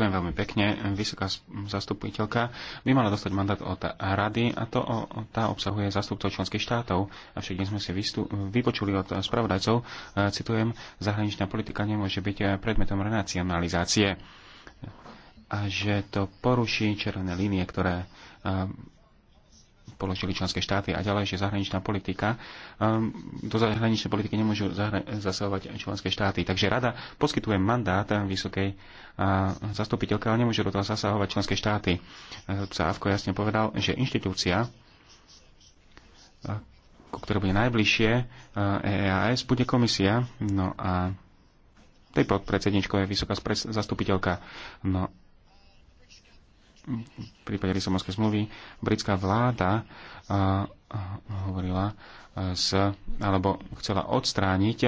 veľmi pekne. Vysoká zastupiteľka by mala dostať mandát od rady a to o, tá obsahuje zastupcov členských štátov. Avšak dnes sme si vystu, vypočuli od spravodajcov, e, citujem, zahraničná politika nemôže byť e, predmetom renacionalizácie a že to poruší červené línie, ktoré e, položili členské štáty a ďalej, že zahraničná politika, um, do zahraničnej politiky nemôžu zasahovať členské štáty. Takže rada poskytuje mandát vysokej zastupiteľke, ale nemôžu do toho zasahovať členské štáty. Psávko jasne povedal, že inštitúcia, ktoré bude najbližšie EAS, e bude komisia. No a tej podpredsedničkou je vysoká zastupiteľka. No v prípade Lisabonskej zmluvy britská vláda hovorila s, alebo chcela odstrániť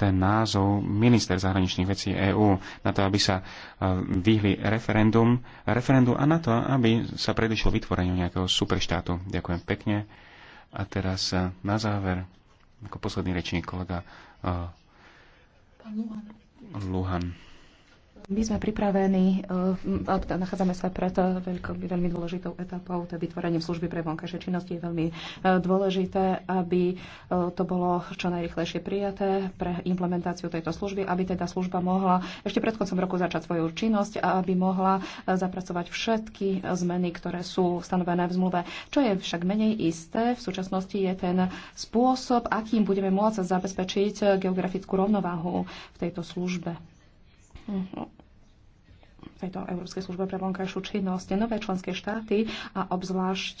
ten názov minister zahraničných vecí EÚ na to, aby sa vyhli referendum, referendum a na to, aby sa predišlo vytvoreniu nejakého superštátu. Ďakujem pekne. A teraz na záver, ako posledný rečník, kolega Luhan. My sme pripravení, eh, teda nachádzame sa pred veľmi dôležitou etapou, to vytvorenie služby pre vonkajšie činnosti je veľmi eh, dôležité, aby eh, to bolo čo najrychlejšie prijaté pre implementáciu tejto služby, aby teda služba mohla ešte pred koncom roku začať svoju činnosť a aby mohla zapracovať všetky zmeny, ktoré sú stanovené v zmluve. Čo je však menej isté v súčasnosti je ten spôsob, akým budeme môcť zabezpečiť geografickú rovnováhu v tejto službe. Mhm. tejto Európskej službe pre vonkajšiu činnosť nové členské štáty a obzvlášť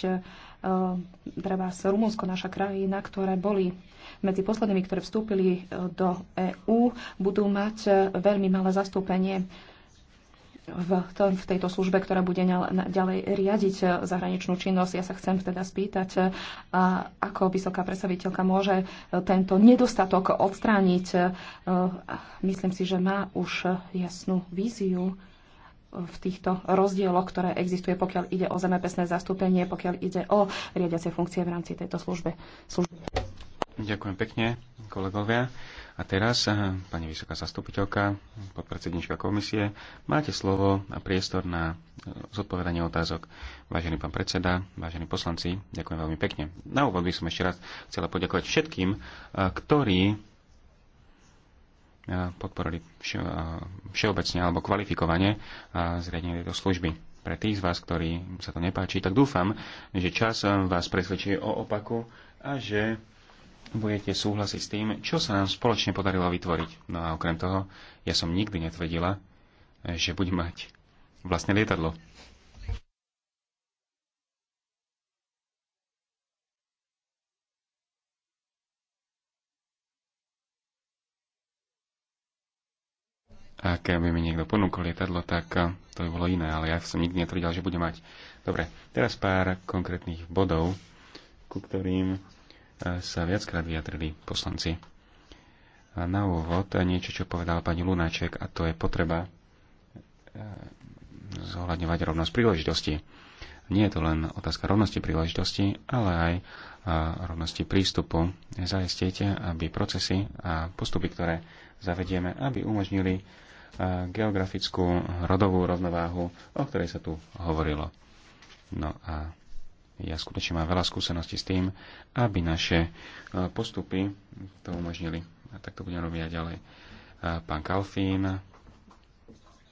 treba e, Rumunsko, naša krajina, ktoré boli medzi poslednými, ktoré vstúpili e, do EÚ, budú mať e, veľmi malé zastúpenie v, v tejto službe, ktorá bude ďalej riadiť eh, zahraničnú činnosť. Ja sa chcem teda spýtať, eh, ako vysoká predstaviteľka môže eh, tento nedostatok odstrániť. Myslím si, že má už jasnú víziu v týchto rozdieloch, ktoré existuje, pokiaľ ide o zemepesné zastúpenie, pokiaľ ide o riadiace funkcie v rámci tejto služby. služby. Ďakujem pekne, kolegovia. A teraz, eh, pani vysoká zastupiteľka, podpredsednička komisie, máte slovo a priestor na eh, zodpovedanie otázok. Vážený pán predseda, vážení poslanci, ďakujem veľmi pekne. Na úvod by som ešte raz chcela poďakovať všetkým, eh, ktorí podporili všeobecne alebo kvalifikovane zriadenie tejto služby pre tých z vás, ktorí sa to nepáči, tak dúfam, že čas vás presvedčí o opaku a že budete súhlasiť s tým, čo sa nám spoločne podarilo vytvoriť. No a okrem toho, ja som nikdy netvrdila, že budem mať vlastné lietadlo. A keby mi niekto ponúkol lietadlo, tak eh, to by bolo iné, ale ja som nikdy netvrdil, že bude mať. Dobre, teraz pár konkrétnych bodov, ku ktorým sa viackrát vyjadrili poslanci. na úvod niečo, čo povedal pani Lunáček, a to je potreba e, zohľadňovať rovnosť príležitosti. Nie je to len otázka rovnosti príležitosti, ale aj e, rovnosti prístupu. Zajistite, aby procesy a postupy, ktoré zavedieme, aby umožnili e, geografickú rodovú rovnováhu, o ktorej sa tu hovorilo. No a ja skutočne mám veľa skúseností s tým, aby naše e, postupy to umožnili. A tak to budem robiť aj ďalej. E, pán Kalfín,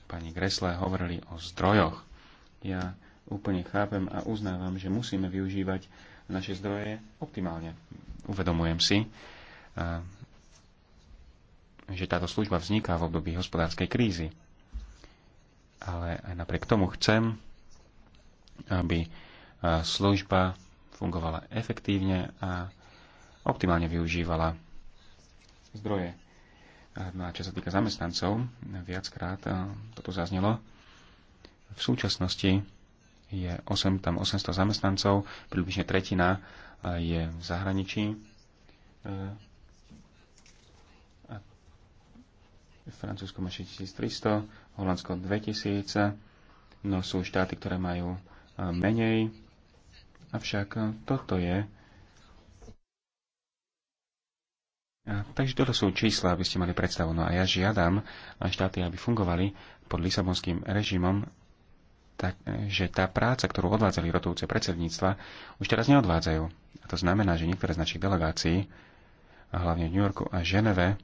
pani Gresle hovorili o zdrojoch. Ja úplne chápem a uznávam, že musíme využívať naše zdroje optimálne. Uvedomujem si, e, že táto služba vzniká v období hospodárskej krízy. Ale aj napriek tomu chcem, aby služba fungovala efektívne a optimálne využívala zdroje. No a čo sa týka zamestnancov, viackrát e, toto zaznelo. V súčasnosti je 8, tam 800 zamestnancov, približne tretina e, je v zahraničí. E, Francúzsko má 6300, Holandsko 2000, no sú štáty, ktoré majú menej Avšak eh, toto je... A, takže toto sú čísla, aby ste mali predstavu. No a ja žiadam eh, štáty, aby fungovali pod lisabonským režimom, tak, eh, že tá práca, ktorú odvádzali rotujúce predsedníctva, už teraz neodvádzajú. A to znamená, že niektoré z našich delegácií, a hlavne v New Yorku a Ženeve,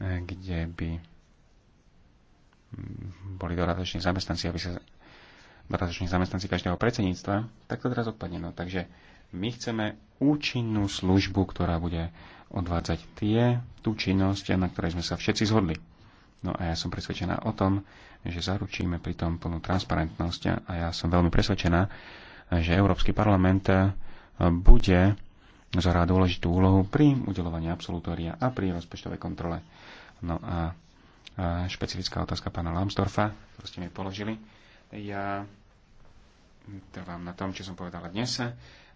kde by mm, boli dodatoční zamestnanci, aby sa dodatoční zamestnanci každého predsedníctva, tak to teraz odpadne. No, takže my chceme účinnú službu, ktorá bude odvádzať tie, tú činnosť, na ktorej sme sa všetci zhodli. No a ja som presvedčená o tom, že zaručíme pri tom plnú transparentnosť a ja som veľmi presvedčená, že Európsky parlament bude zohrá dôležitú úlohu pri udelovaní absolutória a pri rozpočtovej kontrole. No a špecifická otázka pána Lambsdorfa, ktorú ste mi položili ja trvám na tom, čo som povedala dnes. E,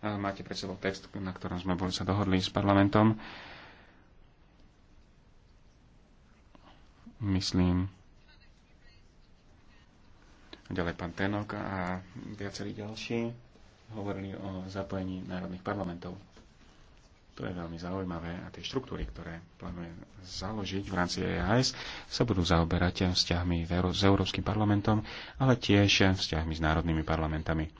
máte pred sebou text, na ktorom sme boli sa dohodli s parlamentom. Myslím, ďalej pán Tenok a viacerí ďalší hovorili o zapojení národných parlamentov. To je veľmi zaujímavé a tie štruktúry, ktoré plánuje založiť v rámci EAS, sa budú zaoberať vzťahmi s Európskym parlamentom, ale tiež vzťahmi s národnými parlamentami.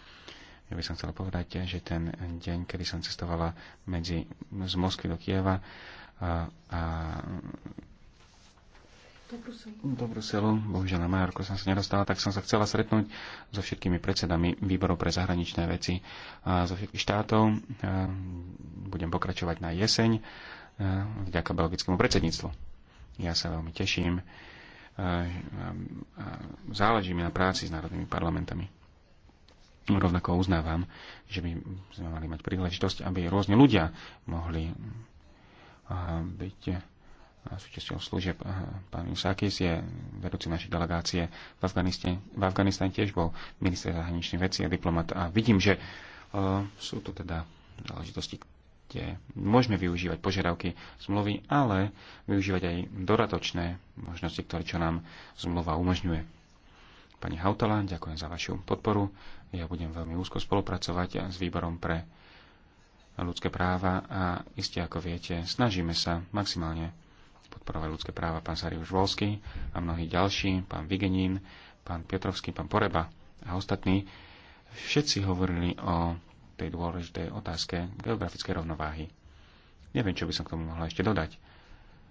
Ja by som chcela povedať, že ten deň, kedy som cestovala medzi, z Moskvy do Kieva a, a do Bruselu. Bohužiaľ na Majorko som sa nedostala, tak som sa chcela stretnúť so všetkými predsedami výborov pre zahraničné veci a zo všetkých štátov. budem pokračovať na jeseň vďaka belgickému predsedníctvu. Ja sa veľmi teším. Záleží mi na práci s národnými parlamentami. Rovnako uznávam, že by sme mali mať príležitosť, aby rôzne ľudia mohli byť súčasťou služieb. Eh, pán Usakis je vedúci našej delegácie v Afganistane, v Afganistane tiež bol minister zahraničných vecí a diplomat. A vidím, že eh, sú tu teda záležitosti, kde môžeme využívať požiadavky zmluvy, ale využívať aj doratočné možnosti, ktoré čo nám zmluva umožňuje. Pani Hautala, ďakujem za vašu podporu. Ja budem veľmi úzko spolupracovať s výborom pre ľudské práva a iste ako viete, snažíme sa maximálne podporovať ľudské práva pán Sariuš Volsky a mnohí ďalší, pán Vigenín, pán Petrovský, pán Poreba a ostatní, všetci hovorili o tej dôležitej otázke geografickej rovnováhy. Neviem, čo by som k tomu mohla ešte dodať.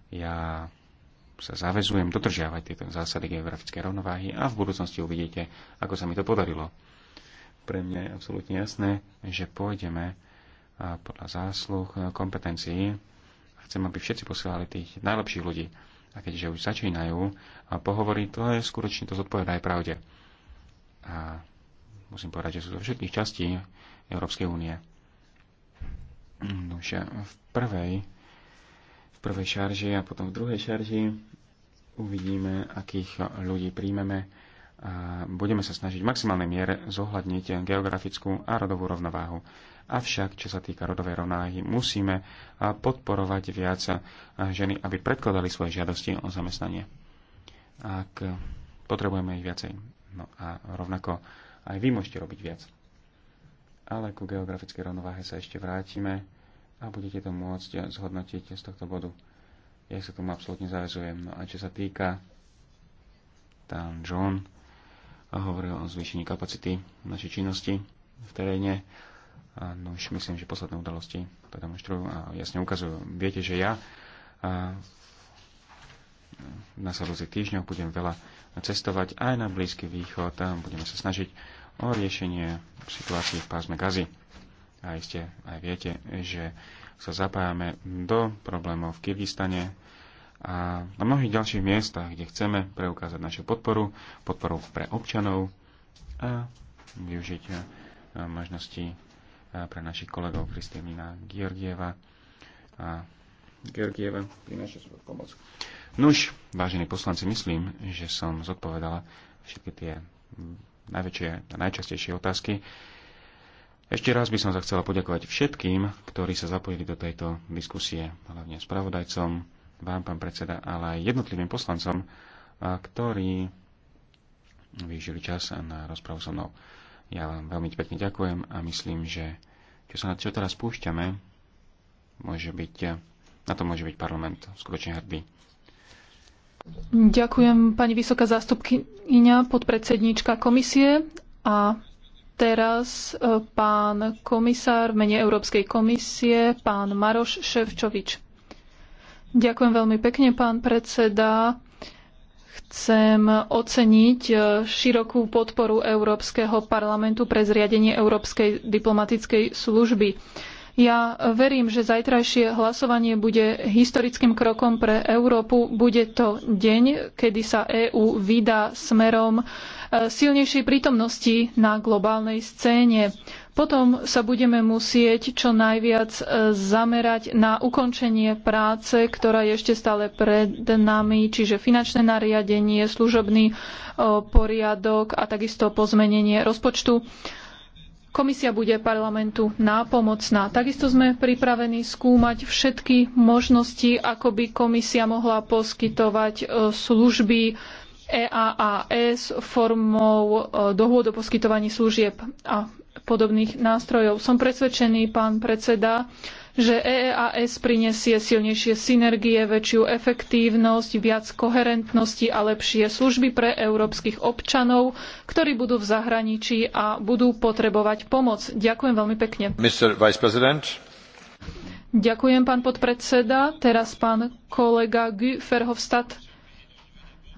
Ja sa zavezujem dodržiavať tieto zásady geografickej rovnováhy a v budúcnosti uvidíte, ako sa mi to podarilo. Pre mňa je absolútne jasné, že pôjdeme podľa zásluh kompetencií Chcem, aby všetci posielali tých najlepších ľudí. A keďže už začínajú pohovory, to je skutočne to zodpovedá aj pravde. A musím povedať, že sú to všetkých častí Európskej únie. No, v prvej v prvej šarži a potom v druhej šarži uvidíme, akých ľudí príjmeme a budeme sa snažiť v maximálnej miere zohľadniť geografickú a rodovú rovnováhu. Avšak, čo sa týka rodovej rovnáhy, musíme podporovať viac ženy, aby predkladali svoje žiadosti o zamestnanie. Ak e, potrebujeme ich viacej. No a rovnako aj vy môžete robiť viac. Ale ku geografickej rovnováhe sa ešte vrátime a budete to môcť e, zhodnotiť z tohto bodu. Ja sa tomu absolútne zavezujem. No a čo sa týka tam John hovoril o zvýšení kapacity našej činnosti v teréne no už myslím, že posledné udalosti to demonstrujú a jasne ukazujú. Viete, že ja v nasledujúcich týždňoch budem veľa cestovať aj na Blízky východ a budeme sa snažiť o riešenie situácií v pásme gazy. A iste aj viete, že sa zapájame do problémov v Kyrgyzstane a na mnohých ďalších miestach, kde chceme preukázať našu podporu, podporu pre občanov a využiť možnosti pre našich kolegov Kristýnina Georgieva. A Georgieva prináša svoju pomoc. Nuž, vážení poslanci, myslím, že som zodpovedala všetky tie najväčšie a najčastejšie otázky. Ešte raz by som sa chcela poďakovať všetkým, ktorí sa zapojili do tejto diskusie, hlavne spravodajcom, vám, pán predseda, ale aj jednotlivým poslancom, ktorí vyžili čas na rozpravu so mnou. Ja vám veľmi pekne ďakujem a myslím, že čo sa na čo teraz púšťame, môže byť, na to môže byť parlament skutočne hrdý. Ďakujem pani vysoká zástupkynia, podpredsedníčka komisie a teraz e, pán komisár v mene Európskej komisie, pán Maroš Ševčovič. Ďakujem veľmi pekne, pán predseda. Chcem oceniť e, širokú podporu Európskeho parlamentu pre zriadenie Európskej diplomatickej služby. Ja verím, že zajtrajšie hlasovanie bude historickým krokom pre Európu. Bude to deň, kedy sa EÚ vydá smerom e, silnejšej prítomnosti na globálnej scéne. Potom sa budeme musieť čo najviac e, zamerať na ukončenie práce, ktorá je ešte stále pred nami, čiže finančné nariadenie, služobný e, poriadok a takisto pozmenenie rozpočtu. Komisia bude parlamentu nápomocná. Takisto sme pripravení skúmať všetky možnosti, ako by komisia mohla poskytovať e, služby EAAS formou dohôd o poskytovaní služieb a podobných nástrojov. Som presvedčený, pán predseda, že EEAS prinesie silnejšie synergie, väčšiu efektívnosť, viac koherentnosti a lepšie služby pre európskych občanov, ktorí budú v zahraničí a budú potrebovať pomoc. Ďakujem veľmi pekne. Ďakujem, pán podpredseda. Teraz pán kolega Guy Verhofstadt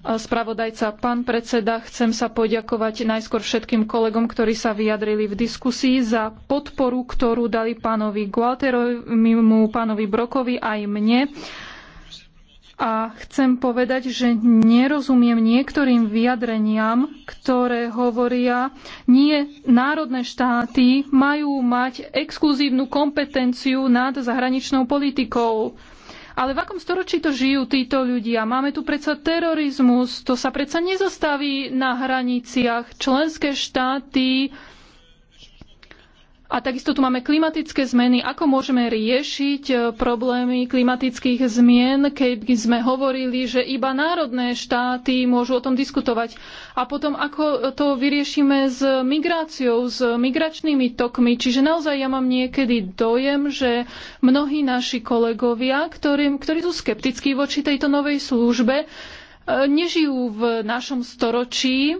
spravodajca. Pán predseda, chcem sa poďakovať najskôr všetkým kolegom, ktorí sa vyjadrili v diskusii za podporu, ktorú dali pánovi Gualterovi, pánovi Brokovi aj mne. A chcem povedať, že nerozumiem niektorým vyjadreniam, ktoré hovoria, nie národné štáty majú mať exkluzívnu kompetenciu nad zahraničnou politikou. Ale v akom storočí to žijú títo ľudia? Máme tu predsa terorizmus, to sa predsa nezastaví na hraniciach. Členské štáty a takisto tu máme klimatické zmeny. Ako môžeme riešiť e, problémy klimatických zmien, keby sme hovorili, že iba národné štáty môžu o tom diskutovať? A potom ako to vyriešime s migráciou, s migračnými tokmi? Čiže naozaj ja mám niekedy dojem, že mnohí naši kolegovia, ktorí, ktorí sú skeptickí voči tejto novej službe, e, nežijú v našom storočí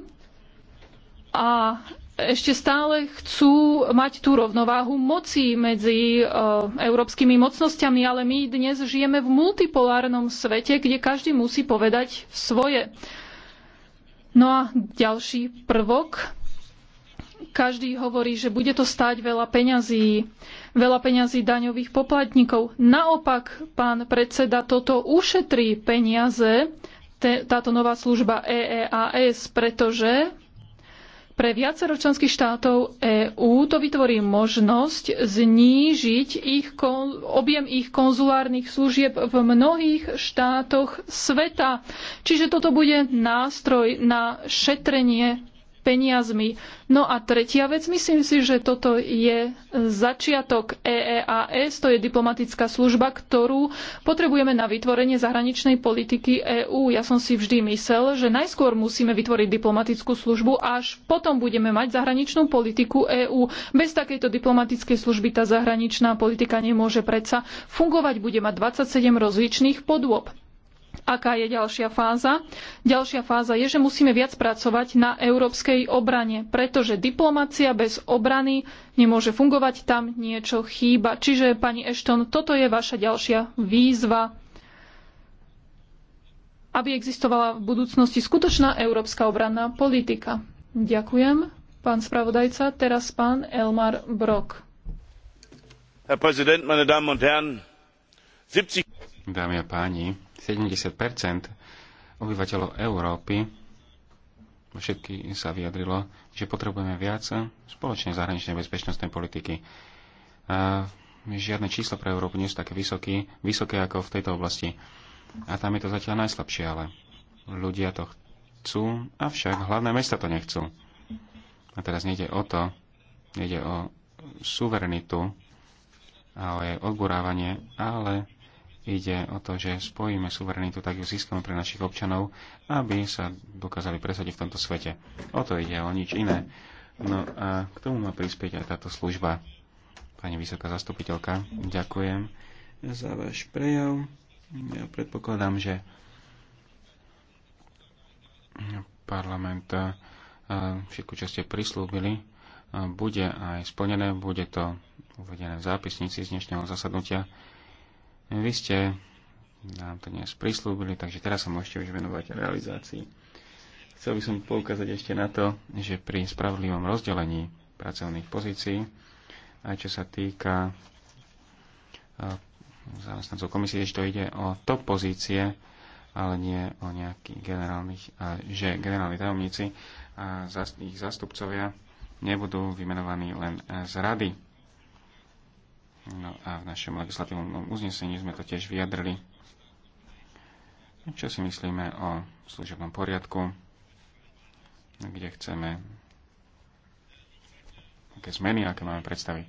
a ešte stále chcú mať tú rovnováhu moci medzi eh, európskymi mocnosťami, ale my dnes žijeme v multipolárnom svete, kde každý musí povedať svoje. No a ďalší prvok. Každý hovorí, že bude to stáť veľa peňazí, veľa peňazí daňových poplatníkov. Naopak, pán predseda, toto ušetrí peniaze, táto nová služba EEAS, pretože pre viacero členských štátov EÚ to vytvorí možnosť znížiť ich, objem ich konzulárnych služieb v mnohých štátoch sveta. Čiže toto bude nástroj na šetrenie peniazmi. No a tretia vec, myslím si, že toto je začiatok EEAS, to je diplomatická služba, ktorú potrebujeme na vytvorenie zahraničnej politiky EÚ. Ja som si vždy myslel, že najskôr musíme vytvoriť diplomatickú službu, až potom budeme mať zahraničnú politiku EÚ. Bez takejto diplomatickej služby tá zahraničná politika nemôže predsa fungovať. Bude mať 27 rozličných podôb aká je ďalšia fáza. Ďalšia fáza je, že musíme viac pracovať na európskej obrane, pretože diplomacia bez obrany nemôže fungovať, tam niečo chýba. Čiže, pani Ashton, toto je vaša ďalšia výzva, aby existovala v budúcnosti skutočná európska obranná politika. Ďakujem, pán spravodajca. Teraz pán Elmar Brok. Herr Präsident, meine Damen und Herren, 70 Dámy a páni, 70 obyvateľov Európy všetky sa vyjadrilo, že potrebujeme viac spoločnej zahraničnej bezpečnostnej politiky. A žiadne číslo pre Európu nie sú také vysoké, vysoké ako v tejto oblasti. A tam je to zatiaľ najslabšie, ale ľudia to chcú, avšak hlavné mesta to nechcú. A teraz nejde o to, nejde o suverenitu, ale odburávanie, ale Ide o to, že spojíme suverenitu, tak ju získame pre našich občanov, aby sa dokázali presadiť v tomto svete. O to ide, o nič iné. No a k tomu má prispieť aj táto služba. Pani vysoká zastupiteľka, ďakujem za váš prejav. Ja predpokladám, že parlament eh, všetko, čo ste prislúbili, eh, bude aj splnené, bude to uvedené v zápisnici z dnešného zasadnutia. Vy ste nám to dnes prislúbili, takže teraz sa môžete už venovať realizácii. Chcel by som poukázať ešte na to, že pri spravodlivom rozdelení pracovných pozícií, aj čo sa týka e, zamestnancov komisie, že to ide o top pozície, ale nie o nejakých generálnych, a že generálni tajomníci a ich zastupcovia nebudú vymenovaní len z rady No a v našom legislatívnom uznesení sme to tiež vyjadrili, čo si myslíme o služebnom poriadku, kde chceme, aké zmeny, aké máme predstavy.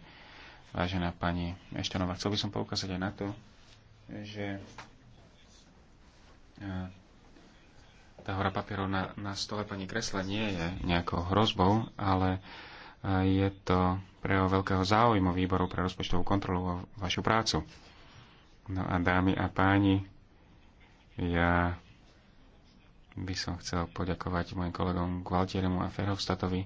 Vážená pani Eštanová, chcel by som poukázať aj na to, že e, tá hora papierov na, na stole pani Kresla nie je nejakou hrozbou, ale je to pre veľkého záujmu výboru pre rozpočtovú kontrolu a vašu prácu. No a dámy a páni, ja by som chcel poďakovať mojim kolegom Gualtieremu a Ferhovstatovi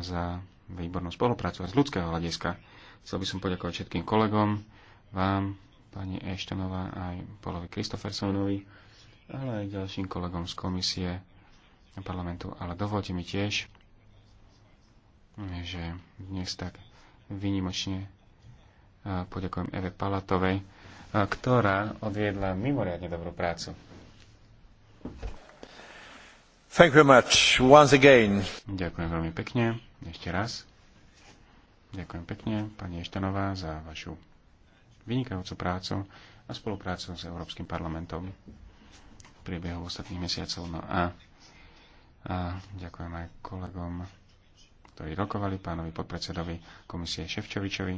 za výbornú spoluprácu a z ľudského hľadiska. Chcel by som poďakovať všetkým kolegom, vám, pani Eštonová, aj Polovi Kristofersonovi, ale aj ďalším kolegom z komisie parlamentu. Ale dovolte mi tiež že dnes tak výnimočne poďakujem Eve Palatovej, ktorá odviedla mimoriadne dobrú prácu. Thank you much once again. Ďakujem veľmi pekne, ešte raz. Ďakujem pekne, pani Eštanová, za vašu vynikajúcu prácu a spoluprácu s Európskym parlamentom v priebehu ostatných mesiacov. No a, a ďakujem aj kolegom ktorí rokovali, pánovi podpredsedovi komisie Ševčovičovi,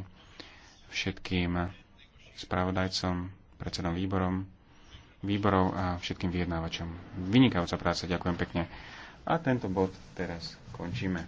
všetkým spravodajcom, predsedom výborom, výborov a všetkým vyjednávačom. Vynikajúca práca, ďakujem pekne. A tento bod teraz končíme.